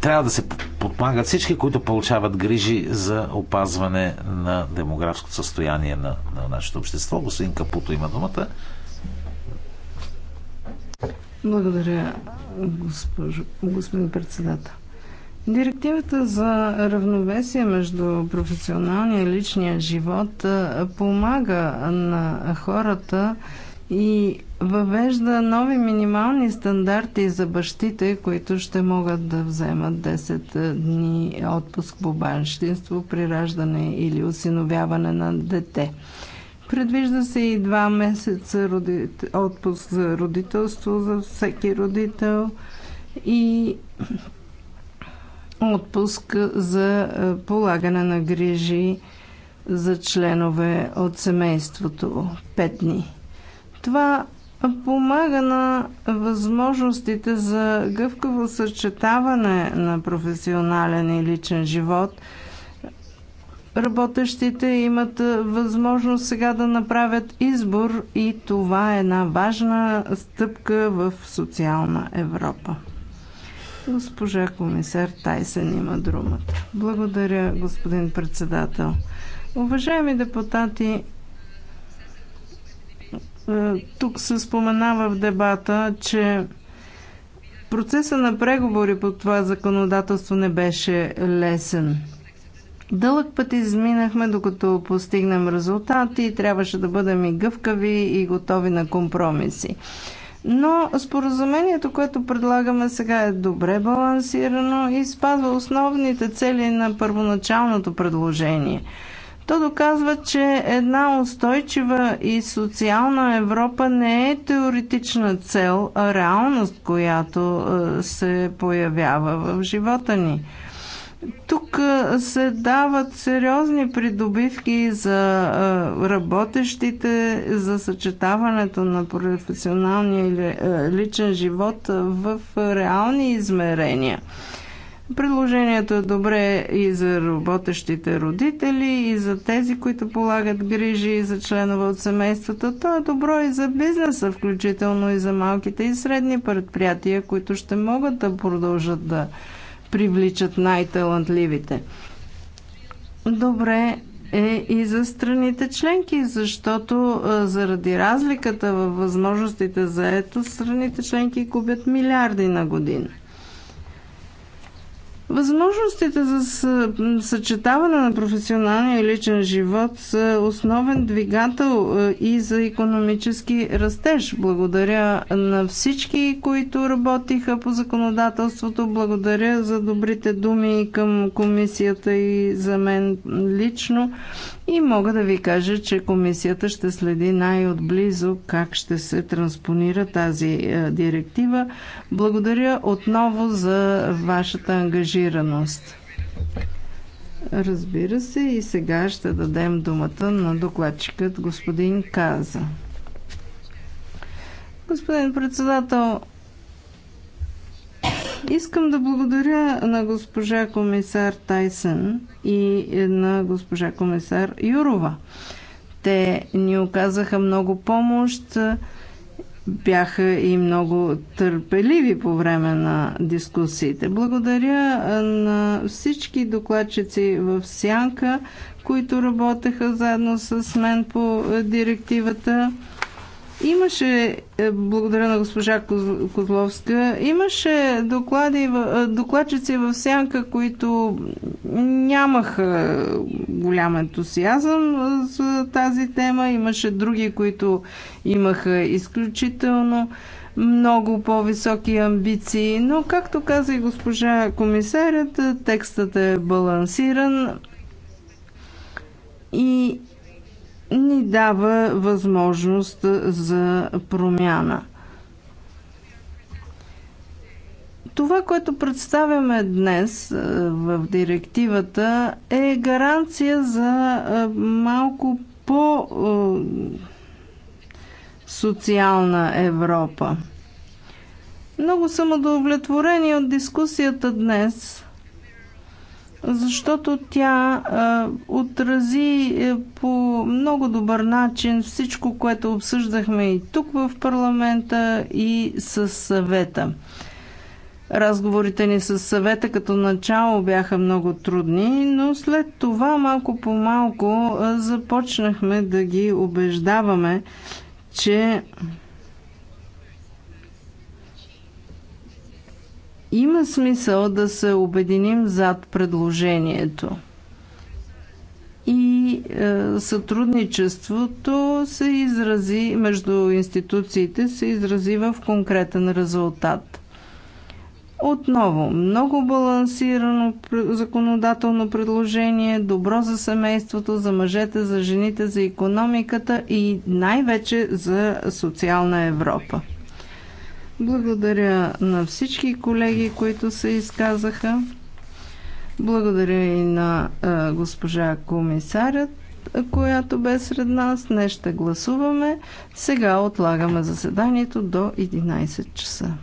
трябва да се подпомагат всички, които получават грижи за опазване на демографското състояние на, на нашето общество. Господин Капуто има думата. Благодаря, госпожо, господин председател. Директивата за равновесие между професионалния и личния живот помага на хората и въвежда нови минимални стандарти за бащите, които ще могат да вземат 10 е, дни отпуск по банщинство при раждане или осиновяване на дете. Предвижда се и два месеца отпуск за родителство за всеки родител и отпуск за е, полагане на грижи за членове от семейството 5 дни. Това помага на възможностите за гъвкаво съчетаване на професионален и личен живот. Работещите имат възможност сега да направят избор и това е една важна стъпка в социална Европа. Госпожа комисар Тайсен има думата. Благодаря, господин председател. Уважаеми депутати, е, тук се споменава в дебата, че процеса на преговори по това законодателство не беше лесен. Дълъг път изминахме, докато постигнем резултати. Трябваше да бъдем и гъвкави и готови на компромиси. Но споразумението, което предлагаме сега е добре балансирано и спазва основните цели на първоначалното предложение – то доказва, че една устойчива и социална Европа не е теоретична цел, а реалност, която е, се появява в живота ни. Тук е, се дават сериозни придобивки за е, работещите, за съчетаването на професионалния личен живот в реални измерения – Предложението е добре и за работещите родители, и за тези, които полагат грижи, и за членове от семействата. То е добро и за бизнеса, включително и за малките и средни предприятия, които ще могат да продължат да привличат най-талантливите. Добре е и за страните членки, защото заради разликата във възможностите за ето, страните членки губят милиарди на година. Възможностите за съчетаване на професионалния и личен живот са основен двигател е, и за економически растеж. Благодаря на всички, които работиха по законодателството. Благодаря за добрите думи към комисията и за мен лично. И мога да ви кажа, че комисията ще следи най-отблизо как ще се транспонира тази е, директива. Благодаря отново за вашата ангажираност. Разбира се, и сега ще дадем думата на докладчикът господин Каза. Господин председател, Искам да благодаря на госпожа комисар Тайсън и на госпожа комисар Юрова. Те ни оказаха много помощ, бяха и много търпеливи по време на дискусиите. Благодаря на всички докладчици в Сянка, които работеха заедно с мен по директивата Имаше, е, благодаря на госпожа Козловска, имаше доклади, е, докладчици в сянка, които нямаха голям ентусиазъм е, за тази тема. Имаше други, които имаха изключително много по-високи амбиции. Но, както каза и госпожа комисарят, текстът е балансиран и ни дава възможност за промяна. Това, което представяме днес е, в директивата е гаранция за е, малко по е, социална Европа. Много съм удовлетворени от дискусията днес – защото тя а, отрази е, по много добър начин всичко, което обсъждахме и тук в парламента и с съвета. Разговорите ни с съвета като начало бяха много трудни, но след това малко по малко започнахме да ги убеждаваме, че Има смисъл да се обединим зад предложението. И е, сътрудничеството се изрази между институциите, се изрази в конкретен резултат. Отново, много балансирано законодателно предложение, добро за семейството, за мъжете, за жените, за економиката и най-вече за социална Европа. Благодаря на всички колеги, които се изказаха. Благодаря и на а, госпожа комисарят, която бе сред нас. Днес ще гласуваме. Сега отлагаме заседанието до 11 часа.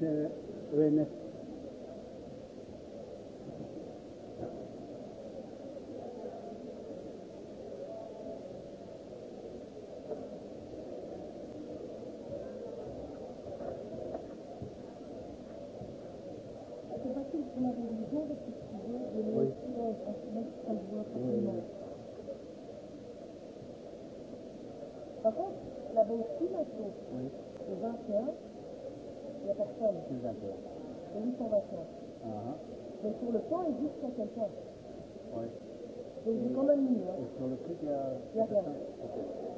Е, plus d'intérêt. C'est va faire. Uh -huh. Mais sur le temps, il dit qu'il y a quelqu'un. Oui. Donc j'ai quand même mis. Hein. Et sur le truc, il y a. Il y a rien. Okay.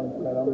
Amsterdam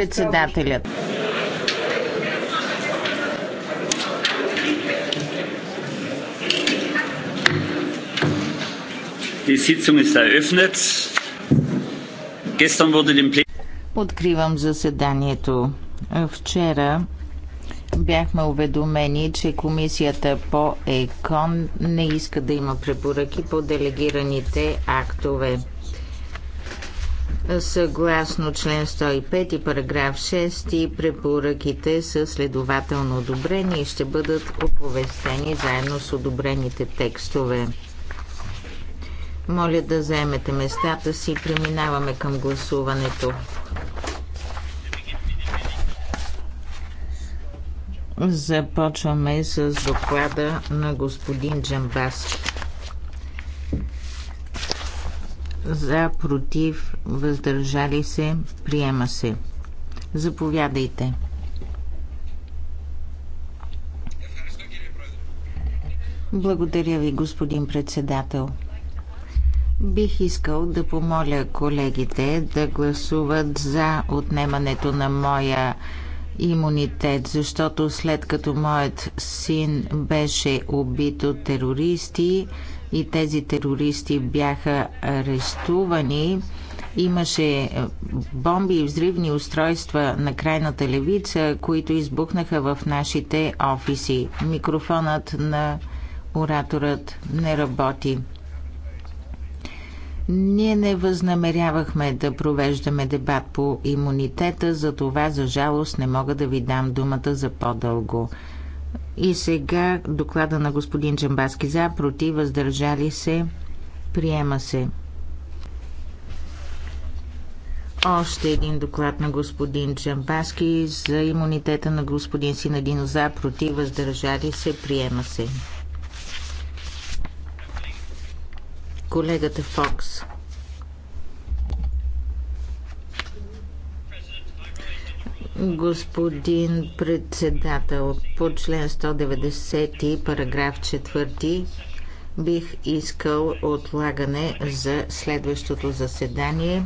председателят. Откривам заседанието. Вчера бяхме уведомени, че комисията по ЕКОН не иска да има препоръки по делегираните актове. Съгласно член 105 и параграф 6 и препоръките са следователно одобрени и ще бъдат оповестени заедно с одобрените текстове. Моля да заемете местата си. и Преминаваме към гласуването. Започваме с доклада на господин Джамбаски. за, против, въздържали се, приема се. Заповядайте. Благодаря ви, господин председател. Бих искал да помоля колегите да гласуват за отнемането на моя имунитет, защото след като моят син беше убит от терористи, и тези терористи бяха арестувани. Имаше е, бомби и взривни устройства на крайната левица, които избухнаха в нашите офиси. Микрофонът на ораторът не работи. Ние не възнамерявахме да провеждаме дебат по имунитета, за това за жалост не мога да ви дам думата за по-дълго. И сега доклада на господин Джамбаски за, против, въздържали се, приема се. Още един доклад на господин Джамбаски за имунитета на господин Синадино за, против, въздържали се, приема се. Колегата Фокс. Господин председател, по член 190, параграф 4, бих искал отлагане за следващото заседание,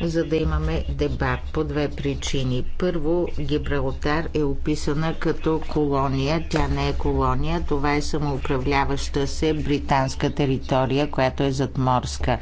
за да имаме дебат по две причини. Първо, Гибралтар е описана като колония. Тя не е колония, това е самоуправляваща се британска територия, която е задморска.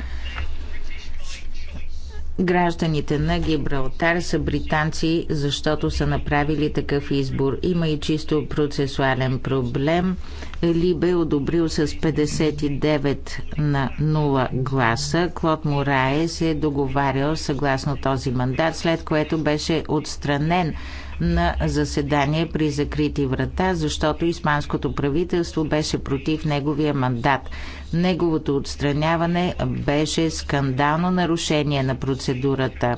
Гражданите на Гибралтар са британци, защото са направили такъв избор. Има и чисто процесуален проблем. Либе, е одобрил с 59 на 0 гласа. Клод Морае се е договарял съгласно този мандат, след което беше отстранен на заседание при закрити врата, защото испанското правителство беше против неговия мандат. Неговото отстраняване беше скандално нарушение на процедурата.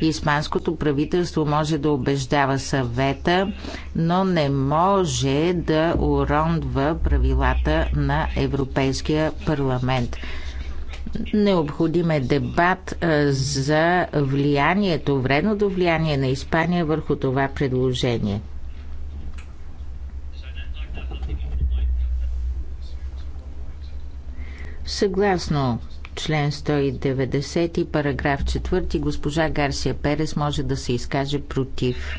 Испанското правителство може да убеждава съвета, но не може да уронва правилата на Европейския парламент. Необходим е дебат за влиянието, вредното влияние на Испания върху това предложение. Съгласно член 190, параграф 4, госпожа Гарсия Перес може да се изкаже против.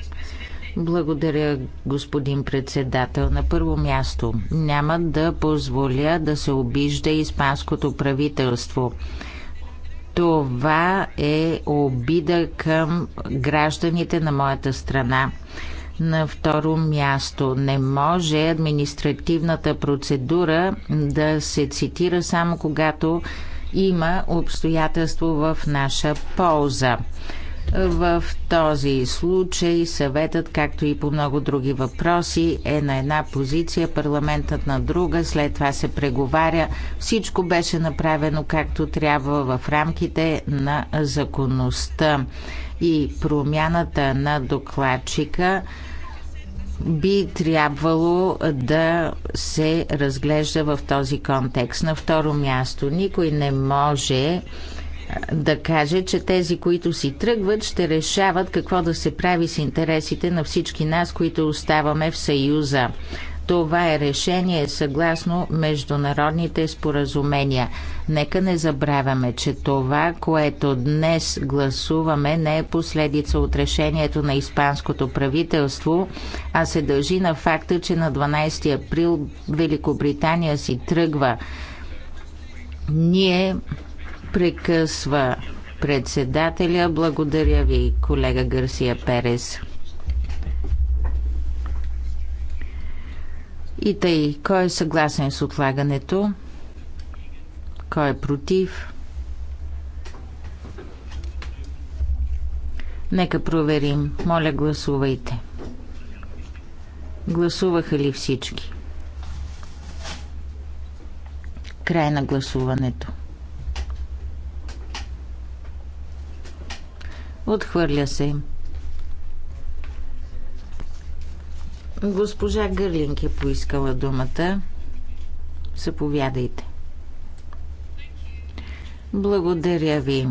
Благодаря, господин председател. На първо място, няма да позволя да се обижда испанското правителство. Това е обида към гражданите на моята страна. На второ място, не може административната процедура да се цитира само когато има обстоятелство в наша полза. В този случай съветът, както и по много други въпроси, е на една позиция, парламентът на друга, след това се преговаря. Всичко беше направено както трябва в рамките на законността. И промяната на докладчика би трябвало да се разглежда в този контекст. На второ място, никой не може да каже, че тези, които си тръгват, ще решават какво да се прави с интересите на всички нас, които оставаме в Съюза. Това е решение съгласно международните споразумения. Нека не забравяме, че това, което днес гласуваме, не е последица от решението на испанското правителство, а се дължи на факта, че на 12 април Великобритания си тръгва. Ние Прекъсва председателя. Благодаря ви, колега Гарсия Перес. И тъй, кой е съгласен с отлагането? Кой е против? Нека проверим. Моля, гласувайте. Гласуваха ли всички? Край на гласуването. Отхвърля се. Госпожа Гърлинг е поискала думата. Заповядайте. Благодаря ви.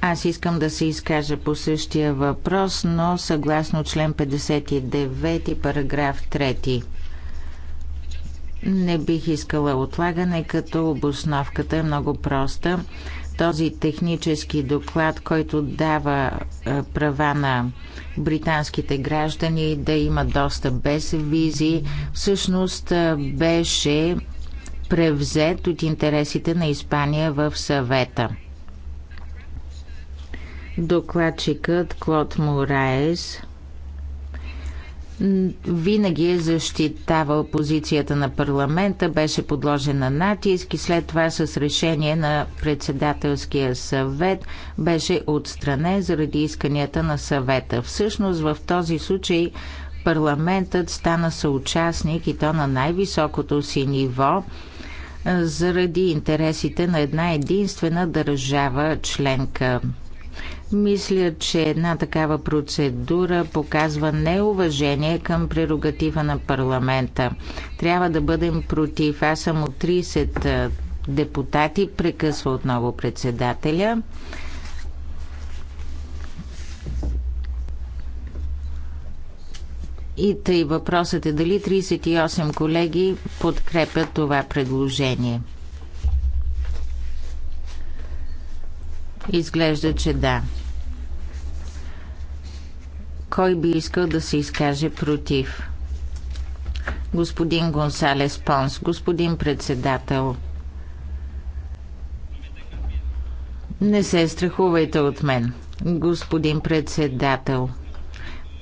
Аз искам да се изкажа по същия въпрос, но съгласно член 59, параграф 3. Не бих искала отлагане, като обосновката е много проста този технически доклад, който дава е, права на британските граждани да имат доста без визи, всъщност е, беше превзет от интересите на Испания в съвета. Докладчикът Клод Мораес винаги е защитавал позицията на парламента, беше подложен на натиск и след това с решение на председателския съвет беше отстранен заради исканията на съвета. Всъщност в този случай парламентът стана съучастник и то на най-високото си ниво заради интересите на една единствена държава членка. Мисля, че една такава процедура показва неуважение към прерогатива на парламента. Трябва да бъдем против. Аз съм от 30 депутати. Прекъсва отново председателя. И тъй въпросът е дали 38 колеги подкрепят това предложение. Изглежда, че да. Кой би искал да се изкаже против? Господин Гонсалес Понс, господин председател. Не се страхувайте от мен, господин председател.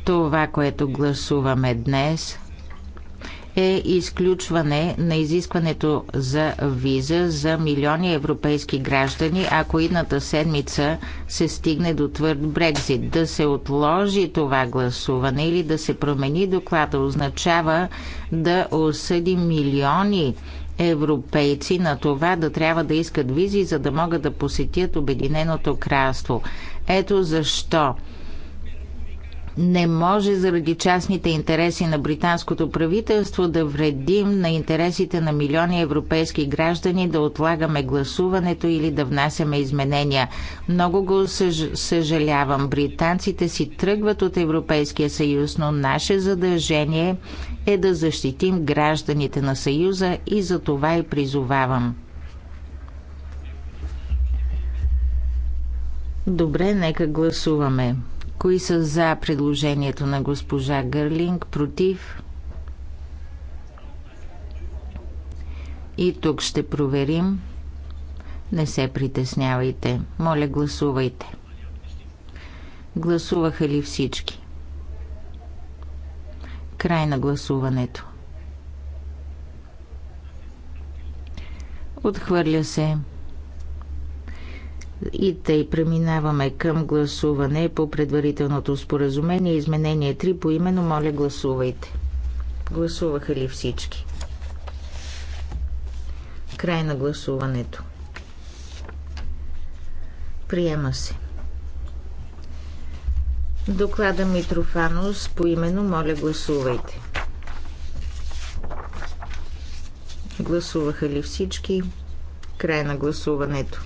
Това, което гласуваме днес, е изключване на изискването за виза за милиони европейски граждани, ако идната седмица се стигне до твърд Брекзит. Да се отложи това гласуване или да се промени доклада означава да осъди милиони европейци на това да трябва да искат визи, за да могат да посетят Обединеното кралство. Ето защо не може заради частните интереси на британското правителство да вредим на интересите на милиони европейски граждани, да отлагаме гласуването или да внасяме изменения. Много го съж... съжалявам. Британците си тръгват от Европейския съюз, но наше задължение е да защитим гражданите на съюза и за това и призовавам. Добре, нека гласуваме. Кои са за предложението на госпожа Гърлинг? Против? И тук ще проверим. Не се притеснявайте. Моля, гласувайте. Гласуваха ли всички? Край на гласуването. Отхвърля се. И тъй преминаваме към гласуване по предварителното споразумение. Изменение 3 по именно. Моля, гласувайте. Гласуваха ли всички? Край на гласуването. Приема се. Доклада Митрофанус по именно. Моля, гласувайте. Гласуваха ли всички? Край на гласуването.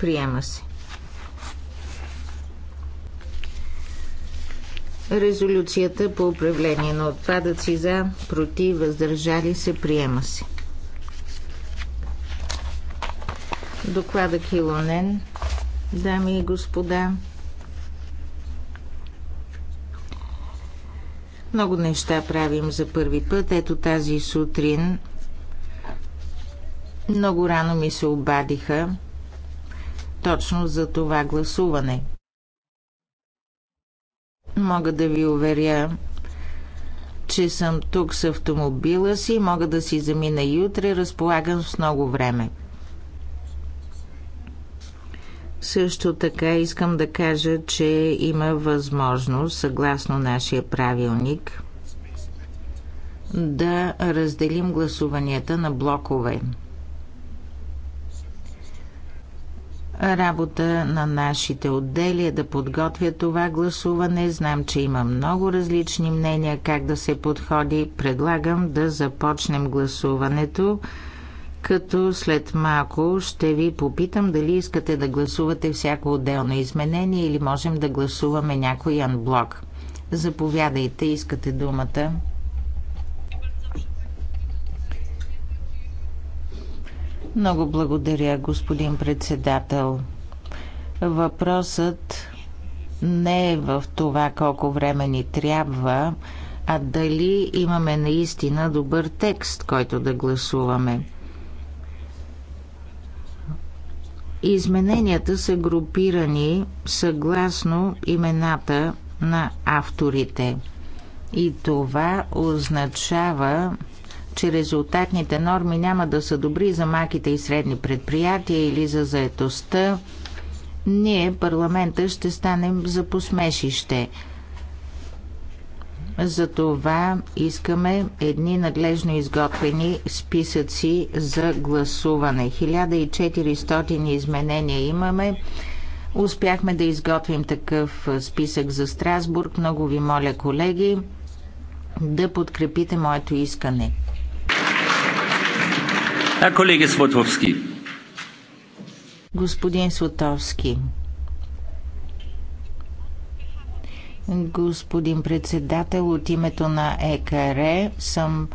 Приема се. Резолюцията по управление на отпадъци за, против, въздържали се, приема се. Доклада Килонен, дами и господа. Много неща правим за първи път. Ето тази сутрин много рано ми се обадиха точно за това гласуване. Мога да ви уверя, че съм тук с автомобила си, мога да си замина и утре, разполагам с много време. Също така искам да кажа, че има възможност, съгласно нашия правилник, да разделим гласуванията на блокове. Работа на нашите отдели е да подготвя това гласуване. Знам, че има много различни мнения как да се подходи. Предлагам да започнем гласуването, като след малко ще ви попитам дали искате да гласувате всяко отделно изменение или можем да гласуваме някой анблок. Заповядайте, искате думата. Много благодаря, господин председател. Въпросът не е в това колко време ни трябва, а дали имаме наистина добър текст, който да гласуваме. Измененията са групирани съгласно имената на авторите. И това означава, че резултатните норми няма да са добри за малките и средни предприятия или за заетостта, ние, парламента, ще станем за посмешище. Затова искаме едни надлежно изготвени списъци за гласуване. 1400 изменения имаме. Успяхме да изготвим такъв списък за Страсбург. Много ви моля, колеги, да подкрепите моето искане. Господин Сватовски, Господин председател, от името на ЕКР съм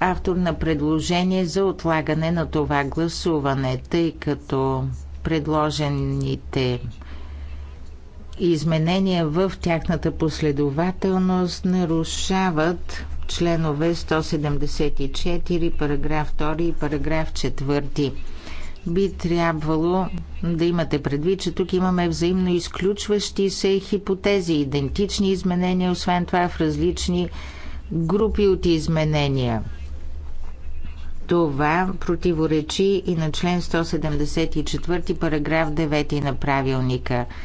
автор на предложение за отлагане на това гласуване, тъй като предложените изменения в тяхната последователност нарушават членове 174, параграф 2 и параграф 4. Би трябвало да имате предвид, че тук имаме взаимно изключващи се хипотези, идентични изменения, освен това в различни групи от изменения. Това противоречи и на член 174, параграф 9 на правилника –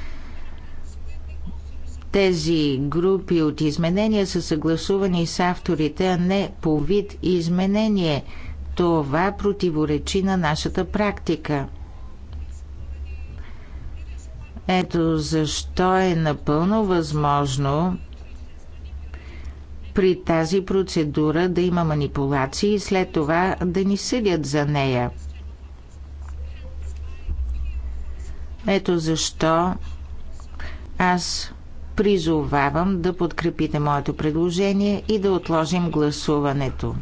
тези групи от изменения са съгласувани с авторите, а не по вид изменение. Това противоречи на нашата практика. Ето защо е напълно възможно при тази процедура да има манипулации и след това да ни съдят за нея. Ето защо аз призовавам да подкрепите моето предложение и да отложим гласуването.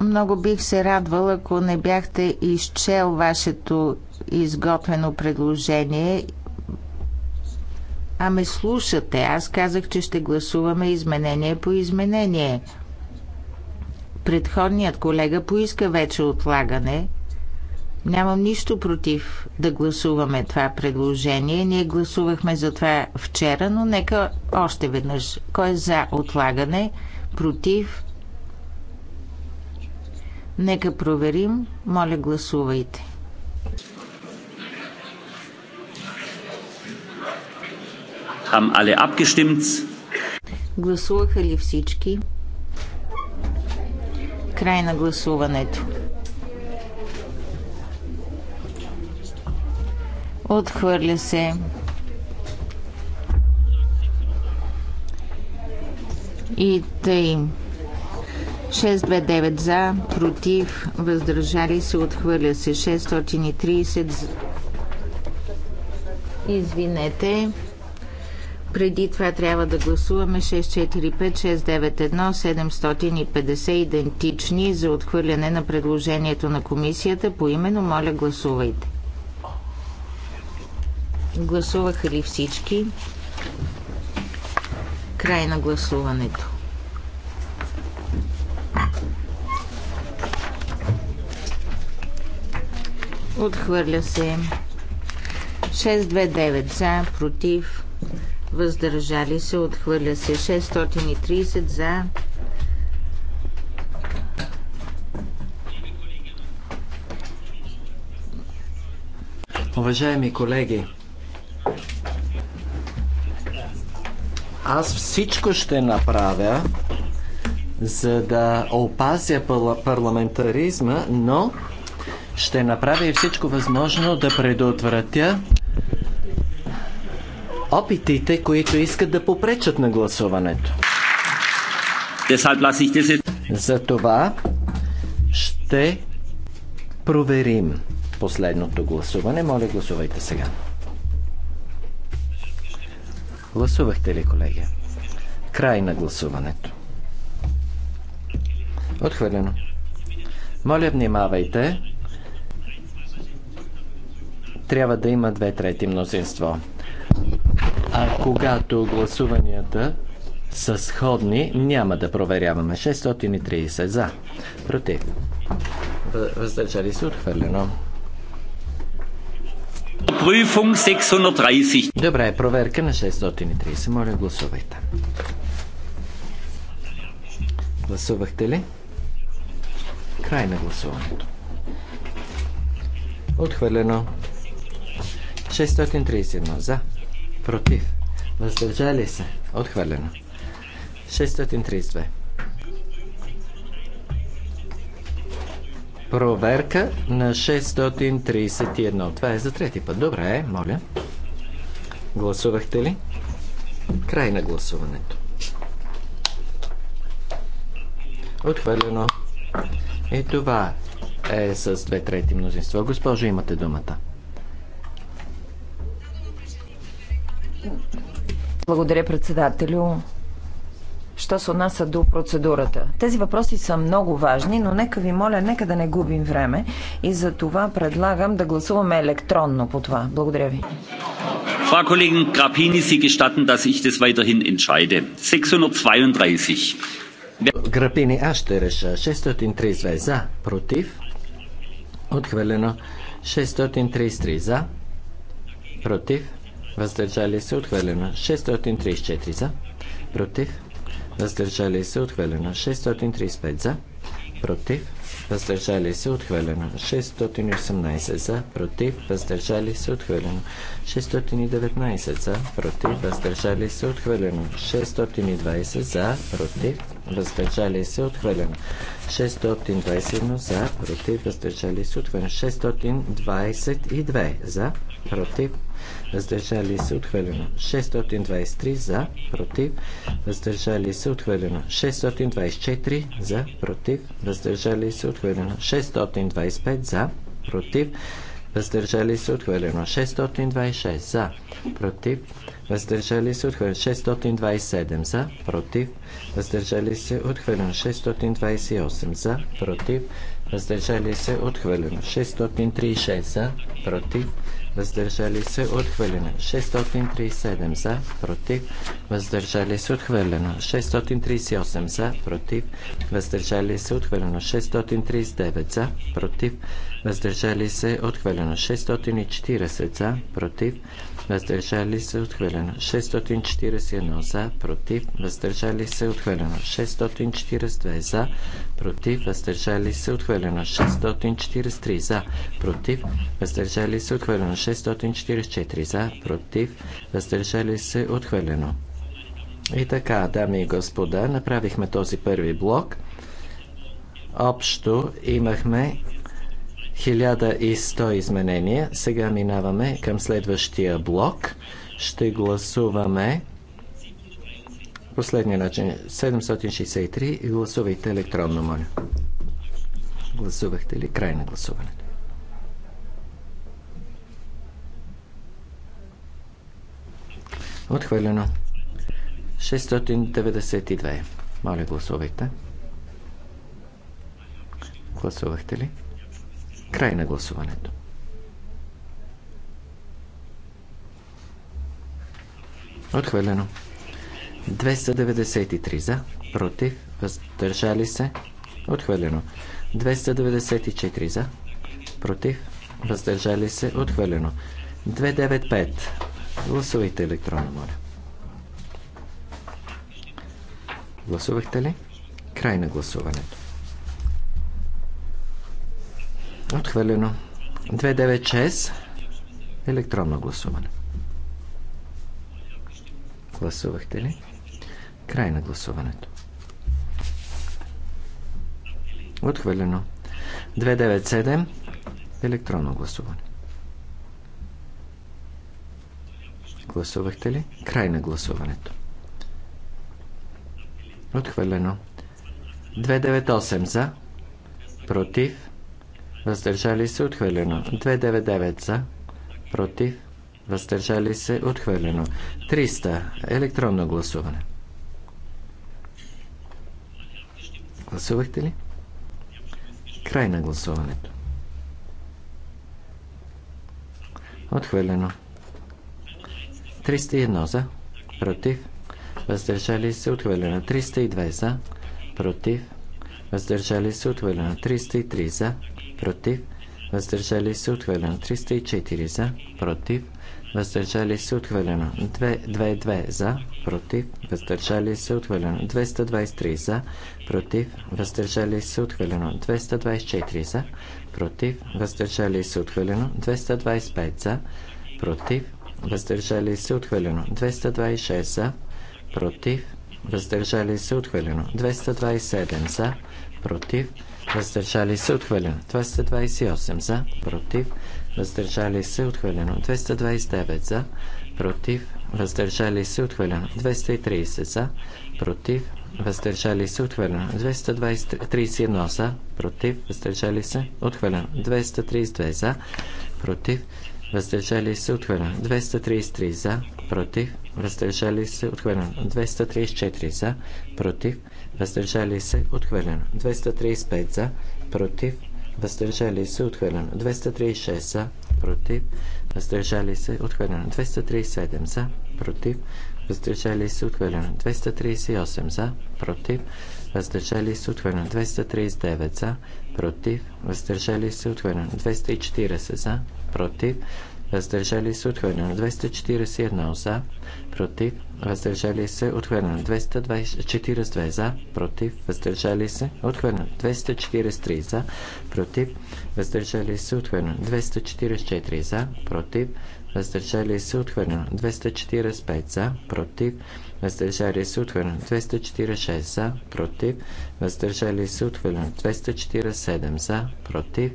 Много бих се радвала, ако не бяхте изчел вашето изготвено предложение, а ме слушате. Аз казах, че ще гласуваме изменение по изменение – Предходният колега поиска вече отлагане. Нямам нищо против да гласуваме това предложение. Ние гласувахме за това вчера, но нека още веднъж. Кой е за отлагане? Против? Нека проверим. Моля, гласувайте. Гласуваха ли всички? Край на гласуването. Отхвърля се. И тъй. 629 за, против, въздържали се, отхвърля се 630. Извинете. Преди това трябва да гласуваме 645, 691, 750 идентични за отхвърляне на предложението на комисията. По именно моля гласувайте. Гласуваха ли всички? Край на гласуването. Отхвърля се. 629 за, против, въздържали се, отхвърля се 630 за. Уважаеми колеги, аз всичко ще направя, за да опазя парламентаризма, но ще направя и всичко възможно да предотвратя опитите, които искат да попречат на гласуването. За това ще проверим последното гласуване. Моля, гласувайте сега. Гласувахте ли, колеги? Край на гласуването. Отхвърлено. Моля, внимавайте. Трябва да има две трети мнозинство. А когато гласуванията са сходни, няма да проверяваме. 630 за. Против. Въздържали се отхвърлено. Prüfung 630. Добре, проверка на 630. Моля, гласувайте. Гласувахте ли? Край на гласуването. Отхвърлено. 631 за против, въздържали се, отхвърлено. 632. Проверка на 631. Това е за трети път. Добре, моля. Гласувахте ли? Край на гласуването. Отхвърлено. И това е с две трети мнозинство. Госпожо, имате думата. Благодаря, председателю. Що се отнася до процедурата? Тези въпроси са много важни, но нека ви моля, нека да не губим време и за това предлагам да гласуваме електронно по това. Благодаря ви. Frau Kollegin Grappini, Sie gestatten, dass ich das weiterhin entscheide. 632. Грапини, аз ще реша. 632 за, против. Отхвърлено. 633 за, против въздържали се, отхвърлено. 634 за, против, въздържали се, отхвърлено. 635 за, против, въздържали се, отхвърлено. 618 за, против, въздържали се, отхвърлено. 619 за, против, въздържали се, отхвърлено. 620 за, против, въздържали се, отхвърлено. 621 за, против, въздържали се, отхвърлено. 622 за, против, въздържали се, отхвърлено. 623 за, против, въздържали се, отхвърлено. 624 за, против, въздържали се, отхвърлено. 625 за, против, въздържали се, отхвърлено. 626 за, против, въздържали се, отхвърлено. 627 за, против, въздържали се, отхвърлено. 628 за, против, въздържали се, отхвърлено. 636 за, против, въздържали се, отхвърлено. 637 за, против, въздържали се, отхвърлено. 638 за, против, въздържали се, отхвърлено. 639 за, против, въздържали се, отхвърлено. 640 за, против, въздържали се, отхвърлено. 641 за, против, въздържали се, отхвърлено. 642 за, против, въздържали се, отхвърлено. 643 за, против, въздържали се, отхвърлено. 644 за, против, въздържали се, отхвърлено. И така, дами и господа, направихме този първи блок. Общо имахме 1100 изменения. Сега минаваме към следващия блок. Ще гласуваме последния начин. 763 и гласувайте електронно, моля. Гласувахте ли? Край на гласуването. Отхвърлено. 692. Моля, гласувайте. Гласувахте ли? Край на гласуването. Отхвърлено. 293 за, против, въздържали се. Отхвърлено. 294 за, против, въздържали се. Отхвърлено. 295. Гласувайте електронно, моля. Гласувахте ли? Край на гласуването. Отхвърлено. 296. Електронно гласуване. Гласувахте ли? Край на гласуването. Отхвърлено. 297. Електронно гласуване. Гласувахте ли? Край на гласуването. Отхвърлено. 298 за. Против въздържали се, отхвърлено. 299 за, против, въздържали се, отхвърлено. 300 електронно гласуване. Гласувахте ли? Край на гласуването. Отхвърлено. 301 за, против, въздържали се, отхвърлено. 302 за, против, въздържали се, отхвърлено. 303 за, против, въздържали се отхвърлено. 304 за, против, въздържали се отхвърлено. 22 за, против, въздържали се отхвърлено. 223 за, против, въздържали се отхвърлено. 224 за, против, въздържали се отхвърлено. 225 за, против, въздържали се отхвърлено. 226 за, против, въздържали се отхвърлено. 227 за, против, въздържали се, отхвърлено. 228 за, против, въздържали се, отхвърлено. 229 за, против, въздържали се, отхвърлено. 230 за, против, въздържали се, отхвърлено. 231 за, против, въздържали се, отхвърлено. 232 за, против, въздържали се, отхвърлено. 233 за, против, въздържали се, отхвърлено. 234 за, против, въздържали се, отхвърлено. 235 за, против, въздържали се, отхвърлено. 236 за, против, въздържали се, отхвърлено. 237 за, против, въздържали се, отхвърлено. 238 за, против, въздържали се, отхвърлено. 239 за, против, въздържали се, отхвърлено. 240 за, против, въздържали се, отхвърлено. 241 за, против, въздържали се, отхвърлен 242 за, против, въздържали се, отхвърлен 243 за, против, въздържали се, отхвърлен 244 за, против, въздържали се, отхвърлен 245 за, против, въздържали се, отхвърлен 246 за, против, въздържали се, отхвърлен 247 за, против,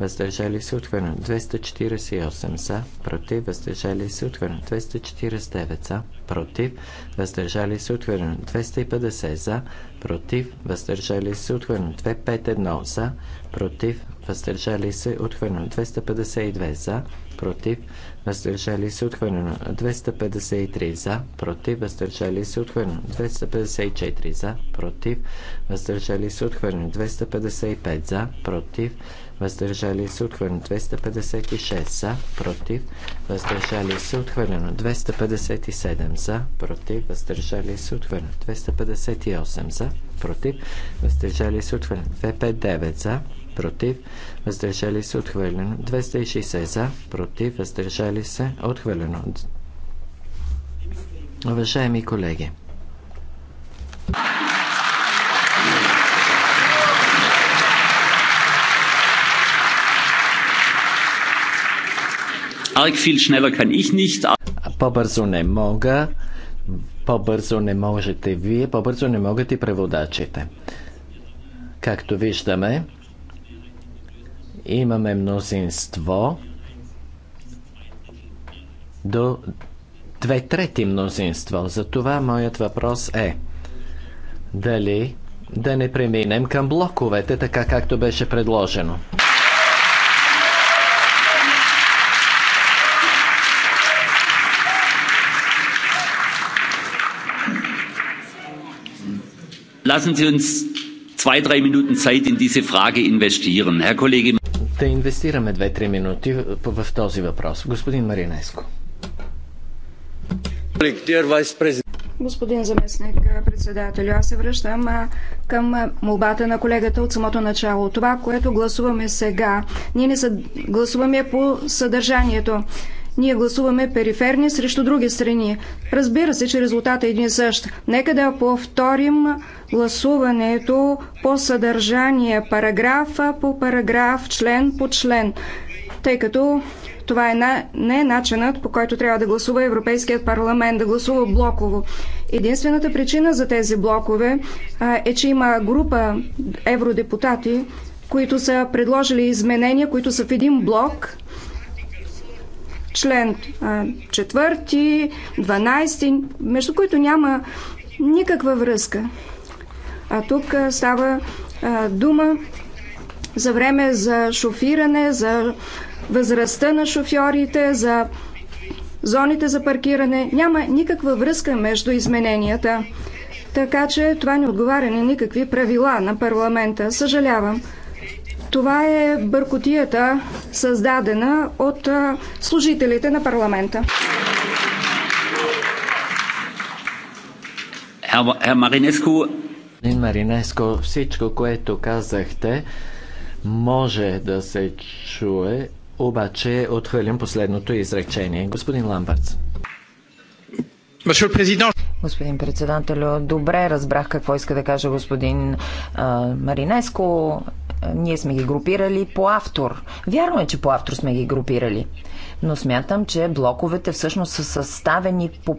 въздържали се отхвърлен 248 за, против въздържали се отхвърлен 249 за, против, въздържали се отхвърлено 250 за, против, въздържали се отхвърлено 251 за, против, въздържали се отхвърлено 252 за, против, въздържали се отхвърлено 253 за, против, въздържали се отхвърлено 254 за, против, въздържали се отхвърлено 255 за, против, въздържали се, отхвърлено 256 за, против, въздържали се, отхвърлено 257 за, против, въздържали се, отхвърлено 258 за, против, въздържали се, отхвърлено 259 за, против, въздържали се, отхвърлено 260 за, против, въздържали се, отхвърлено. Уважаеми колеги, Arg viel schneller kann ich nicht. По-бързо не мога, по-бързо не можете вие, по-бързо не могат и преводачите. Както виждаме, имаме мнозинство до две трети мнозинство. Затова моят въпрос е дали да не преминем към блоковете, така както беше предложено. lassen sie uns zwei drei minuten zeit in diese frage investieren. herr kollege да инвестираме 2-3 минути в този въпрос. Господин Маринеско. Господин заместник председател, аз се връщам към молбата на колегата от самото начало. Това, което гласуваме сега, ние не гласуваме по съдържанието. Ние гласуваме периферни срещу други страни. Разбира се, че резултатът е един и същ. Нека да повторим гласуването по съдържание параграфа по параграф, член по член, тъй като това е на... не е начинът, по който трябва да гласува Европейският парламент, да гласува блоково. Единствената причина за тези блокове а, е, че има група евродепутати, които са предложили изменения, които са в един блок член 4, 12, между които няма никаква връзка. А тук става дума за време за шофиране, за възрастта на шофьорите, за зоните за паркиране. Няма никаква връзка между измененията. Така че това не отговаря на никакви правила на парламента. Съжалявам. Това е бъркотията, създадена от служителите на парламента. Маринеско. Маринеско, всичко, което казахте, може да се чуе, обаче отхвърлям последното изречение. Господин Ламбърц. Господин председател, добре разбрах какво иска да каже господин а, Маринеско. Ние сме ги групирали по автор. Вярно е, че по автор сме ги групирали. Но смятам, че блоковете всъщност са съставени по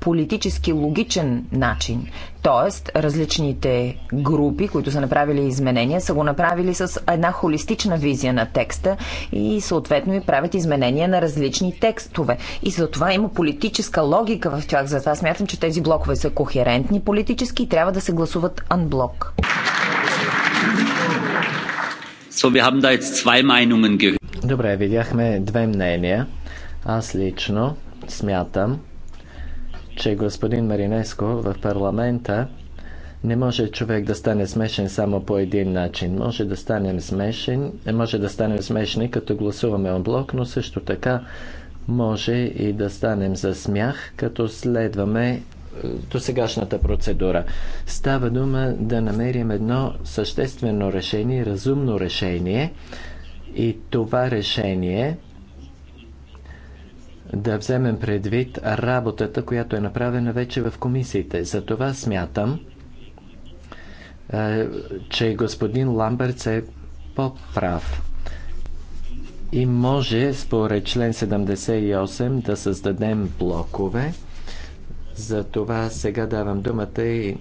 политически логичен начин. Тоест, различните групи, които са направили изменения, са го направили с една холистична визия на текста и съответно и правят изменения на различни текстове. И за това има политическа логика в тях. Затова смятам, че тези блокове са кохерентни политически и трябва да се гласуват анблок. Thank Добре, видяхме две мнения. Аз лично смятам, че господин Маринеско в парламента не може човек да стане смешен само по един начин. Може да станем смешен, може да станем смешни като гласуваме онблок, но също така може и да станем за смях, като следваме досегашната процедура. Става дума да намерим едно съществено решение, разумно решение и това решение да вземем предвид работата, която е направена вече в комисиите. За това смятам, е, че господин Ламберт е по-прав и може според член 78 да създадем блокове, за това сега давам думата и,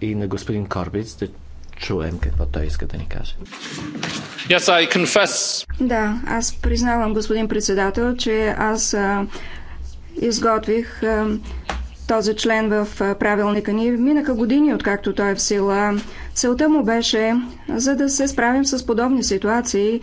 и на господин Корбиц да чуем какво той иска да ни каже. Yes, I confess. Да, аз признавам, господин председател, че аз а, изготвих а, този член в правилника ни. Минаха години, откакто той е в сила. Целта му беше, за да се справим с подобни ситуации,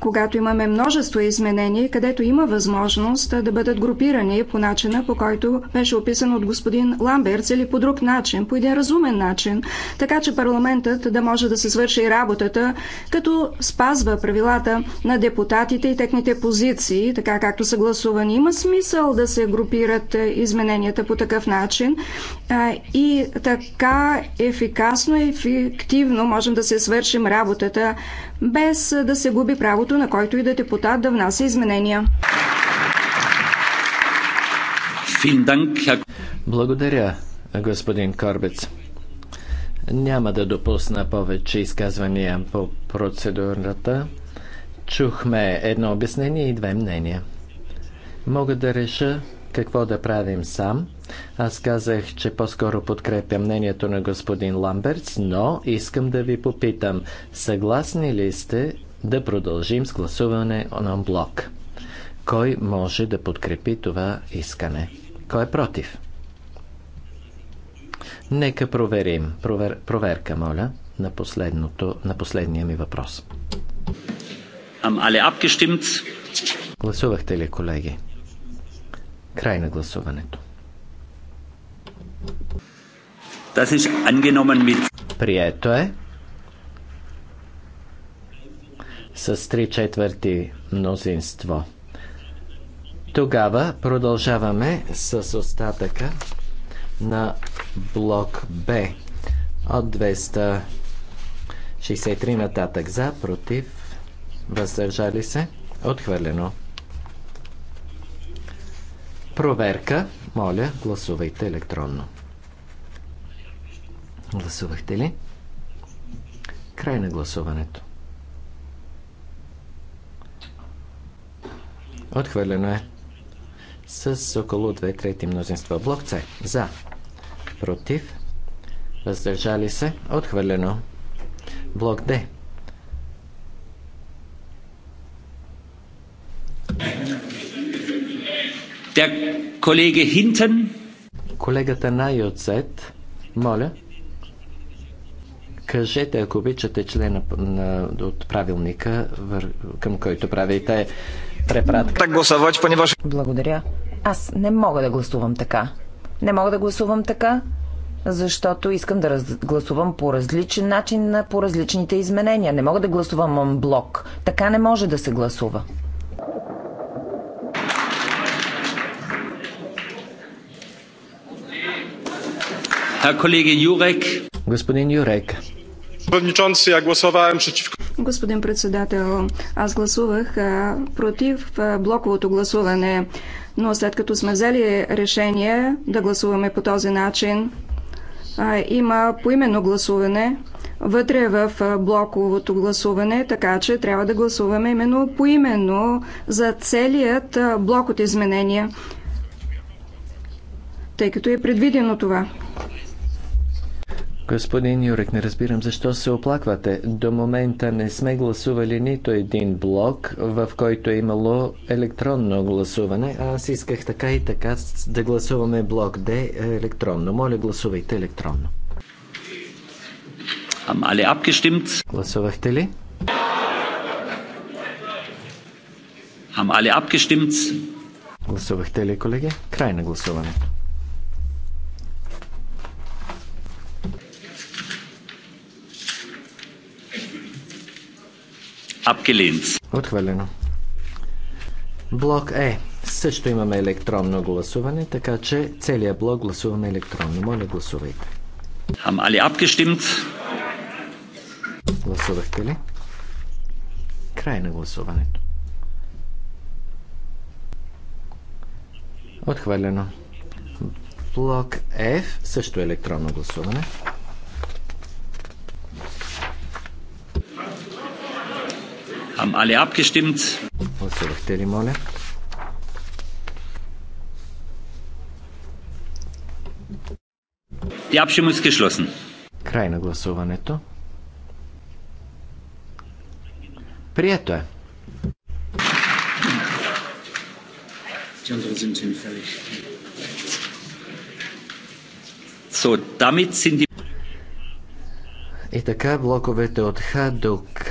когато имаме множество изменения, където има възможност да бъдат групирани по начина, по който беше описан от господин Ламберц или по друг начин, по един разумен начин, така че парламентът да може да се свърши работата, като спазва правилата на депутатите и техните позиции, така както са гласувани. Има смисъл да се групират измененията по такъв начин и така ефикасно и ефективно можем да се свършим работата без да се губи правото на който и да е депутат да внася изменения. Благодаря, господин Корбец. Няма да допусна повече изказвания по процедурата. Чухме едно обяснение и две мнения. Мога да реша какво да правим сам аз казах, че по-скоро подкрепя мнението на господин Ламберц, но искам да ви попитам, съгласни ли сте да продължим с гласуване на блок? Кой може да подкрепи това искане? Кой е против? Нека проверим. Провер, проверка, моля, на, на последния ми въпрос. Гласувахте ли, колеги? Край на гласуването. Das ist angenommen mit... Прието е. С три четвърти мнозинство. Тогава продължаваме с остатъка на блок Б от 263 нататък за, против, въздържали се, отхвърлено. Проверка, моля, гласувайте електронно. Гласувахте ли? Край на гласуването. Отхвърлено е с около две трети мнозинство. Блок С. За. Против. Въздържали се. Отхвърлено. Блок Д. Колегата най-отзад, моля, кажете, ако обичате члена на, от правилника, вър, към който правите препратка. Благодаря. Аз не мога да гласувам така. Не мога да гласувам така, защото искам да раз... гласувам по различен начин на по различните изменения. Не мога да гласувам блок. Така не може да се гласува. Господин Юрек. Господин председател, аз гласувах против блоковото гласуване, но след като сме взели решение да гласуваме по този начин, има поименно гласуване вътре в блоковото гласуване, така че трябва да гласуваме именно поименно за целият блок от изменения, тъй като е предвидено това. Господин Юрик, не разбирам защо се оплаквате. До момента не сме гласували нито един блок, в който е имало електронно гласуване. Аз исках така и така да гласуваме блок Д електронно. Моля, гласувайте електронно. Али абгестимт? Гласувахте ли? Haben alle abgestimmt? Гласувахте ли, колеги? Край на гласуването. Abgelehnt. Отхвърлено. Блок Е. Също имаме електронно гласуване, така че целият блок гласуваме електронно. Моля, гласувайте. Haben alle abgestimmt? Гласувахте ли? Край на гласуването. Отхвърлено. Блок F, също електронно гласуване. Haben alle abgestimmt? Die Abstimmung ist geschlossen. Край гласуването. Прието е. И така блоковете от Х до К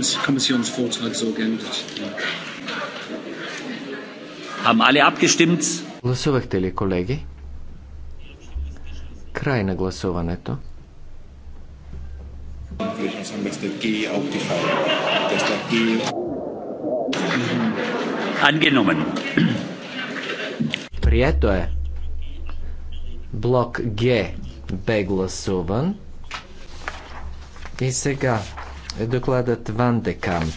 Kommissionsvortrag so geändert. Haben alle abgestimmt? Гласувахте ли, колеги? Край на гласуването. Angenommen. Прието е. Блок Г бе гласуван. И сега е, докладът Ван де Камп.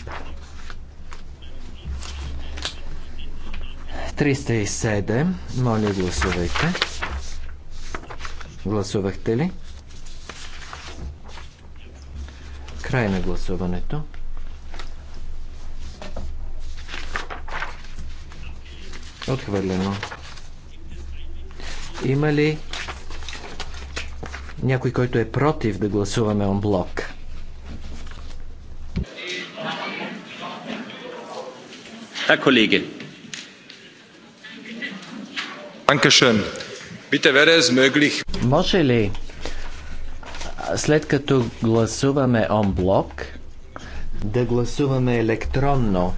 307. Моля, гласувайте. Гласувахте ли? Край на гласуването. Отхвърлено. Има ли някой, който е против да гласуваме онблок? herr kollege! Може ли, след като гласуваме онблок, да гласуваме електронно,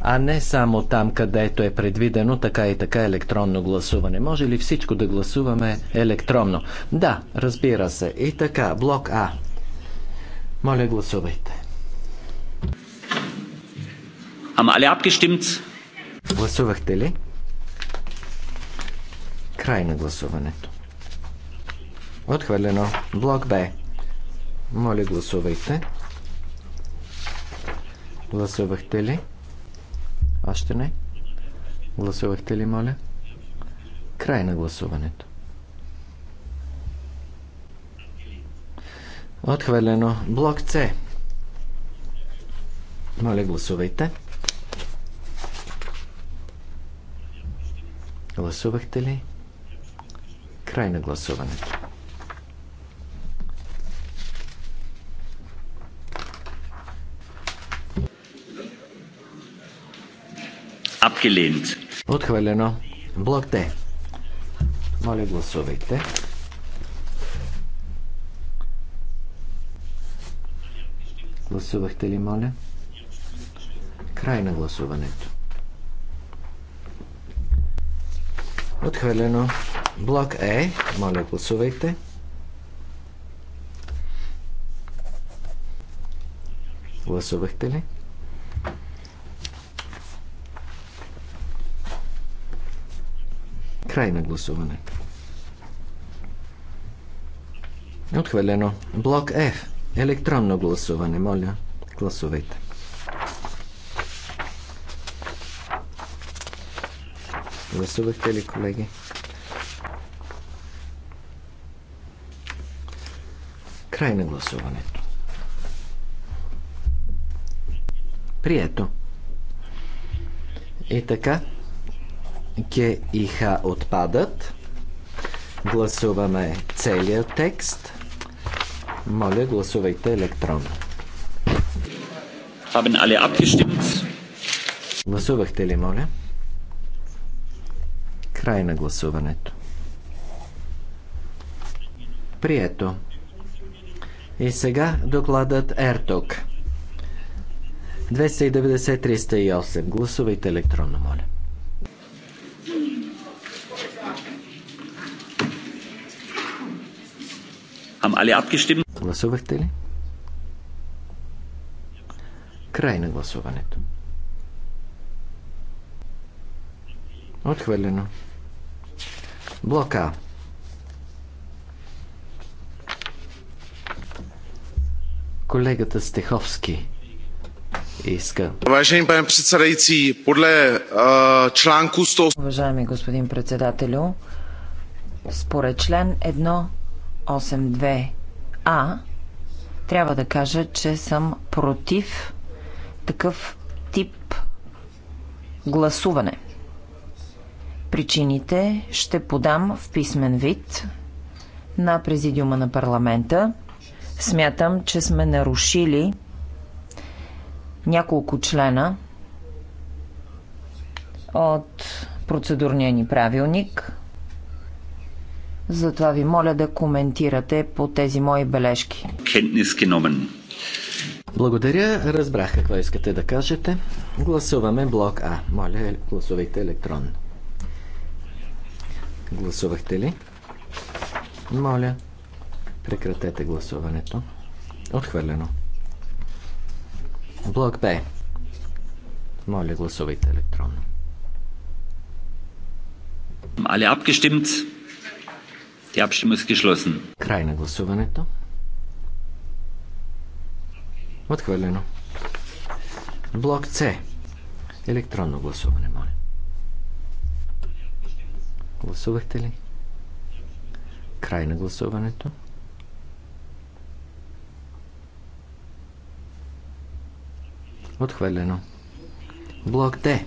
а не само там, където е предвидено така и така електронно гласуване? Може ли всичко да гласуваме електронно? Да, разбира се. И така, блок А. Моля, гласувайте. Haben alle abgestimmt? Гласувахте ли? Край на гласуването. Отхвърлено. Блок Б. Моля, гласувайте. Гласувахте ли? Още не. Гласувахте ли, моля? Край на гласуването. Отхвърлено. Блок С. Моля, гласувайте. Гласувахте ли? Край на гласуването. Abgelehnt. Отхвърлено. Блок Д. Моля, гласувайте. Гласувахте ли, моля? Край на гласуването. Отхвърлено. Блок Е. Моля, гласувайте. Гласувахте ли? Край на гласуването. Отхвърлено. Блок F. Е. Електронно гласуване. Моля, гласувайте. Гласувахте ли, колеги? Край на гласуването. Прието. И така, Ке и Х отпадат. Гласуваме целият текст. Моля, гласувайте електронно. Haben alle abgestimmt? Гласувахте ли, моля? Край на гласуването. Прието. И сега докладът ЕРТОК. 290-308. Гласувайте електронно, моля. alle abgestimmt? Гласувахте ли? Край на гласуването. Отхвърлено. Блока. Колегата Стеховски иска. Уважаеми господин председател, подле чланку 100... Уважаеми господин председателю, според член 182А трябва да кажа, че съм против такъв тип гласуване – Причините ще подам в писмен вид на Президиума на парламента. Смятам, че сме нарушили няколко члена от процедурния ни правилник. Затова ви моля да коментирате по тези мои бележки. Благодаря, разбрах какво искате да кажете. Гласуваме блок А. Моля, гласувайте електронно. Гласувахте ли? Моля, прекратете гласуването. Отхвърлено. Блок Б. Моля, гласувайте електронно. Але апкештимт. Die Abstimmung ist geschlossen. Край на гласуването. Отхвърлено. Блок С. Електронно гласуване, моля. Гласувахте ли? Край на гласуването. Отхвърлено. Блок Д.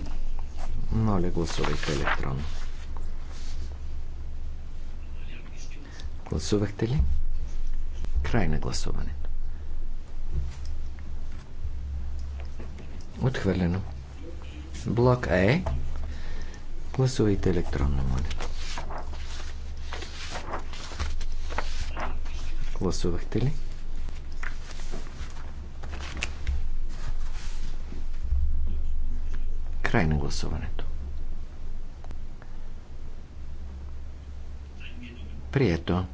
Моля, гласувайте електронно. Гласувахте ли? Край на гласуването. Отхвърлено. Блок Е. E. Гласувайте електронно, моля. Гласувахте ли? Край на гласуването. Прието.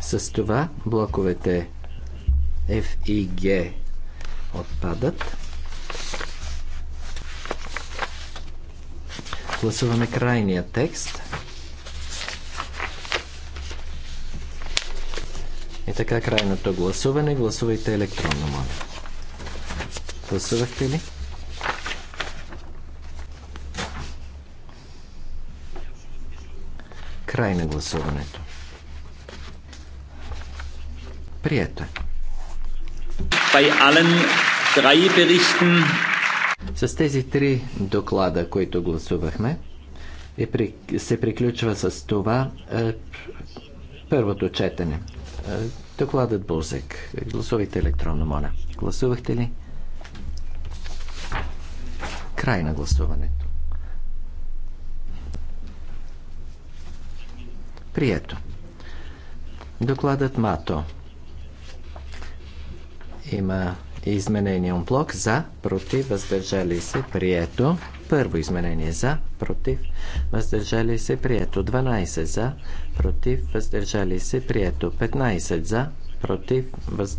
С това блоковете F и G отпадат. Гласуваме крайния текст. И така крайното гласуване. Гласувайте електронно, моля. Гласувахте ли? Край на гласуването. Прието е. Bei allen drei с тези три доклада, които гласувахме, и е при, се приключва с това е, първото четене. Е, докладът Бузек. Гласувайте електронно, моля. Гласувахте ли? Край на гласуването. Прието. Докладът МАТО. Има изменение блок за, против, въздържали се, прието. Първо изменение за, против, въздържали се, прието. 12 за, против, въздържали се, прието. 15 за, против, въз...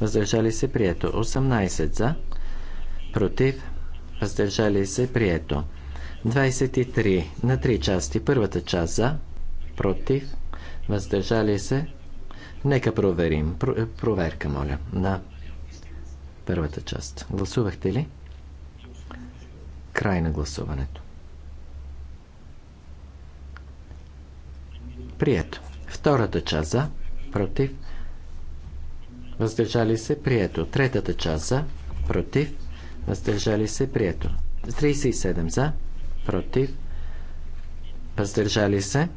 въздържали се, прието. 18 за, против, въздържали се, прието. 23 на 3 части. Първата част за, против, въздържали се. Нека проверим. Про... проверка, моля, на Първата част. Гласувахте ли? Край на гласуването. Прието. Втората част за. Против. Въздържали се. Прието. Третата част за. Против. Въздържали се. Прието. 37 за. Против. Въздържали се.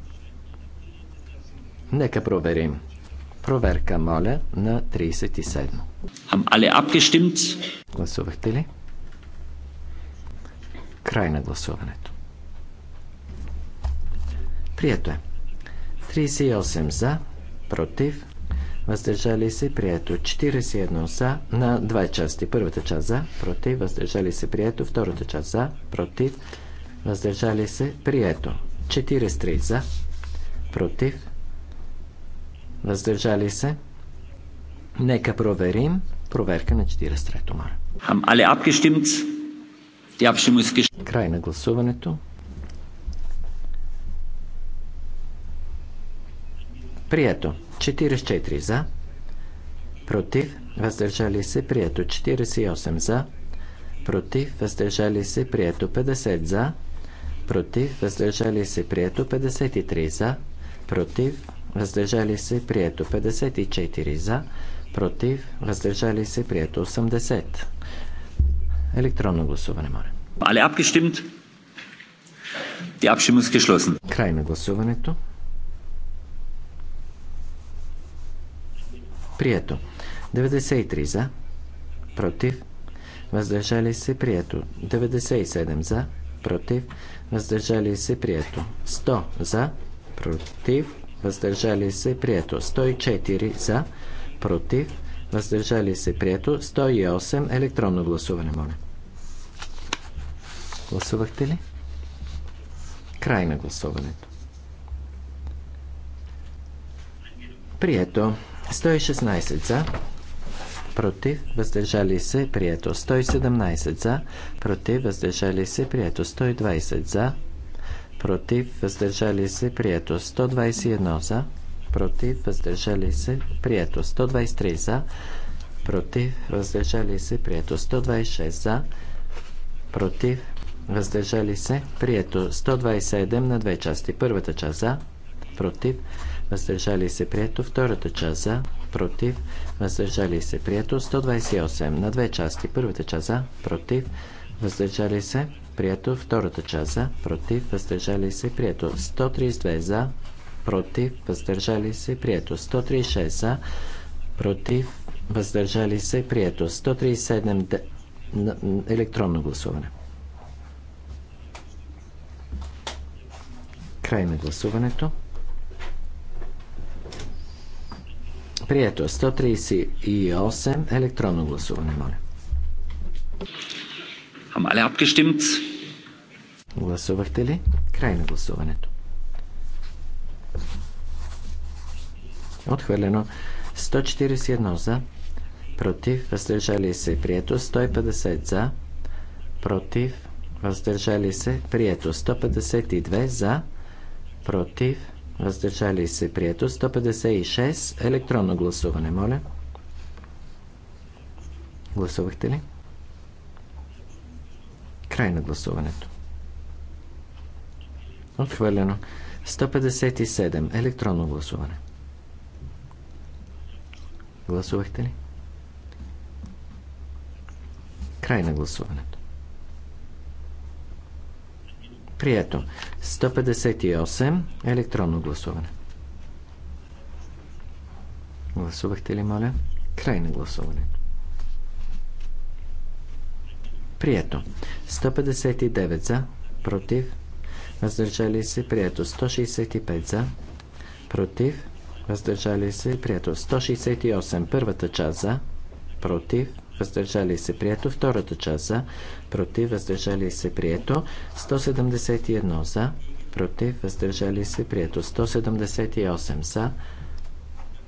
Нека проверим. Проверка, моля, на 37. Am alle abgestimmt? Гласувахте ли? Край на гласуването. Прието е. 38 за, против, въздържали се, прието 41 за, на две части. Първата част за, против, въздържали се, прието. Втората част за, против, въздържали се, прието. 43 за, против, въздържали се. Нека проверим. Проверка на 43-то мара. Край на гласуването. Прието. 44 за. Против. Въздържали се. Прието. 48 за. Против. Въздържали се. Прието. 50 за. Против. Въздържали се. Прието. 53 за. Против въздържали се, прието 54 за, против, въздържали се, прието 80. Електронно гласуване, моля. Але abgestimmt? Die Abstimmung ist geschlossen. Край на гласуването. Прието. 93 за. Против. Въздържали се. Прието. 97 за. Против. Въздържали се. Прието. 100 за. Против въздържали се, прието. 104 за, против, въздържали се, прието. 108 електронно гласуване, моля. Гласувахте ли? Край на гласуването. Прието. 116 за, против, въздържали се, прието. 117 за, против, въздържали се, прието. 120 за, против, въздържали се, прието. 121 за, против, въздържали се, прието. 123 за, против, въздържали се, прието. 126 за, против, въздържали се, прието. 127 на две части. Първата част за, против, въздържали се, прието. Втората част за, против, въздържали се, прието. 128 на две части. Първата част за, против, въздържали се, Прието. Втората част за. Против. Въздържали се. Прието. 132 за. Против. Въздържали се. Прието. 136 за. Против. Въздържали се. Прието. 137 електронно гласуване. Край на гласуването. Прието. 138 електронно гласуване, моля. Haben alle abgestimmt? Гласувахте ли? Край на гласуването. Отхвърлено 141 за, против, въздържали се, прието 150 за, против, въздържали се, прието 152 за, против, въздържали се, прието 156, електронно гласуване, моля. Гласувахте ли? Край на гласуването. Отхвърлено. 157. Електронно гласуване. Гласувахте ли? Край на гласуването. Прието. 158. Електронно гласуване. Гласувахте ли, моля? Край на гласуването. Прието. 159 за, против, въздържали се, прието. 165 за, против, въздържали се, прието. 168, първата част за, против, въздържали се, прието. Втората част за, против, въздържали се, прието. 171 за, против, въздържали се, прието. 178 за,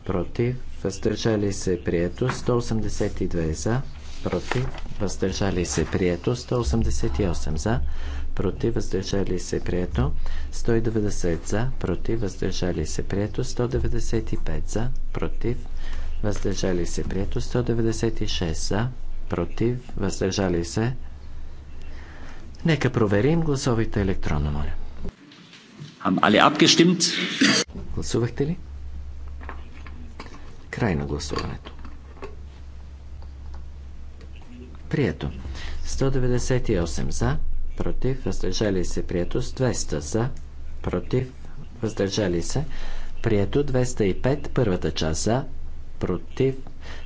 против, въздържали се, прието. 182 за, против, въздържали се прието, 188 за, против, въздържали се прието, 190 за, против, въздържали се прието, 195 за, против, въздържали се прието, 196 за, против, въздържали се. Нека проверим, гласовите електронно, моля. Haben alle abgestimmt? Гласувахте ли? Край на гласуването. Прието. 198 за, против, въздържали се. Прието. 200 за, против, въздържали се. Прието. 205, първата част за, против,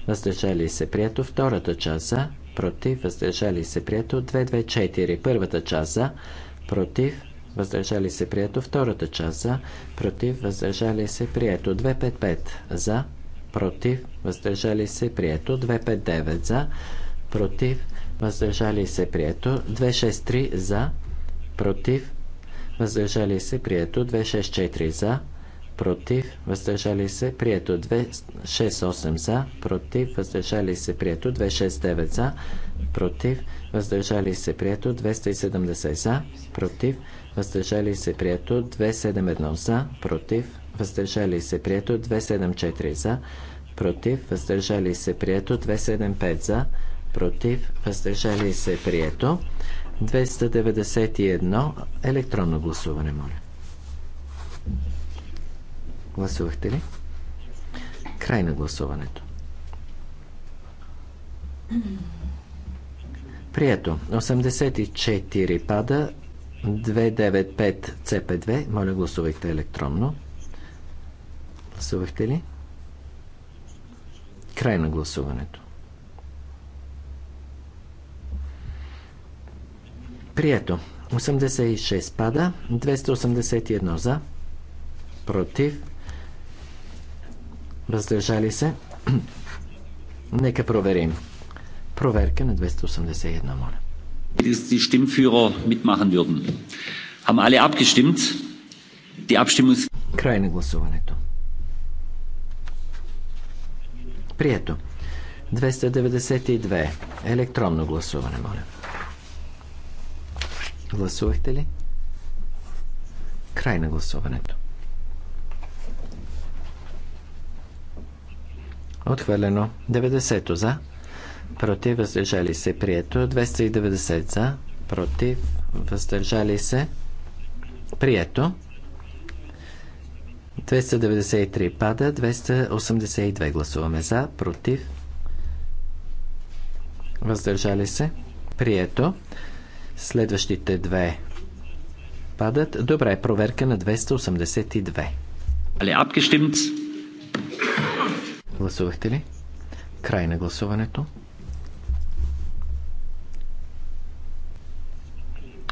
въздържали се. Прието. Втората част за, против, въздържали се. Прието. 224, първата част за, против, въздържали се прието втората част за, против въздържали се прието 255 за, против въздържали се прието 259 за, против, въздържали се прието, 263 за, против, въздържали се прието, 264 за, против, въздържали се прието, 268 за, против, въздържали се прието, 269 за, против, въздържали се прието, 270 за, против, въздържали се прието, 271 за, против, въздържали се прието, 274 за, против, въздържали се прието, 275 за, против, въздържали се, прието. 291 електронно гласуване, моля. Гласувахте ли? Край на гласуването. Прието. 84 пада. 295 CP2. Моля, гласувайте електронно. Гласувахте ли? Край на гласуването. Прието. 86 пада. 281 за. Против. Въздържали се. Нека проверим. Проверка на 281, моля. Die Stimmführer mitmachen würden. Haben alle abgestimmt? Die Abstimmung ist... Край Glossowaneto. Prieto. 292. Електронно Glossowanemole. Гласувахте ли? Край на гласуването. Отхвърлено 90 за, против въздържали се прието 290 за, против въздържали се прието 293 пада, 282 гласуваме за, против въздържали се прието Следващите две падат. Добре, проверка на 282. Але абгестимт. Гласувахте ли? Край на гласуването.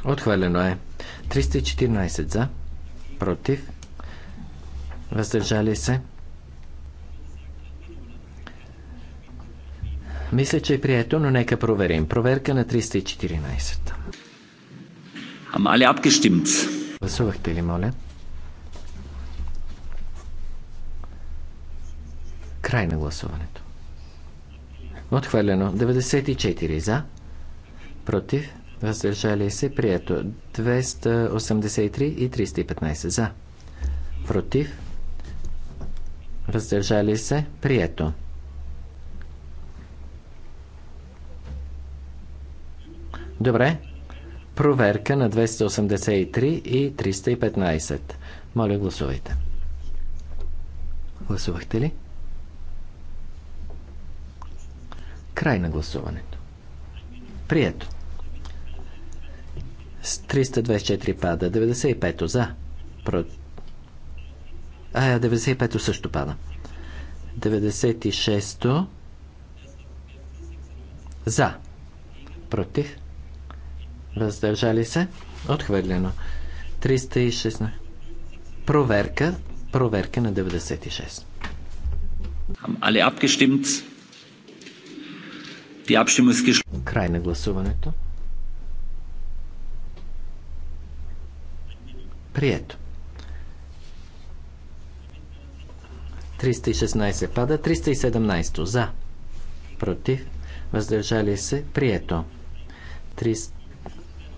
Отхвърлено е. 314 за, против, въздържали се, Мисля, че е прието, но нека проверим. Проверка на 314. Ама али абгестимт? Гласувахте ли, моля? Край на гласуването. Отхвърлено 94 за, против, въздържали се, прието 283 и 315 за, против, въздържали се, прието Добре. Проверка на 283 и 315. Моля, гласувайте. Гласувахте ли? Край на гласуването. Прието. С 324 пада, 95 за. Про... А, 95 също пада. 96 за. Против въздържали се, отхвърлено. 316. Проверка, проверка на 96. Але абгестимт. Die Abstimmung Край на гласуването. Прието. 316 пада, 317 за, против, въздържали се, прието. 300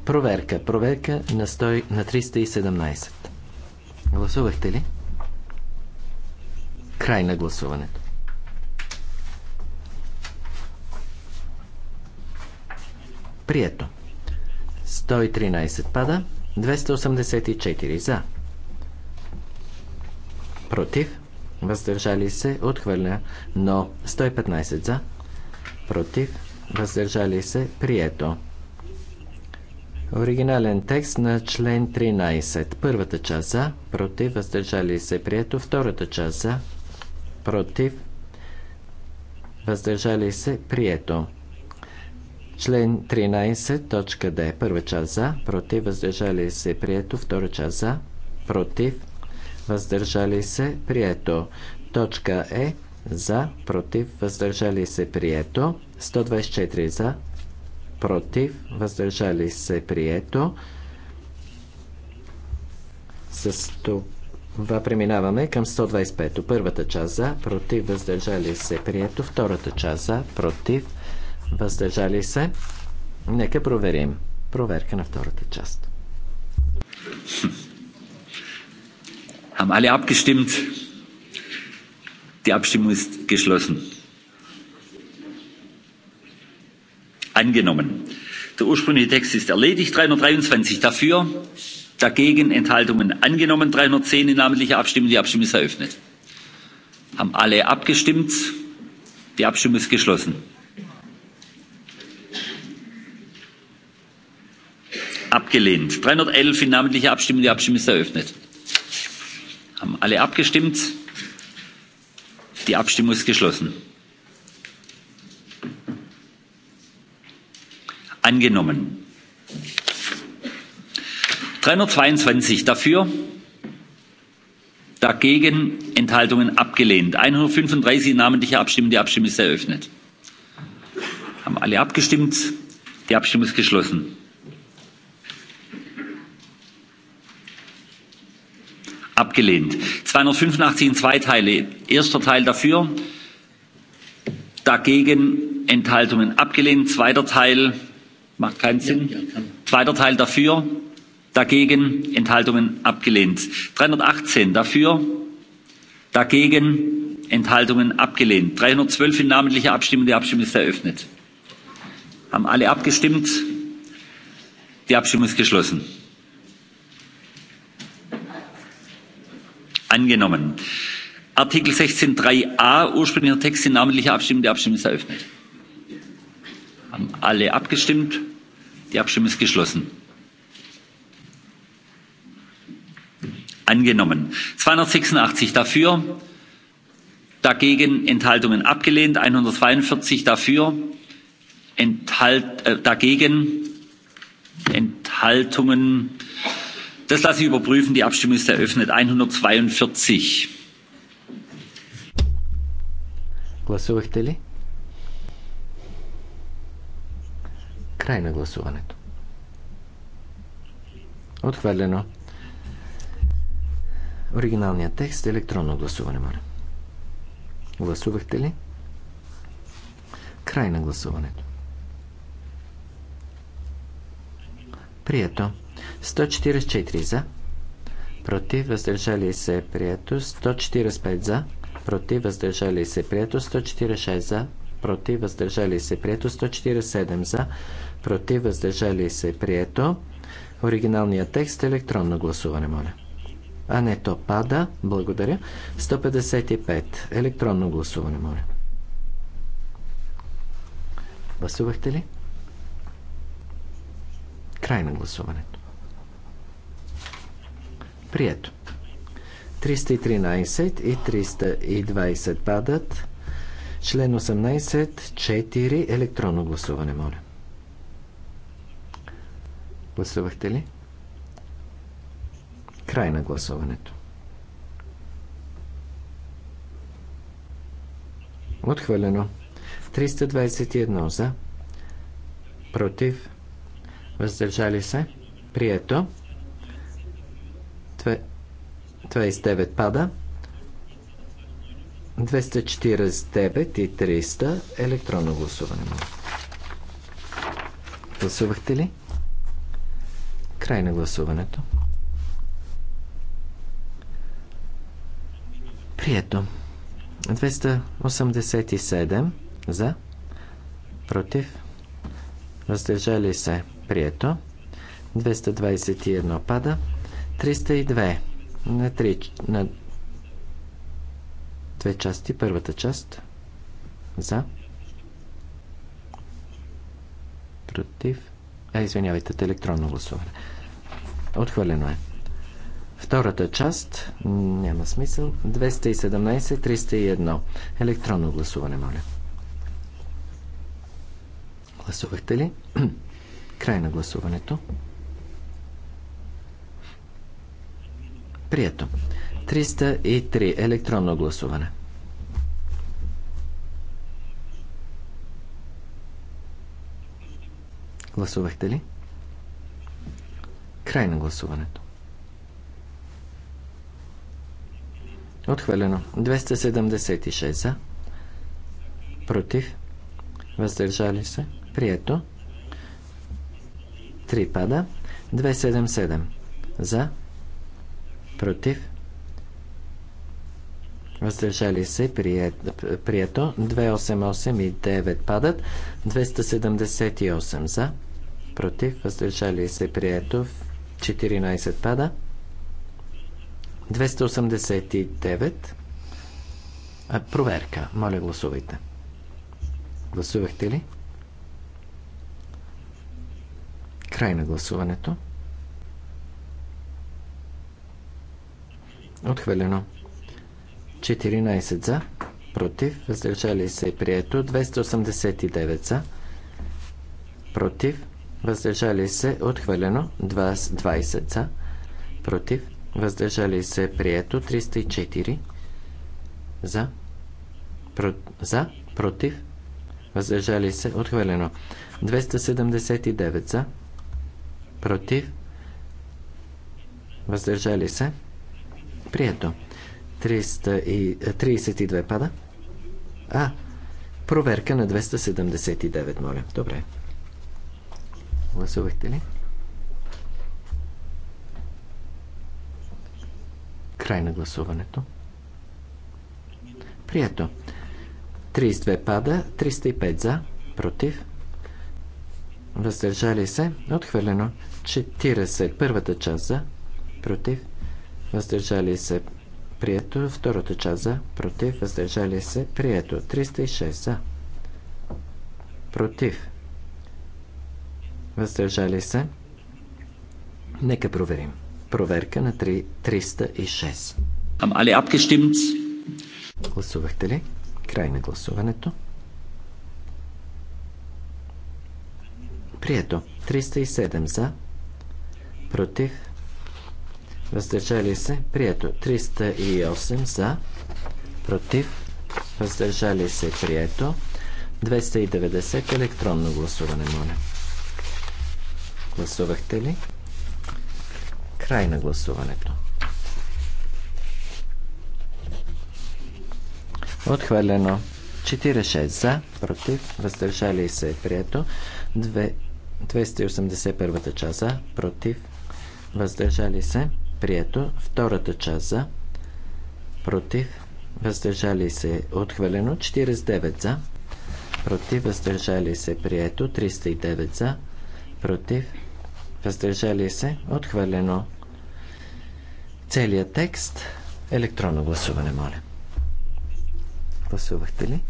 Проверка. Проверка на, 100, на 317. Гласувахте ли? Край на гласуването. Прието. 113 пада. 284 за. Против. Въздържали се. Отхвърля. Но 115 за. Против. Въздържали се. Прието. Оригинален текст на член 13. Първата част за, против, въздържали се, прието. Втората част за, против, въздържали се, прието. Член 13, точка Д. Първа част за, против, въздържали се, прието. Втора част за, против, въздържали се, прието. Точка Е, за, против, въздържали се, прието. 124 за, против, въздържали се прието. С това преминаваме към 125. Първата част за, против, въздържали се прието. Втората част за, против, въздържали се. Нека проверим. Проверка на втората част. Haben alle abgestimmt? Die Abstimmung ist geschlossen. angenommen. Der ursprüngliche Text ist erledigt. 323 dafür, dagegen Enthaltungen angenommen. 310 in namentlicher Abstimmung. Die Abstimmung ist eröffnet. Haben alle abgestimmt? Die Abstimmung ist geschlossen. Abgelehnt. 311 in namentlicher Abstimmung. Die Abstimmung ist eröffnet. Haben alle abgestimmt? Die Abstimmung ist geschlossen angenommen; dreihundertzweiundzwanzig dafür dagegen enthaltungen abgelehnt; einhundertfünfunddreißig namentliche abstimmung die abstimmung ist eröffnet. haben alle abgestimmt? die abstimmung ist geschlossen. abgelehnt; zweihundertfünfundachtzig in zwei teile erster teil dafür dagegen enthaltungen abgelehnt; zweiter macht keinen Sinn. Zweiter Teil dafür, dagegen, Enthaltungen abgelehnt. dreihundertachtzehn dafür, dagegen, Enthaltungen abgelehnt. dreihundertzwölf in namentlicher Abstimmung, die Abstimmung ist eröffnet. Haben alle abgestimmt? Die Abstimmung ist geschlossen. Angenommen. Artikel sechzehn drei a ursprünglicher Text in namentlicher Abstimmung, die Abstimmung ist eröffnet. Haben alle abgestimmt? Die Abstimmung ist geschlossen. Angenommen. 286 dafür, dagegen Enthaltungen abgelehnt. 142 dafür, dagegen Enthaltungen. Das lasse ich überprüfen. Die Abstimmung ist eröffnet. 142. Гласувахте ли? Край на гласуването. Отхвърлено. Оригиналният текст е електронно гласуване, моля. Гласувахте ли? Край на гласуването. Прието. 144 за. Против, въздържали се, прието. 145 за. Против, въздържали се, прието. 146 за против, въздържали се, прието. 147 за, против, въздържали се, прието. Оригиналният текст е електронно гласуване, моля. А не, то пада. Благодаря. 155. Електронно гласуване, моля. Гласувахте ли? Край на гласуването. Прието. 313 и 320 падат. Член 18, 4, електронно гласуване, моля. Гласувахте ли? Край на гласуването. Отхвърлено. 321 за. Против. Въздържали се. Прието. 29 пада. 249 и 300 електронно гласуване. Гласувахте ли? Край на гласуването. Прието. 287 за. Против. Въздържали се. Прието. 221 пада. 302 на 3, на две части. Първата част за, против, а извинявайте, електронно гласуване. Отхвърлено е. Втората част няма смисъл. 217-301. Електронно гласуване, моля. Гласувахте ли? Край на гласуването. Прието. 303. Електронно гласуване. Гласувахте ли? Край на гласуването. Отхвърлено. 276 за. Против. Въздържали се. Прието. 3 пада. 277 за. Против въздържали се, прието. 288 и 9 падат. 278 за, против, въздържали се, прието. 14 пада. 289. А, проверка. Моля, гласувайте. Гласувахте ли? Край на гласуването. Отхвърлено. 14 за, против, въздържали се прието 289 за, против, въздържали се отхвърлено 20 за, против, въздържали се прието 304 за, про, за против, въздържали се отхвърлено 279 за, против, въздържали се прието 332 е, пада. А, проверка на 279, моля. Добре. Гласувахте ли? Край на гласуването. Прието. 32 пада, 305 за, против. Въздържали се, отхвърлено. 40, първата част за, против. Въздържали се, Прието. Втората част за. Против. Въздържали се. Прието. 306 за. Против. Въздържали се. Нека проверим. Проверка на 306. Ам alle abgestimmt? Гласувахте ли? Край на гласуването. Прието. 307 за. Против въздържали се, прието. 308 за, против, въздържали се, прието. 290 електронно гласуване, моля. Гласувахте ли? Край на гласуването. Отхвърлено 46 за, против, въздържали се е прието. 281 част за, против, въздържали се. Прието. Втората част за. Против. Въздържали се. отхвалено. 49 за. Против. Въздържали се. Прието. 309 за. Против. Въздържали се. отхвалено. Целият текст. Електронно гласуване, моля. Гласувахте ли?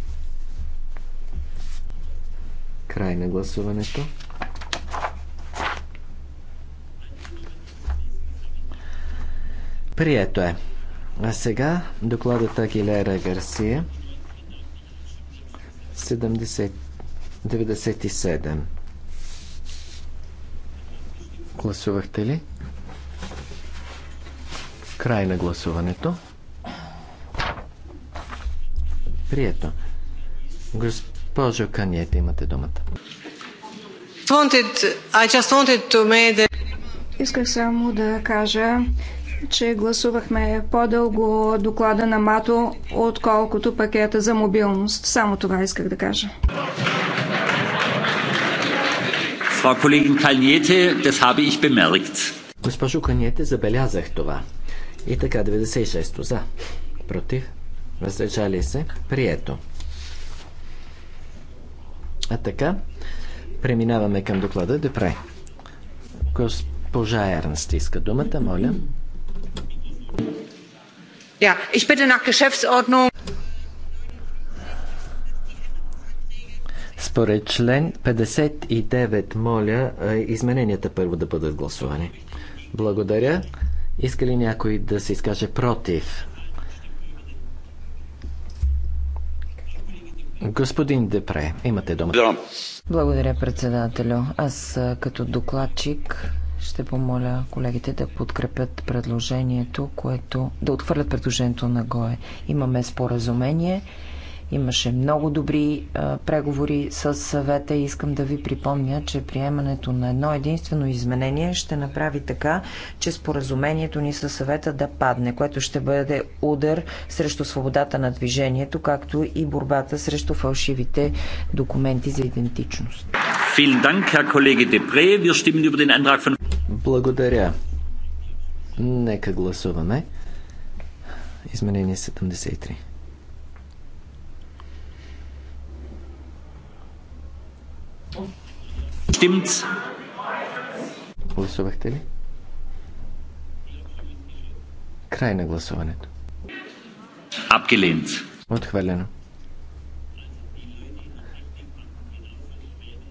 Край на гласуването. Прието е. А сега докладът Агилера Гарсия 70, 97. Гласувахте ли? Край на гласуването. Прието. Госпожо Каниете, имате думата. Исках само да кажа, че гласувахме по-дълго доклада на МАТО, отколкото пакета за мобилност. Само това исках да кажа. Госпожо Каниете, забелязах това. И така, 96-то за. Против. Въздържали се. Прието. А така, преминаваме към доклада Депре. Госпожа Ернст иска думата, моля ich bitte nach Geschäftsordnung. Според член 59, моля, измененията първо да бъдат гласувани. Благодаря. Иска ли някой да се изкаже против? Господин Депре, имате дума. Благодаря, председателю. Аз като докладчик ще помоля колегите да подкрепят предложението, което... да отхвърлят предложението на ГОЕ. Имаме споразумение. Имаше много добри а, преговори с съвета и искам да ви припомня, че приемането на едно единствено изменение ще направи така, че споразумението ни със съвета да падне, което ще бъде удар срещу свободата на движението, както и борбата срещу фалшивите документи за идентичност. Благодаря. Нека гласуваме. Изменение 73. Stimmt's? Гласувахте ли? Край на гласуването. Абгелент. Отхвърлено.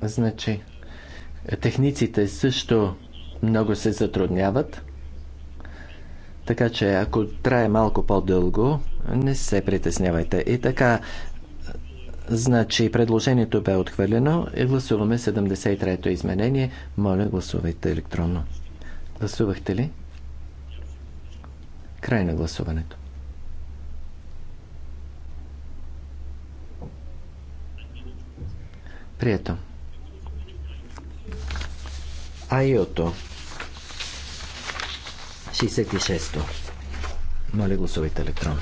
Значи, техниците също много се затрудняват. Така че, ако трае малко по-дълго, не се притеснявайте. И така, Значи предложението бе отхвърлено. и Гласуваме 73-то изменение. Моля, гласувайте електронно. Гласувахте ли? Край на гласуването. Прието. Айото. 66-то. Моля, гласувайте електронно.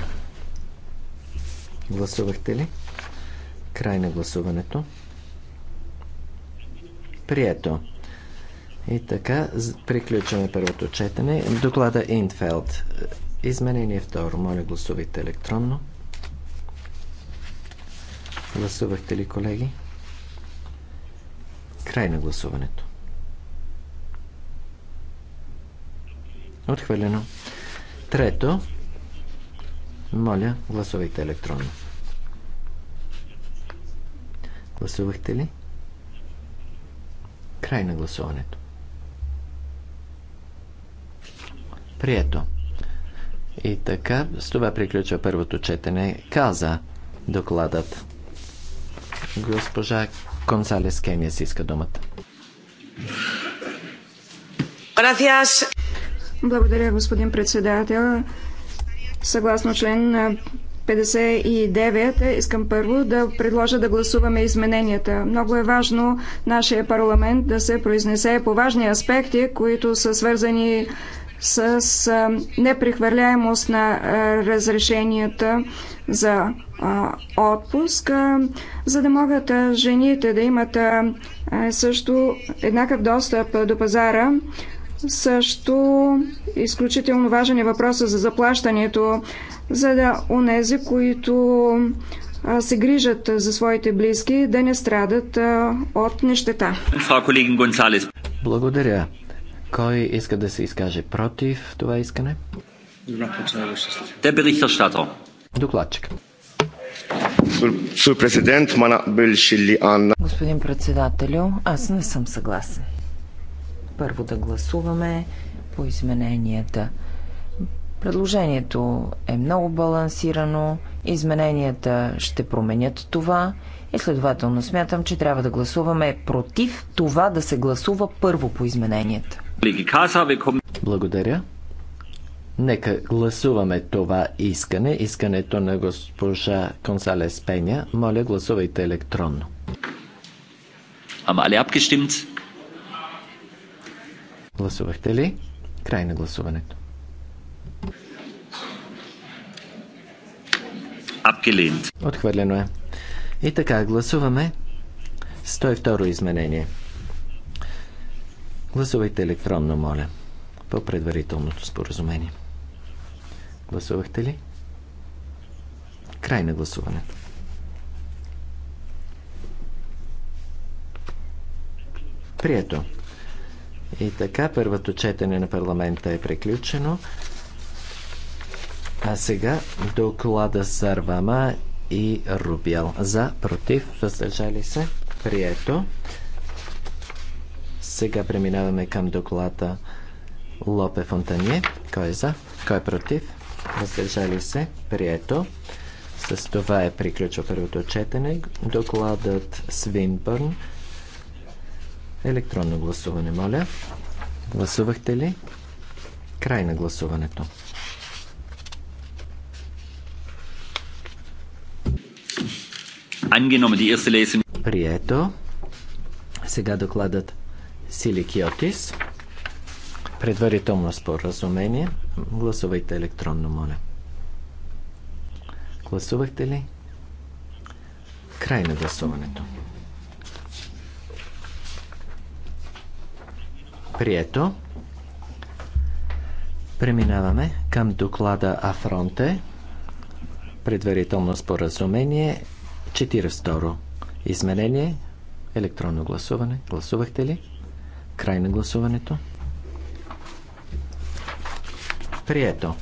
Гласувахте ли? Край на гласуването. Прието. И така, приключваме първото четене. Доклада Инфелд. Изменение второ. Моля, гласувайте електронно. Гласувахте ли, колеги? Край на гласуването. Отхвърлено. Трето. Моля, гласувайте електронно. Гласувахте ли? Край на гласуването. Прието. И така, с това приключва първото четене. Каза докладът. Госпожа Консалес Кемия си иска думата. Благодаря, господин председател. Съгласно член 59 искам първо да предложа да гласуваме измененията. Много е важно нашия парламент да се произнесе по важни аспекти, които са свързани с непрехвърляемост на разрешенията за отпуск, за да могат жените да имат също еднакъв достъп до пазара. Също изключително важен е въпросът за заплащането за да онези, които се грижат за своите близки, да не страдат от нещета. Благодаря. Кой иска да се изкаже против това искане? Докладчик. Господин председателю, аз не съм съгласен. Първо да гласуваме по измененията. Предложението е много балансирано, измененията ще променят това и следователно смятам, че трябва да гласуваме против това да се гласува първо по измененията. Благодаря. Нека гласуваме това искане, искането на госпожа Консалес Пеня. Моля, гласувайте електронно. Гласувахте ли? Край на гласуването. Отхвърлено е. И така, гласуваме 102 изменение. Гласувайте електронно, моля, по предварителното споразумение. Гласувахте ли? Край на гласуването. Прието. И така, първото четене на парламента е приключено. А сега доклада Сарвама и Рубял. За, против, въздържали се. Прието. Сега преминаваме към доклада Лопе Фонтанье. Кой е за? Кой е против? Въздържали се. Прието. С това е приключва първото четене. Докладът Свинбърн. Електронно гласуване, моля. Гласувахте ли? Край на гласуването. Прието. Сега докладът Сили Киотис. Предварително споразумение. Гласувайте електронно, моля. Гласувахте ли? Край на гласуването. Прието. Преминаваме към доклада Афронте. Предварително споразумение 42. Изменение. Електронно гласуване. Гласувахте ли? Край на гласуването. Прието.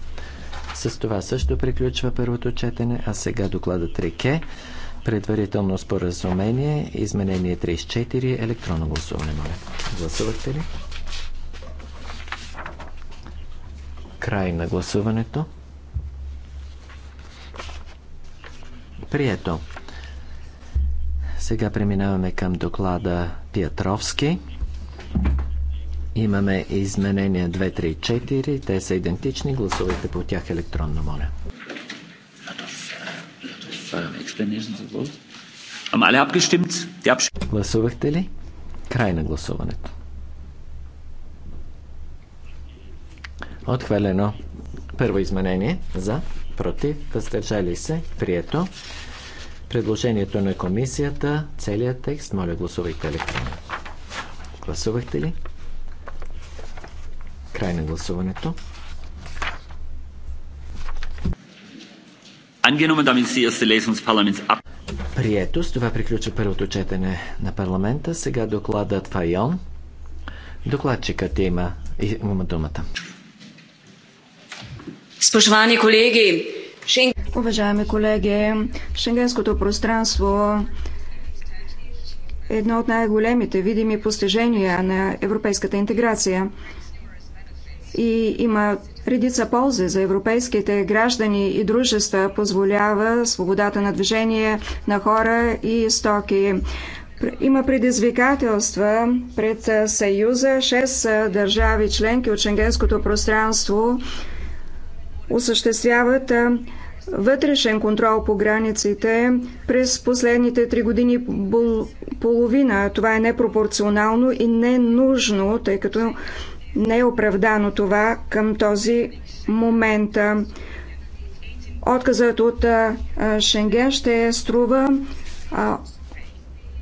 С това също приключва първото четене, а сега докладът Реке. Предварително споразумение. Изменение 34. Електронно гласуване, моля. Гласувахте ли? Край на гласуването. Прието. Сега преминаваме към доклада Пятровски. Имаме изменения 2, 3, 4. Те са идентични. Гласувайте по тях електронно, моля. Гласувахте ли? Край на гласуването. Отхвалено. Първо изменение за, против, въздържали се, прието предложението на комисията, целият текст. Моля, гласувайте електронно. Гласувахте ли? Край на гласуването. Angenommen, damit ist die erste Lesung des Parlaments ab. Прието. С това приключва първото четене на парламента. Сега докладът Файон. Докладчикът има, има думата. Спожвани колеги, Шен... Уважаеми колеги, Шенгенското пространство е едно от най-големите видими постижения на европейската интеграция и има редица ползи за европейските граждани и дружества, позволява свободата на движение на хора и стоки. Има предизвикателства пред Съюза. Шест държави членки от шенгенското пространство осъществяват вътрешен контрол по границите през последните три години половина. Това е непропорционално и ненужно, тъй като не е оправдано това към този момент. Отказът от Шенген ще струва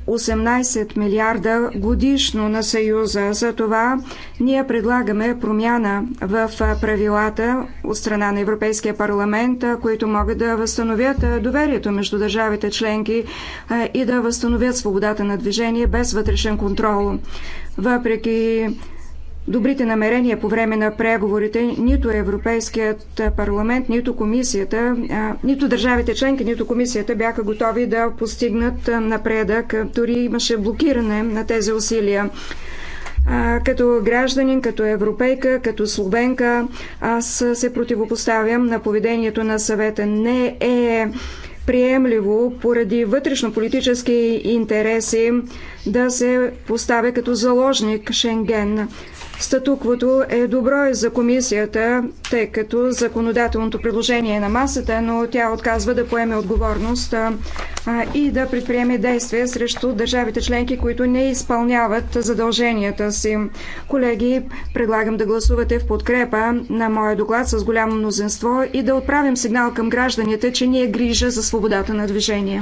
18 милиарда годишно на Съюза. За това ние предлагаме промяна в правилата от страна на Европейския парламент, които могат да възстановят доверието между държавите членки и да възстановят свободата на движение без вътрешен контрол. Въпреки добрите намерения по време на преговорите нито Европейският парламент, нито комисията, нито държавите членки, нито комисията бяха готови да постигнат напредък. Дори имаше блокиране на тези усилия. Като гражданин, като европейка, като словенка, аз се противопоставям на поведението на съвета. Не е приемливо поради вътрешно-политически интереси да се поставя като заложник Шенген. Статуквото е добро за комисията, тъй като законодателното предложение е на масата, но тя отказва да поеме отговорност и да предприеме действия срещу държавите членки, които не изпълняват задълженията си. Колеги, предлагам да гласувате в подкрепа на моя доклад с голямо мнозинство и да отправим сигнал към гражданите, че ние грижа за свободата на движение.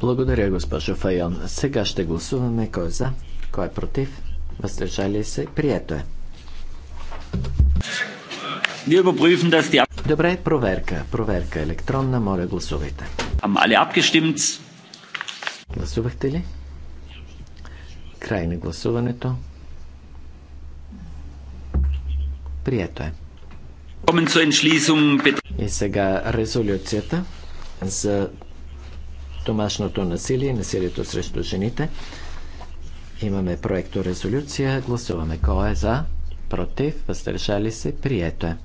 Благодаря, госпожо Файон. Сега ще гласуваме кой е за. Кой е против? Въздържали се? Прието е. Добре, проверка. Проверка електронна. Моля, гласувайте. Гласувахте ли? Край на гласуването. Прието е. И сега резолюцията за домашното насилие, насилието срещу жените. Имаме проекто резолюция. Гласуваме кой е за, против, въздържали се, прието е.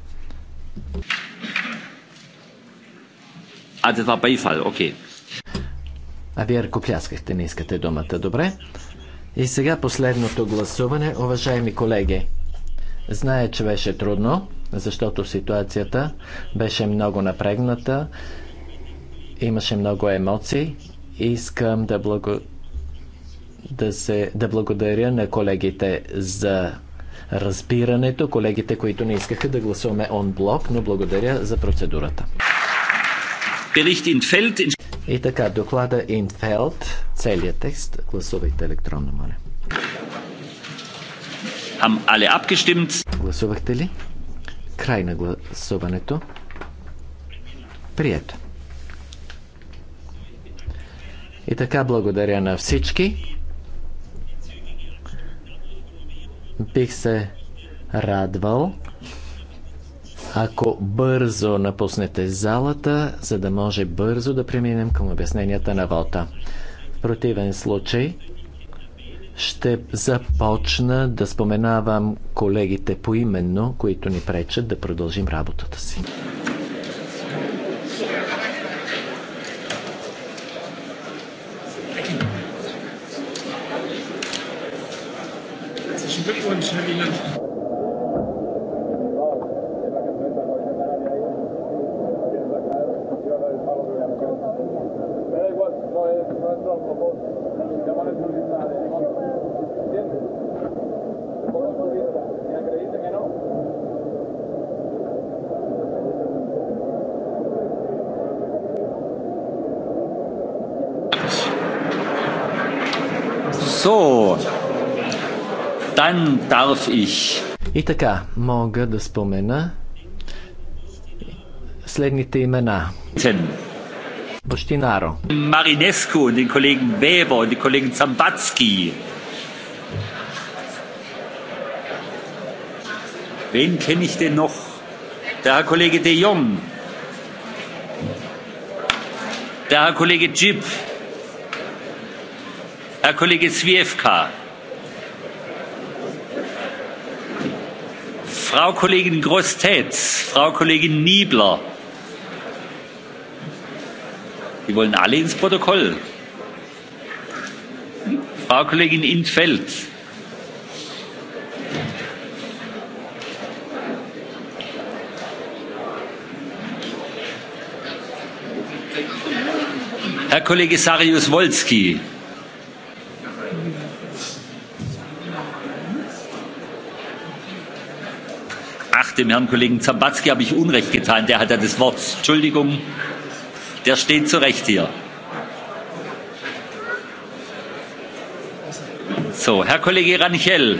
А, това war окей. А вие ръкопляскахте, не искате думата, добре? И сега последното гласуване, уважаеми колеги. Зная, че беше трудно, защото ситуацията беше много напрегната, имаше много емоции. Искам да благодаря да, се, да благодаря на колегите за разбирането, колегите, които не искаха да гласуваме онблок, но благодаря за процедурата. И така, доклада Инфелд, целият текст, гласувайте електронно, моля. Гласувахте ли? Край на гласуването. Прието. И така благодаря на всички. Бих се радвал, ако бързо напуснете залата, за да може бързо да преминем към обясненията на вота. В противен случай ще започна да споменавам колегите поименно, които ни пречат да продължим работата си. Glückwunsch, Herr Wieland. Dann darf ich. И така, мога да спомена следните имена. Бощинаро. Маринеско, den Kollegen Weber, den Kollegen Zambatski. Wen kenne ich denn noch? Der Herr Kollege de Jong. Der Herr Kollege Jib. Herr Kollege Zwiefka. Frau Kollegin Grostet, Frau Kollegin Niebler. Die wollen alle ins Protokoll. Frau Kollegin Intfeld. Herr Kollege Sarius Wolski. dem Herrn Kollegen Zambatzki habe ich Unrecht getan. Der hat ja das Wort. Entschuldigung, der steht zu Recht hier. So, Herr Kollege Ranichel.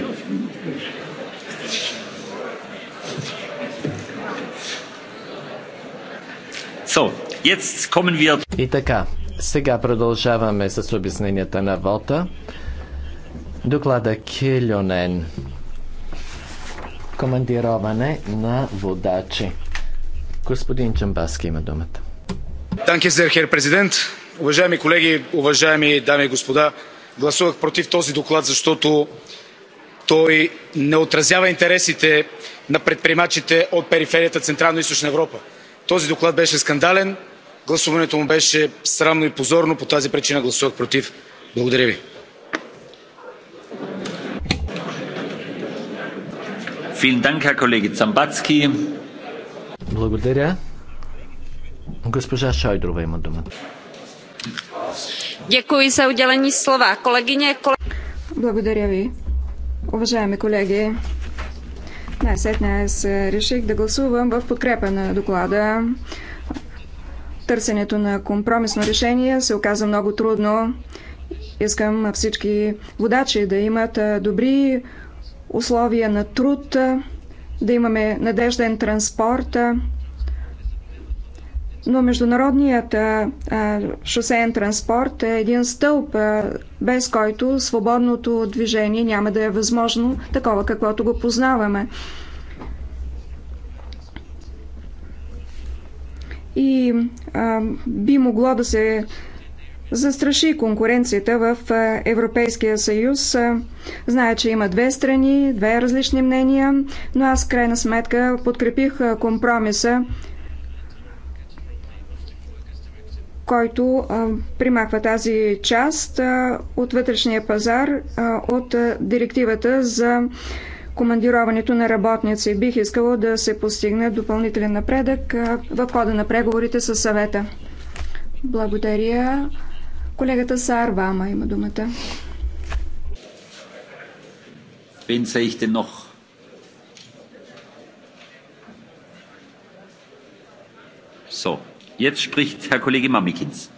So, jetzt kommen wir... И така, сега продължаваме с обясненията на вота. Доклада Килюнен командироване на водачи. Господин Чамбаски има думата. Данкезер, хер президент. Уважаеми колеги, уважаеми дами и господа, гласувах против този доклад, защото той не отразява интересите на предприемачите от периферията Централна и Източна Европа. Този доклад беше скандален, гласуването му беше срамно и позорно, по тази причина гласувах против. Благодаря ви. Благодаря. Госпожа Шойдрова има думата. за отделени слова. Благодаря ви. Уважаеми колеги, най-сетне аз е реших да гласувам в подкрепа на доклада. Търсенето на компромисно решение се оказа много трудно. Искам всички водачи да имат добри условия на труд, да имаме надежден транспорт. Но международният шосеен транспорт е един стълб, без който свободното движение няма да е възможно такова, каквото го познаваме. И а, би могло да се застраши конкуренцията в Европейския съюз. Зная, че има две страни, две различни мнения, но аз крайна сметка подкрепих компромиса, който примахва тази част от вътрешния пазар от директивата за командироването на работници. Бих искала да се постигне допълнителен напредък в хода на преговорите с съвета. Благодаря. Колегата Вама има думата. Wen sehe ich jetzt spricht Herr Kollege Mamikins.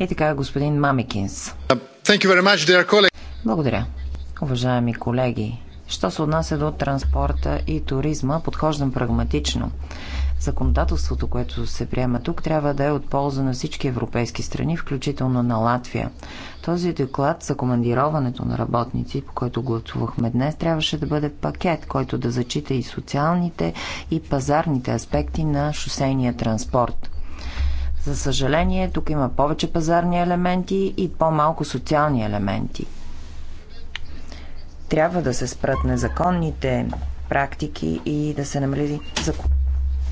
И е така, господин Мамикинс. Uh, much, Благодаря. Уважаеми колеги, що се отнася до транспорта и туризма, подхождам прагматично законодателството, което се приема тук, трябва да е от полза на всички европейски страни, включително на Латвия. Този доклад за командироването на работници, по който гласувахме днес, трябваше да бъде пакет, който да зачита и социалните, и пазарните аспекти на шосейния транспорт. За съжаление, тук има повече пазарни елементи и по-малко социални елементи. Трябва да се спрат незаконните практики и да се намали закон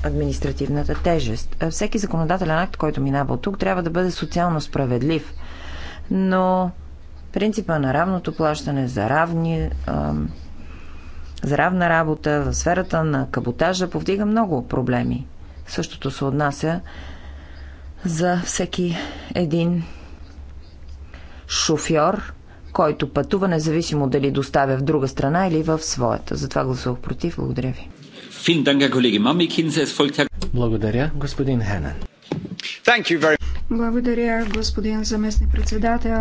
административната тежест. Всеки законодателен акт, който минава от тук, трябва да бъде социално справедлив. Но принципа на равното плащане за равни за равна работа в сферата на каботажа повдига много проблеми. Същото се отнася за всеки един шофьор, който пътува, независимо дали доставя в друга страна или в своята. Затова гласувах против. Благодаря ви. Благодаря, господин Хенен. Благодаря, господин заместник председател.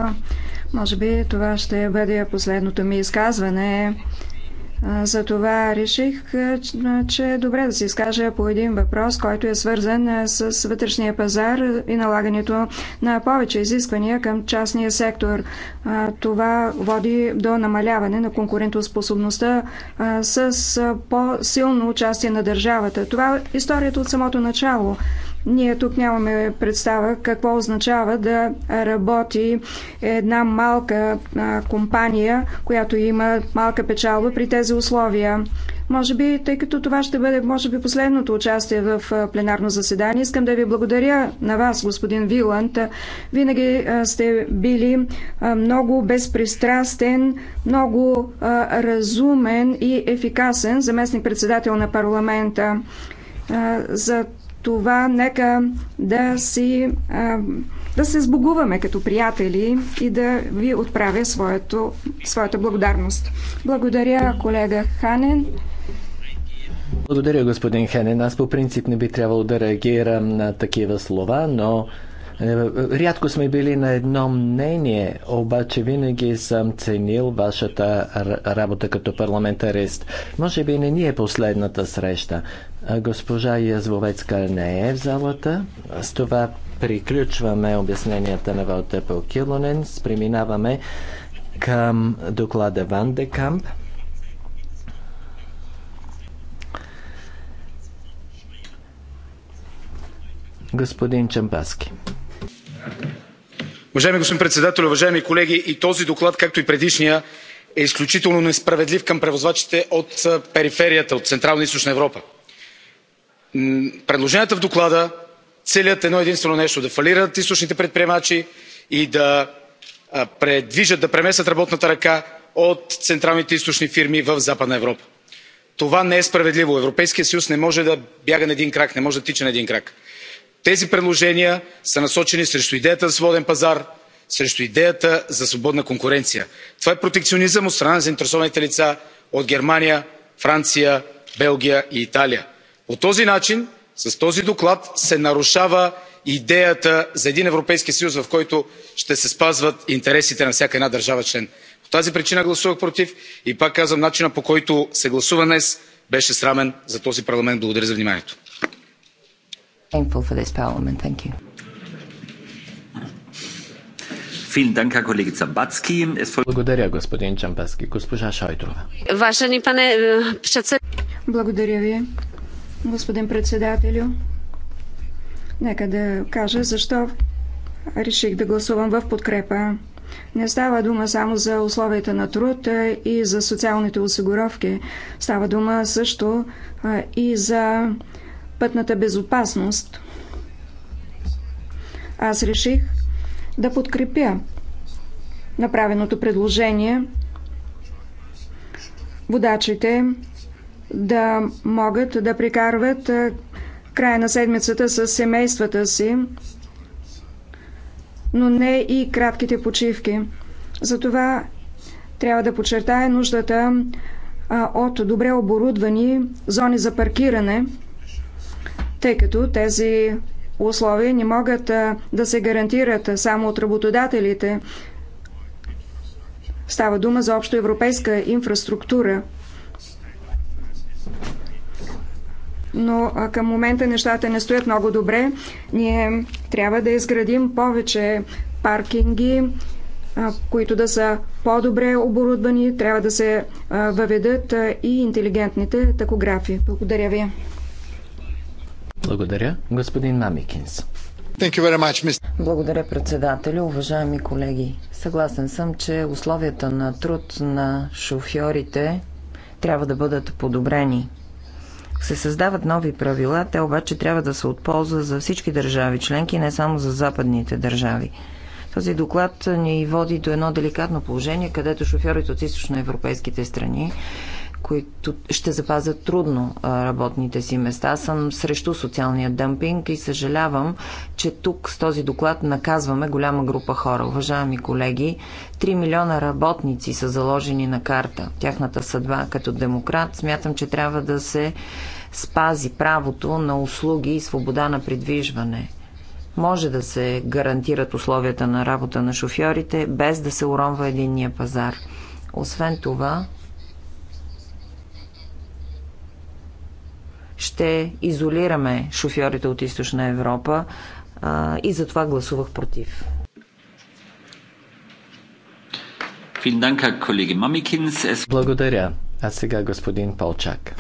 Може би това ще бъде последното ми изказване затова реших, че е добре да се изкажа по един въпрос, който е свързан с вътрешния пазар и налагането на повече изисквания към частния сектор. Това води до намаляване на конкурентоспособността с по-силно участие на държавата. Това е историята от самото начало. Ние тук нямаме представа какво означава да работи една малка компания, която има малка печалба при тези условия. Може би, тъй като това ще бъде, може би, последното участие в пленарно заседание, искам да ви благодаря на вас, господин Виланд. Винаги сте били много безпристрастен, много разумен и ефикасен заместник-председател на парламента. За това нека да си а, да се сбогуваме като приятели и да ви отправя своето, своята благодарност. Благодаря, колега Ханен. Благодаря, господин Хенен. Аз по принцип не би трябвало да реагирам на такива слова, но е, рядко сме били на едно мнение, обаче винаги съм ценил вашата работа като парламентарист. Може би не ни е последната среща. Госпожа Язловецка не е в залата. С това приключваме обясненията на Валта Пелкилонен. Сприминаваме към доклада Ван де Камп. Господин Чампаски уважаеми господин председател уважаеми колеги! и този доклад както и предишният е изключително несправедлив към превозвачите от периферията от централна и източна европа. предложенията в доклада целят едно единствено нещо да фалират източните предприемачи и да придвижат да преместят работната ръка от централните и източни фирми в западна европа. това не е справедливо. европейският съюз не може да бяга на един крак не може да тича на един крак тези предложения са насочени срещу идеята за свободен пазар срещу идеята за свободна конкуренция. това е протекционизъм от страна на заинтересованите лица от германия франция белгия и италия. по този начин с този доклад се нарушава идеята за един европейски съюз в който ще се спазват интересите на всяка една държава член. по тази причина гласувах против и пак казвам начинът по който се гласува днес беше срамен за този парламент. благодаря за вниманието thankful for this parliament. Thank you. Благодаря, господин Чампаски. Госпожа Шойтрова. пане е, председател. Благодаря ви, господин председателю. Нека да кажа защо реших да гласувам в подкрепа. Не става дума само за условията на труд е, и за социалните осигуровки. Става дума също е, и за пътната безопасност, аз реших да подкрепя направеното предложение водачите да могат да прекарват края на седмицата с семействата си, но не и кратките почивки. Затова трябва да подчертая нуждата от добре оборудвани зони за паркиране – тъй като тези условия не могат да се гарантират само от работодателите. Става дума за общо европейска инфраструктура. Но към момента нещата не стоят много добре. Ние трябва да изградим повече паркинги, които да са по-добре оборудвани. Трябва да се въведат и интелигентните такографи. Благодаря ви. Благодаря. Господин Мамикинс. Much, Благодаря, председателю. Уважаеми колеги, съгласен съм, че условията на труд на шофьорите трябва да бъдат подобрени. Се създават нови правила, те обаче трябва да се отползва за всички държави членки, не само за западните държави. Този доклад ни води до едно деликатно положение, където шофьорите от източноевропейските страни които ще запазят трудно работните си места. Аз съм срещу социалния дъмпинг и съжалявам, че тук с този доклад наказваме голяма група хора. Уважаеми колеги, 3 милиона работници са заложени на карта. Тяхната съдба като демократ смятам, че трябва да се спази правото на услуги и свобода на придвижване може да се гарантират условията на работа на шофьорите, без да се уронва единния пазар. Освен това, ще изолираме шофьорите от източна Европа а, и затова гласувах против. Благодаря. А сега господин Полчак.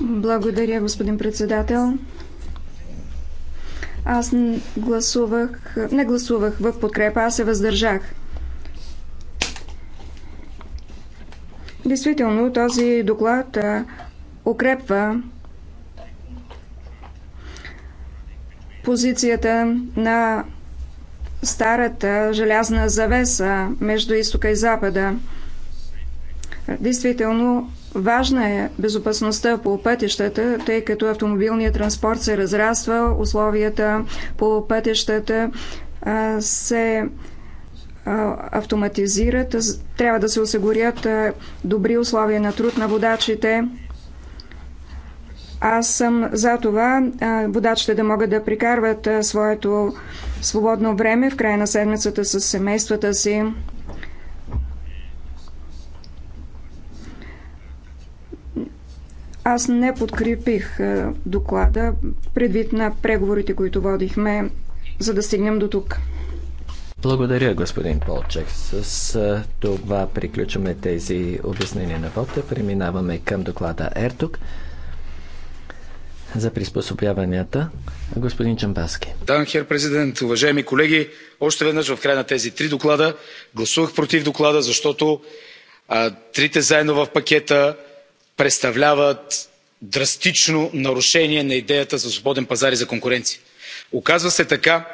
Благодаря, господин председател. Аз не гласувах, не гласувах в подкрепа, аз се въздържах. Действително, този доклад укрепва позицията на старата желязна завеса между изтока и запада. Действително важна е безопасността по пътищата, тъй като автомобилният транспорт се разраства, условията по пътищата се автоматизират, трябва да се осигурят добри условия на труд на водачите. Аз съм за това водачите да могат да прикарват своето свободно време в края на седмицата с семействата си. Аз не подкрепих доклада предвид на преговорите, които водихме, за да стигнем до тук. Благодаря, господин Полчек. С това приключваме тези обяснения на вода. Преминаваме към доклада ЕРТОК за приспособяванията. Господин Чампаски. хер президент, уважаеми колеги, още веднъж в края на тези три доклада гласувах против доклада, защото а, трите заедно в пакета представляват драстично нарушение на идеята за свободен пазар и за конкуренция. Оказва се така,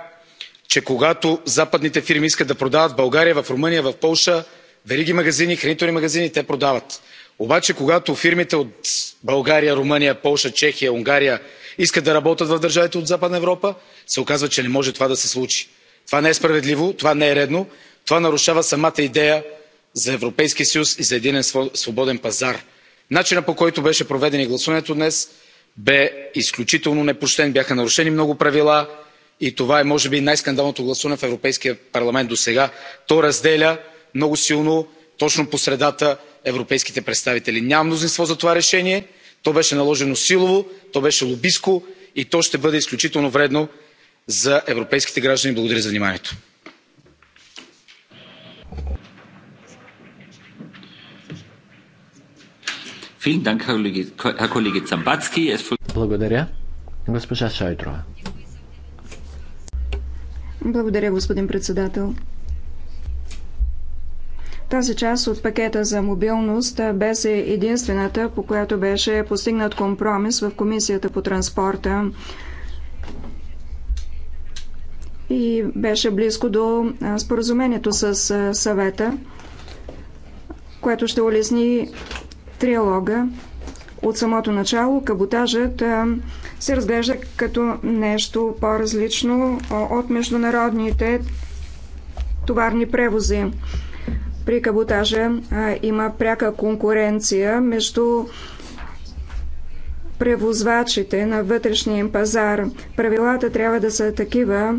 че когато западните фирми искат да продават в България, в Румъния, в Полша, вериги магазини, хранителни магазини, те продават обаче когато фирмите от българя румъния полша чехия унгария искат да работят в държавите от западна европа се оказва че не може това да се случи. това не е справедливо това не е редно това нарушава самата идея за европейския съюз и за единен свободен пазар. начинът по който беше проведено гласуването днес бе изключително непочтен бяха нарушени много правила и това е може би най скандалното гласуване в европейския парламент досега. то разделя много силно точно по средата европейските представители. няма мнозинство за това решение то беше наложено силово то беше лобистко и то ще бъде изключително вредно за европейските граждани. благодаря за вниманието. Благодаря. Госпожа Благодаря, господин председател. Тази част от пакета за мобилност беше единствената, по която беше постигнат компромис в Комисията по транспорта и беше близко до споразумението с съвета, което ще улесни триалога. От самото начало каботажът се разглежда като нещо по-различно от международните товарни превози. При каботажа има пряка конкуренция между превозвачите на вътрешния им пазар. Правилата трябва да са такива,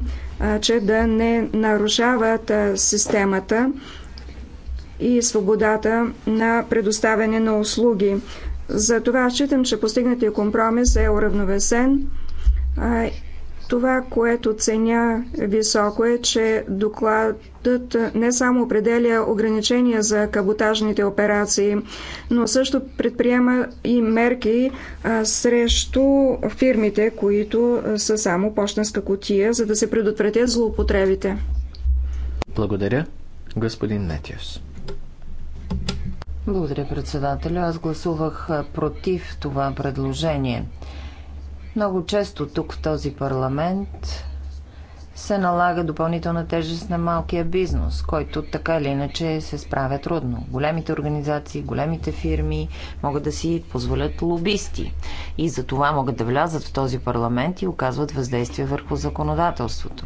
че да не нарушават системата и свободата на предоставяне на услуги. За това считам, че постигнатия компромис е уравновесен това, което ценя високо е, че докладът не само определя ограничения за каботажните операции, но също предприема и мерки а, срещу фирмите, които са само почтенска котия, за да се предотвратят злоупотребите. Благодаря, господин Метиус. Благодаря, председателя. Аз гласувах против това предложение. Много често тук в този парламент се налага допълнителна тежест на малкия бизнес, който така или иначе се справя трудно. Големите организации, големите фирми могат да си позволят лобисти и за това могат да влязат в този парламент и оказват въздействие върху законодателството.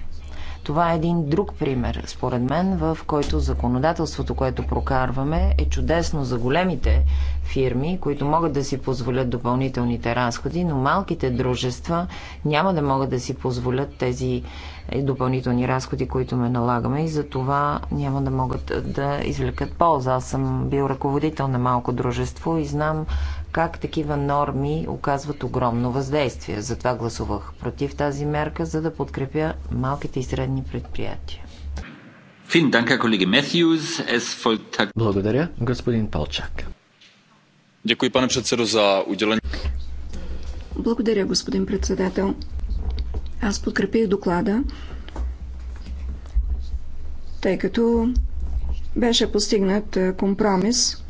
Това е един друг пример, според мен, в който законодателството, което прокарваме, е чудесно за големите фирми, които могат да си позволят допълнителните разходи, но малките дружества няма да могат да си позволят тези е, допълнителни разходи, които ме налагаме и за това няма да могат да извлекат полза. Аз съм бил ръководител на малко дружество и знам как такива норми оказват огромно въздействие. Затова гласувах против тази мерка, за да подкрепя малките и средни предприятия. Благодаря, господин Палчак. Благодаря, господин председател. Аз подкрепих доклада, тъй като беше постигнат компромис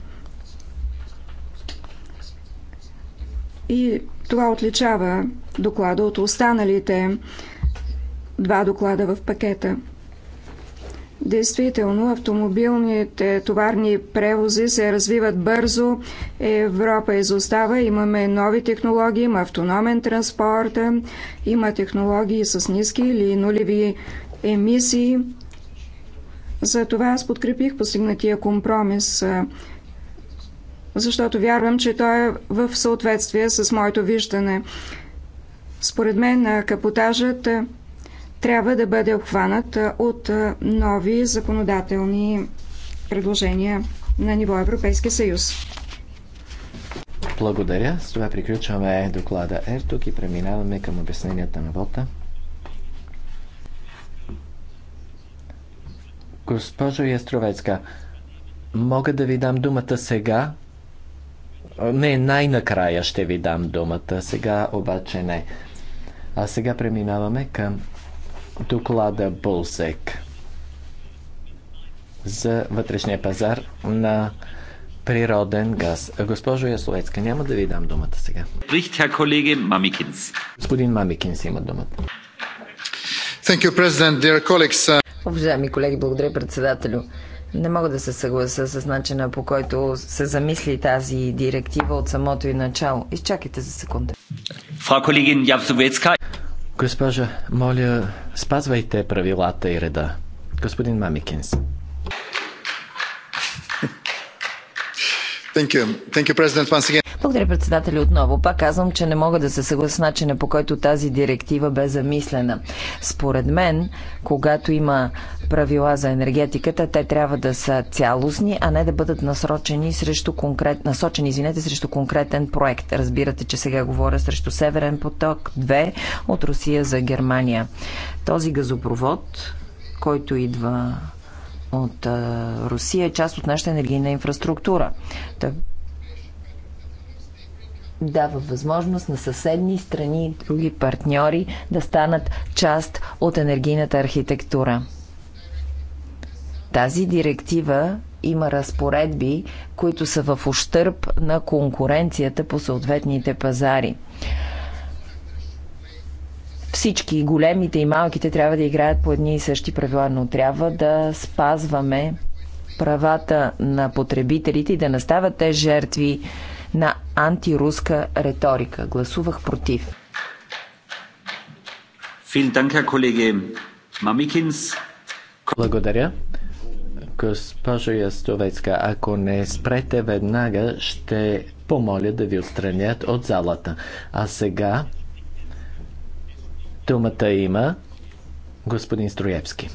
И това отличава доклада от останалите два доклада в пакета. Действително, автомобилните товарни превози се развиват бързо. Европа изостава. Имаме нови технологии, има автономен транспорт, има технологии с ниски или нулеви емисии. Затова аз подкрепих постигнатия компромис защото вярвам, че той е в съответствие с моето виждане. Според мен капотажът трябва да бъде обхванат от нови законодателни предложения на ниво Европейски съюз. Благодаря. С това приключваме доклада Ертук и преминаваме към обясненията на вота. Госпожо Ястровецка, мога да ви дам думата сега, не, най-накрая ще ви дам думата. Сега обаче не. А сега преминаваме към доклада Булсек за вътрешния пазар на природен газ. Госпожо Ясловецка, няма да ви дам думата сега. Господин Мамикинс има думата. You, uh, Уважаеми колеги, благодаря председателю. Не мога да се съглася с начина по който се замисли тази директива от самото и начало. Изчакайте за секунда. Фра колегин Госпожа, моля, спазвайте правилата и реда. Господин Мамикинс. Thank you. Thank you, Благодаря, председатели отново. Пак казвам, че не мога да се съглася с начина по който тази директива бе замислена. Според мен, когато има правила за енергетиката, те трябва да са цялостни, а не да бъдат насрочени срещу конкрет, насочени извинете, срещу конкретен проект. Разбирате, че сега говоря срещу Северен поток 2 от Русия за Германия. Този газопровод, който идва от а, Русия, е част от нашата енергийна инфраструктура. Той дава възможност на съседни страни и други партньори да станат част от енергийната архитектура. Тази директива има разпоредби, които са в ущърп на конкуренцията по съответните пазари. Всички, големите и малките, трябва да играят по едни и същи правила, но трябва да спазваме правата на потребителите и да не стават те жертви на антируска риторика. Гласувах против. Благодаря. Госпожо Ястовецка, ако не спрете веднага, ще помоля да ви отстранят от залата. А сега думата има господин Строевски.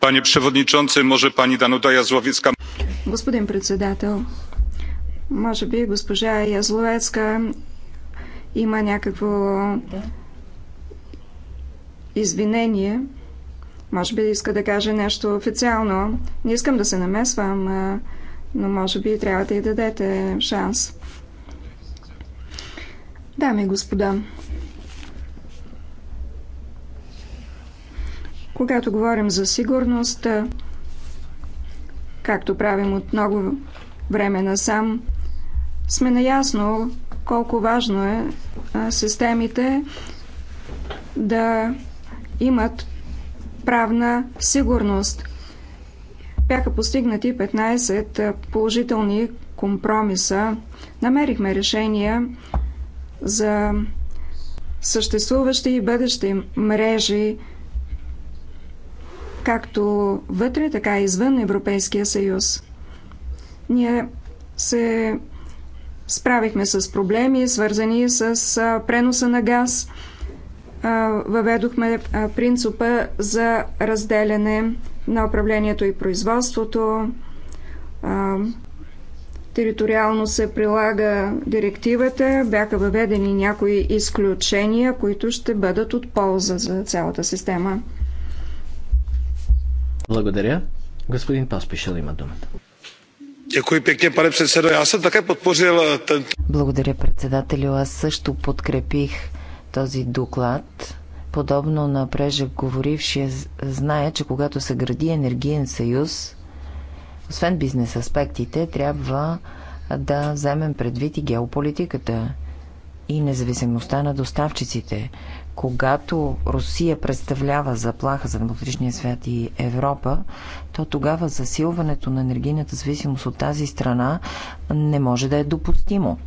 Пане przewodniczący, може пани Данута Язловицка. Господин председател, може би госпожа Язловецка има някакво извинение може би иска да каже нещо официално. Не искам да се намесвам, но може би трябва да й дадете шанс. Дами и господа, когато говорим за сигурност, както правим от много време насам, сме наясно колко важно е системите да имат правна сигурност. Бяха постигнати 15 положителни компромиса. Намерихме решения за съществуващи и бъдещи мрежи, както вътре, така и извън Европейския съюз. Ние се справихме с проблеми, свързани с преноса на газ – въведохме принципа за разделяне на управлението и производството. Териториално се прилага директивата, бяха въведени някои изключения, които ще бъдат от полза за цялата система. Благодаря. Господин Паспишел има думата. Děkuji pěkně, pane předsedo. Já jsem také podpořil ten... Благодаря, председателю. Аз също подкрепих този доклад. Подобно на прежеговорившия, знае, че когато се гради енергиен съюз, освен бизнес аспектите, трябва да вземем предвид и геополитиката и независимостта на доставчиците. Когато Русия представлява заплаха за вътрешния свят и Европа, то тогава засилването на енергийната зависимост от тази страна не може да е допустимо.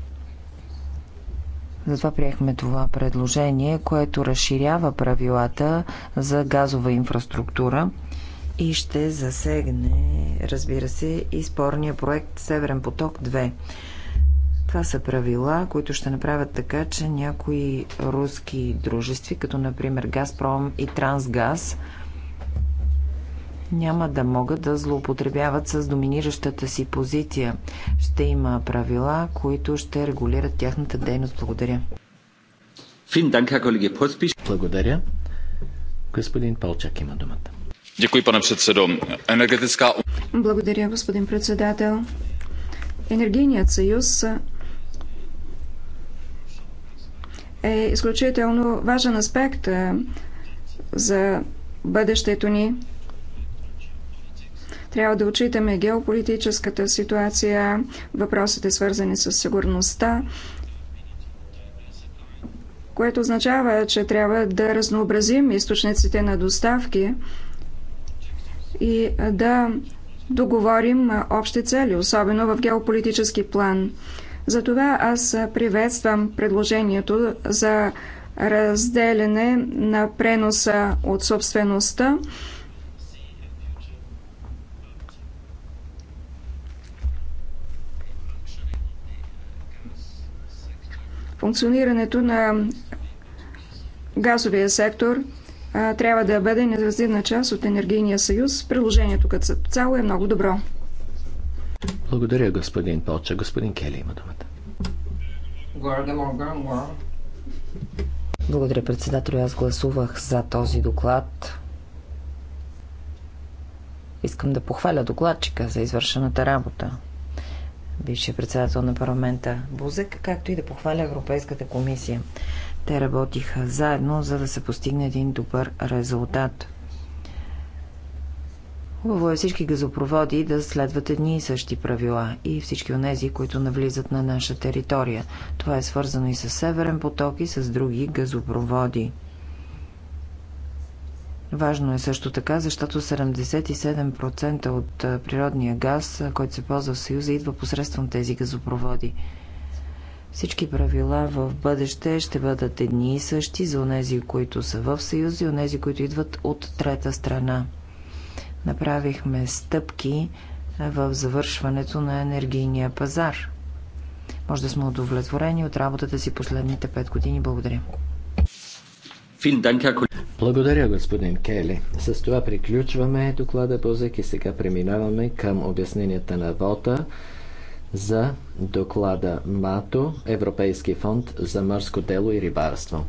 Затова приехме това предложение, което разширява правилата за газова инфраструктура и ще засегне, разбира се, и спорния проект Северен поток 2. Това са правила, които ще направят така, че някои руски дружестви, като например Газпром и Трансгаз, няма да могат да злоупотребяват с доминиращата си позиция. Ще има правила, които ще регулират тяхната дейност. Благодаря. Благодаря. Господин Палчак, има думата. Благодаря, господин председател. Енергийният съюз е изключително важен аспект за бъдещето ни трябва да отчитаме геополитическата ситуация, въпросите свързани с сигурността, което означава, че трябва да разнообразим източниците на доставки и да договорим общи цели, особено в геополитически план. Затова аз приветствам предложението за разделяне на преноса от собствеността Функционирането на газовия сектор трябва да бъде неразделна част от енергийния съюз. Приложението като цяло е много добро. Благодаря, господин Полча. Господин Кели има думата. Благодаря, председател. Аз гласувах за този доклад. Искам да похваля докладчика за извършената работа бившия председател на парламента Бузек, както и да похваля Европейската комисия. Те работиха заедно, за да се постигне един добър резултат. Хубаво е всички газопроводи да следват едни и същи правила и всички тези, които навлизат на наша територия. Това е свързано и с Северен поток и с други газопроводи. Важно е също така, защото 77% от природния газ, който се ползва в Съюза, идва посредством тези газопроводи. Всички правила в бъдеще ще бъдат едни и същи за онези, които са в Съюза и онези, които идват от трета страна. Направихме стъпки в завършването на енергийния пазар. Може да сме удовлетворени от работата си последните 5 години. Благодаря. Благодаря, господин Кели. С това приключваме доклада Бозек и сега преминаваме към обясненията на вота за доклада МАТО, Европейски фонд за морско дело и рибарство.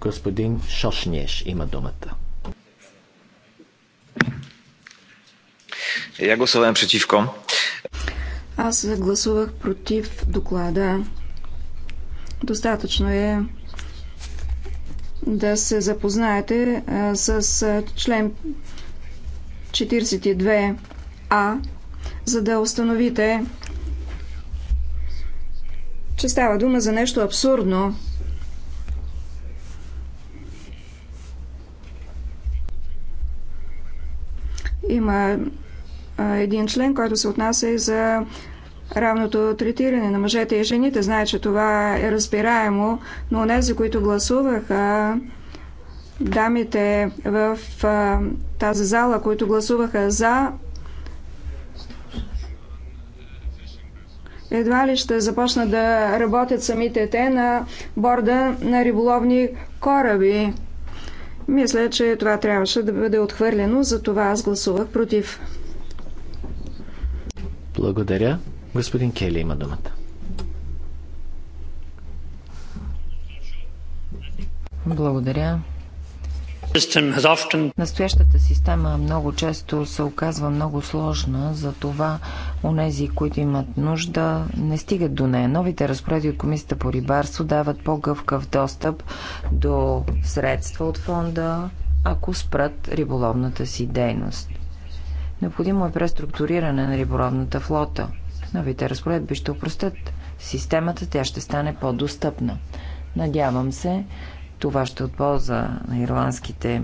Господин Шошниеш има думата. Я гласувам противко. Аз гласувах против доклада. Достатъчно е да се запознаете с член 42а, за да установите, че става дума за нещо абсурдно. Има един член, който се отнася и за равното третиране на мъжете и жените. Знае, че това е разбираемо, но не за които гласуваха дамите в а, тази зала, които гласуваха за, едва ли ще започнат да работят самите те на борда на риболовни кораби. Мисля, че това трябваше да бъде отхвърлено, затова аз гласувах против. Благодаря. Господин Кели има думата. Благодаря. Настоящата система много често се оказва много сложна, За това онези, които имат нужда, не стигат до нея. Новите разпореди от Комисията по рибарство дават по-гъвкав достъп до средства от фонда, ако спрат риболовната си дейност. Необходимо е преструктуриране на риболовната флота – Новите разпоредби ще упростят системата, тя ще стане по-достъпна. Надявам се, това ще от полза на ирландските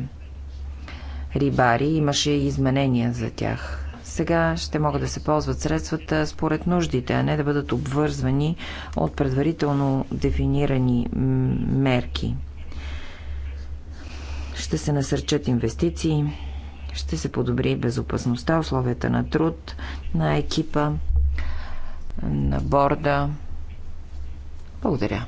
рибари. Имаше и изменения за тях. Сега ще могат да се ползват средствата според нуждите, а не да бъдат обвързвани от предварително дефинирани мерки. Ще се насърчат инвестиции, ще се подобри безопасността, условията на труд на екипа на борда. Благодаря.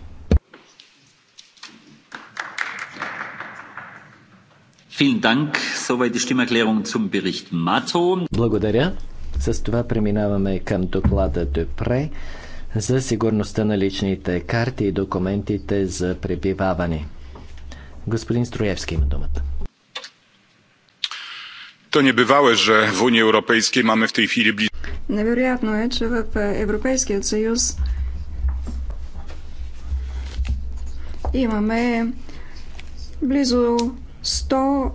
Благодаря. С това преминаваме към доклада Депре за сигурността на личните карти и документите за пребиваване. Господин Строевски има думата. To niebywałe, że w Unii Europejskiej mamy w tej chwili blisko Невероятно е, че в е, Европейският съюз имаме близо 100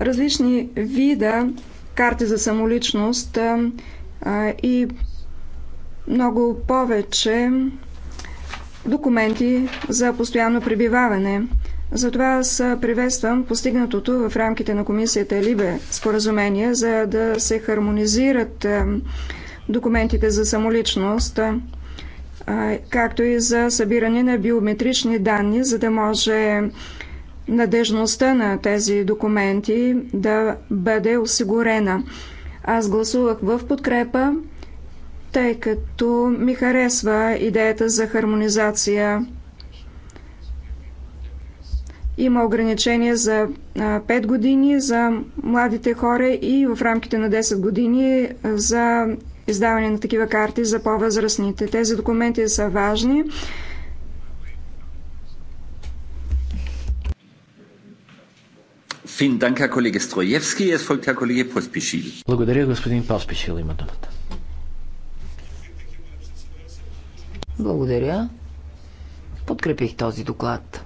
различни вида карти за самоличност и много повече документи за постоянно пребиваване. Затова аз приветствам постигнатото в рамките на комисията Либе споразумение, за да се хармонизират е, документите за самоличност, е, както и за събиране на биометрични данни, за да може надежността на тези документи да бъде осигурена. Аз гласувах в подкрепа, тъй като ми харесва идеята за хармонизация има ограничение за 5 години за младите хора и в рамките на 10 години за издаване на такива карти за по-възрастните. Тези документи са важни. Благодаря, господин Поспишил има думата. Благодаря. Подкрепих този доклад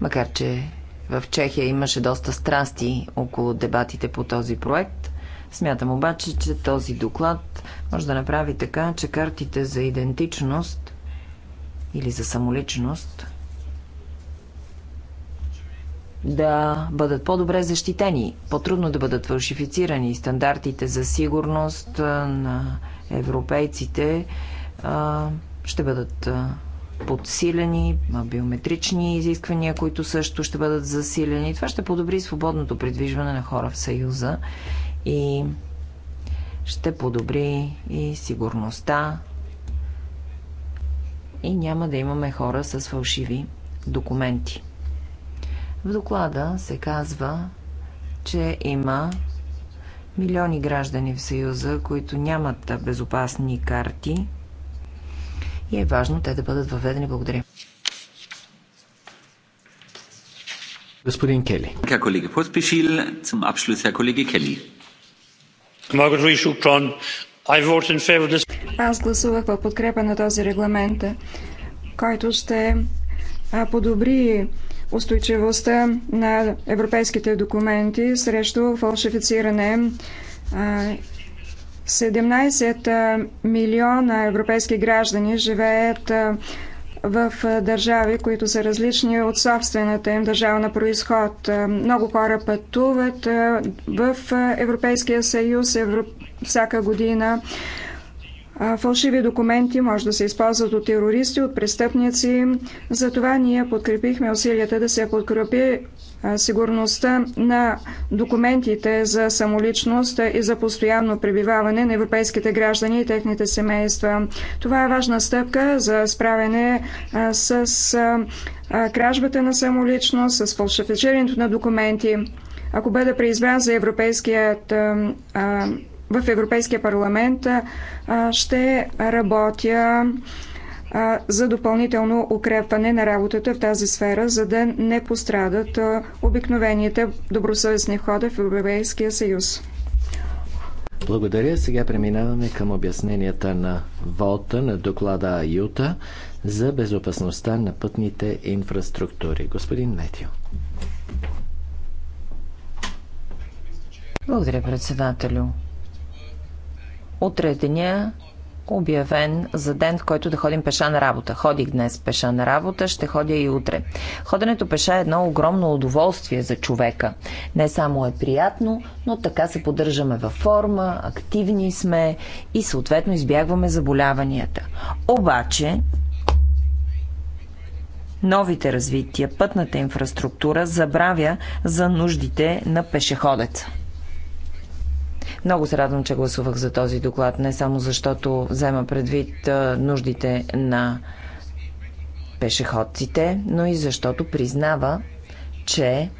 макар че в Чехия имаше доста страсти около дебатите по този проект. Смятам обаче, че този доклад може да направи така, че картите за идентичност или за самоличност да бъдат по-добре защитени, по-трудно да бъдат фалшифицирани. Стандартите за сигурност на европейците ще бъдат подсилени, биометрични изисквания, които също ще бъдат засилени. Това ще подобри свободното придвижване на хора в Съюза и ще подобри и сигурността и няма да имаме хора с фалшиви документи. В доклада се казва, че има милиони граждани в Съюза, които нямат безопасни карти и е важно те да бъдат въведени. Благодаря. Господин Кели. Herr Kollege Pospischil, zum Abschluss Herr Kollege Kelly. Аз гласувах в подкрепа на този регламент, който ще подобри устойчивостта на европейските документи срещу фалшифициране 17 милиона европейски граждани живеят в държави, които са различни от собствената им държава на происход. Много хора пътуват в Европейския съюз всяка година. Фалшиви документи може да се използват от терористи, от престъпници. Затова ние подкрепихме усилията да се подкрепи сигурността на документите за самоличност и за постоянно пребиваване на европейските граждани и техните семейства. Това е важна стъпка за справяне с кражбата на самоличност, с фалшифицирането на документи. Ако бъде преизбран за Европейският в Европейския парламент ще работя за допълнително укрепване на работата в тази сфера, за да не пострадат обикновените добросъвестни хода в Европейския съюз. Благодаря. Сега преминаваме към обясненията на ВОЛТА на доклада АЮТА за безопасността на пътните инфраструктури. Господин Метио. Благодаря, председателю. Утре е деня обявен за ден, в който да ходим пеша на работа. Ходих днес пеша на работа, ще ходя и утре. Ходенето пеша е едно огромно удоволствие за човека. Не само е приятно, но така се поддържаме във форма, активни сме и съответно избягваме заболяванията. Обаче, новите развития, пътната инфраструктура забравя за нуждите на пешеходеца. Много се радвам, че гласувах за този доклад, не само защото взема предвид нуждите на пешеходците, но и защото признава, че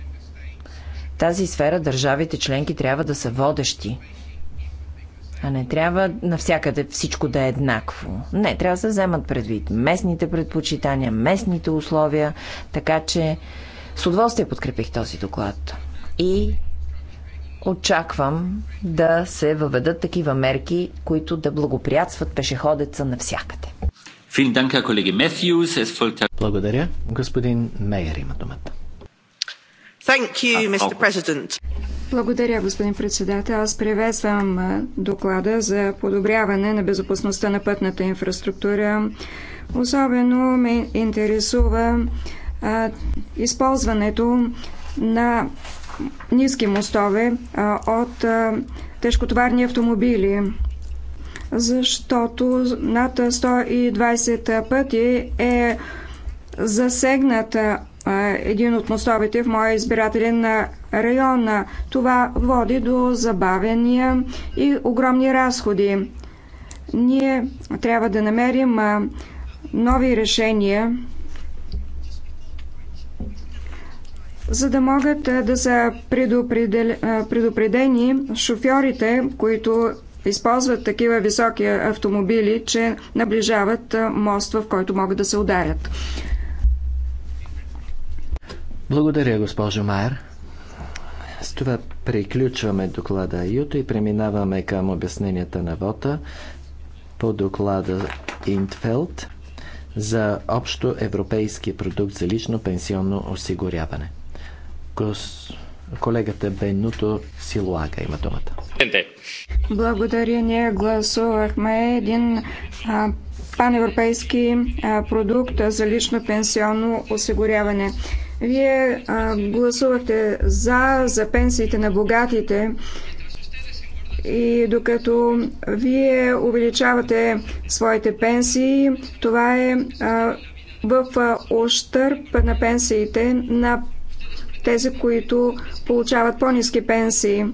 тази сфера държавите членки трябва да са водещи. А не трябва навсякъде всичко да е еднакво. Не, трябва да се вземат предвид местните предпочитания, местните условия, така че с удоволствие подкрепих този доклад. И очаквам да се въведат такива мерки, които да благоприятстват пешеходеца навсякъде. Благодаря. Господин Мейер има думата. You, Благодаря, господин председател. Аз приветствам доклада за подобряване на безопасността на пътната инфраструктура. Особено ме интересува а, използването на ниски мостове от тежкотоварни автомобили, защото над 120 пъти е засегнат един от мостовете в моя избирателен район. Това води до забавения и огромни разходи. Ние трябва да намерим нови решения за да могат е, да са е, предупредени шофьорите, които използват такива високи автомобили, че наближават е, мост, в който могат да се ударят. Благодаря, госпожо Майер. С това приключваме доклада Юто и преминаваме към обясненията на вота по доклада Интфелд за общо европейски продукт за лично пенсионно осигуряване. Гос... Колегата Бенуто Силуага има думата. Благодаря. Ние гласувахме един а, паневропейски а, продукт за лично пенсионно осигуряване. Вие а, гласувахте за, за пенсиите на богатите и докато вие увеличавате своите пенсии, това е а, в ощърп на пенсиите на тези, които получават по-низки пенсии.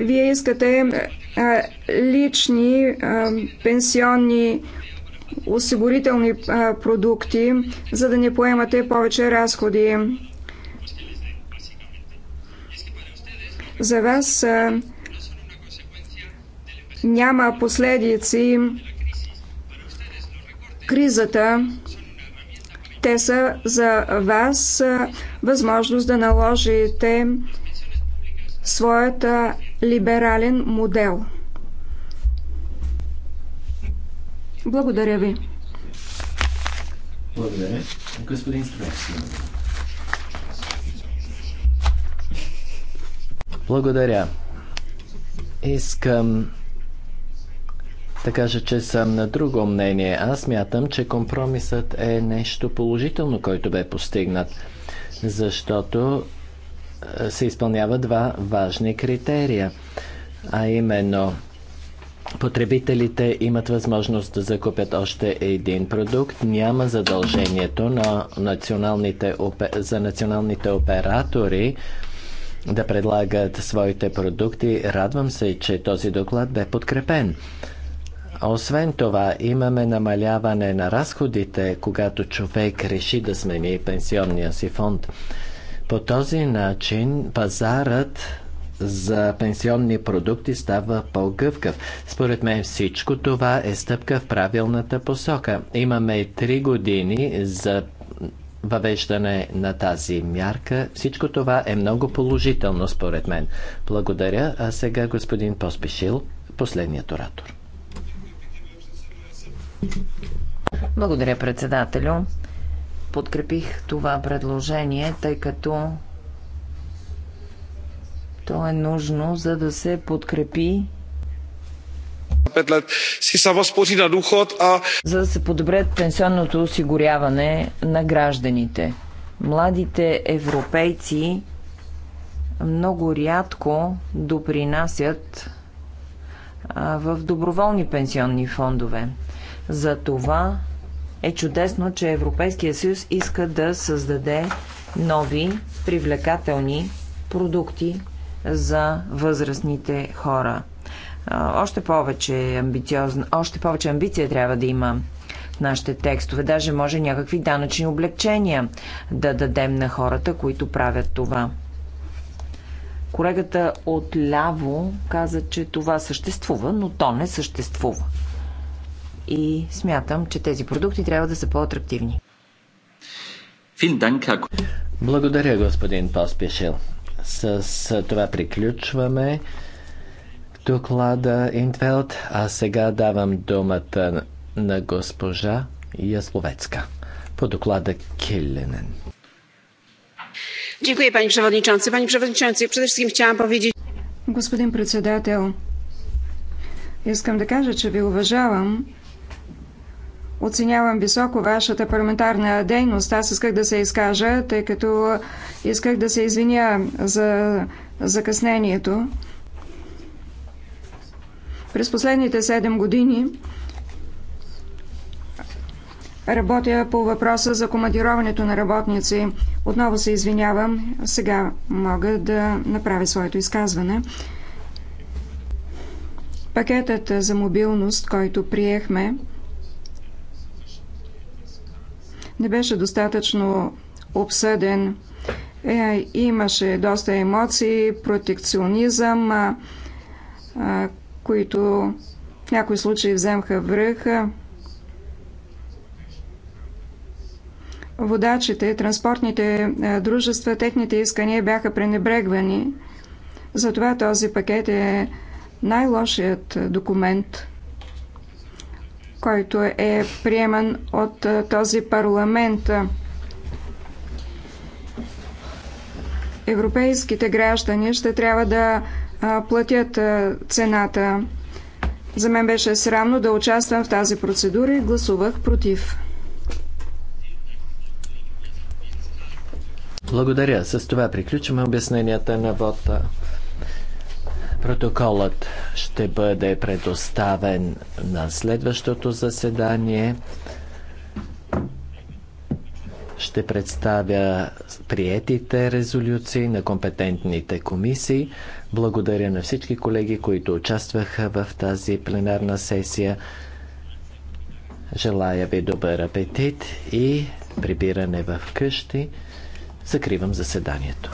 Вие искате лични пенсионни осигурителни продукти, за да не поемате повече разходи. За вас няма последици кризата те са за вас възможност да наложите своят либерален модел. Благодаря ви. Благодаря. Господин Строевски. Благодаря. Искам така че, че съм на друго мнение. Аз мятам, че компромисът е нещо положително, който бе постигнат, защото е, се изпълнява два важни критерия, а именно потребителите имат възможност да закупят още един продукт, няма задължението на националните, за националните оператори да предлагат своите продукти. Радвам се, че този доклад бе подкрепен. Освен това, имаме намаляване на разходите, когато човек реши да смени пенсионния си фонд. По този начин пазарът за пенсионни продукти става по-гъвкав. Според мен всичко това е стъпка в правилната посока. Имаме три години за въвеждане на тази мярка. Всичко това е много положително, според мен. Благодаря. А сега господин Поспешил, последният оратор. Благодаря, председателю. Подкрепих това предложение, тъй като то е нужно, за да се подкрепи пет лет си сама спори на а... За да се подобрят пенсионното осигуряване на гражданите. Младите европейци много рядко допринасят в доброволни пенсионни фондове. За това е чудесно, че Европейския съюз иска да създаде нови, привлекателни продукти за възрастните хора. Още повече, амбициозна, още повече амбиция трябва да има в нашите текстове. Даже може някакви данъчни облегчения да дадем на хората, които правят това. Колегата от ляво каза, че това съществува, но то не съществува и смятам, че тези продукти трябва да са по-атрактивни. Благодаря, господин Поспешил. С, с това приключваме доклада Интвелт, а сега давам думата на госпожа Ясловецка по доклада Килленен. Dziękuję Panie Przewodniczący. Panie Przewodniczący, przede wszystkim chciałam powiedzieć... Господин председател, искам да кажа, че ви уважавам Оценявам високо вашата парламентарна дейност. Аз исках да се изкажа, тъй като исках да се извиня за закъснението. През последните 7 години работя по въпроса за командироването на работници. Отново се извинявам. Сега мога да направя своето изказване. Пакетът за мобилност, който приехме, не беше достатъчно обсъден. Е, имаше доста емоции, протекционизъм, а, а, които в някои случаи вземха връха. Водачите, транспортните дружества, техните искания бяха пренебрегвани. Затова този пакет е най-лошият документ, който е приеман от този парламент. Европейските граждани ще трябва да платят цената. За мен беше срамно да участвам в тази процедура и гласувах против. Благодаря. С това приключваме обясненията на вода. Протоколът ще бъде предоставен на следващото заседание. Ще представя приетите резолюции на компетентните комисии. Благодаря на всички колеги, които участваха в тази пленарна сесия. Желая ви добър апетит и прибиране в къщи. Закривам заседанието.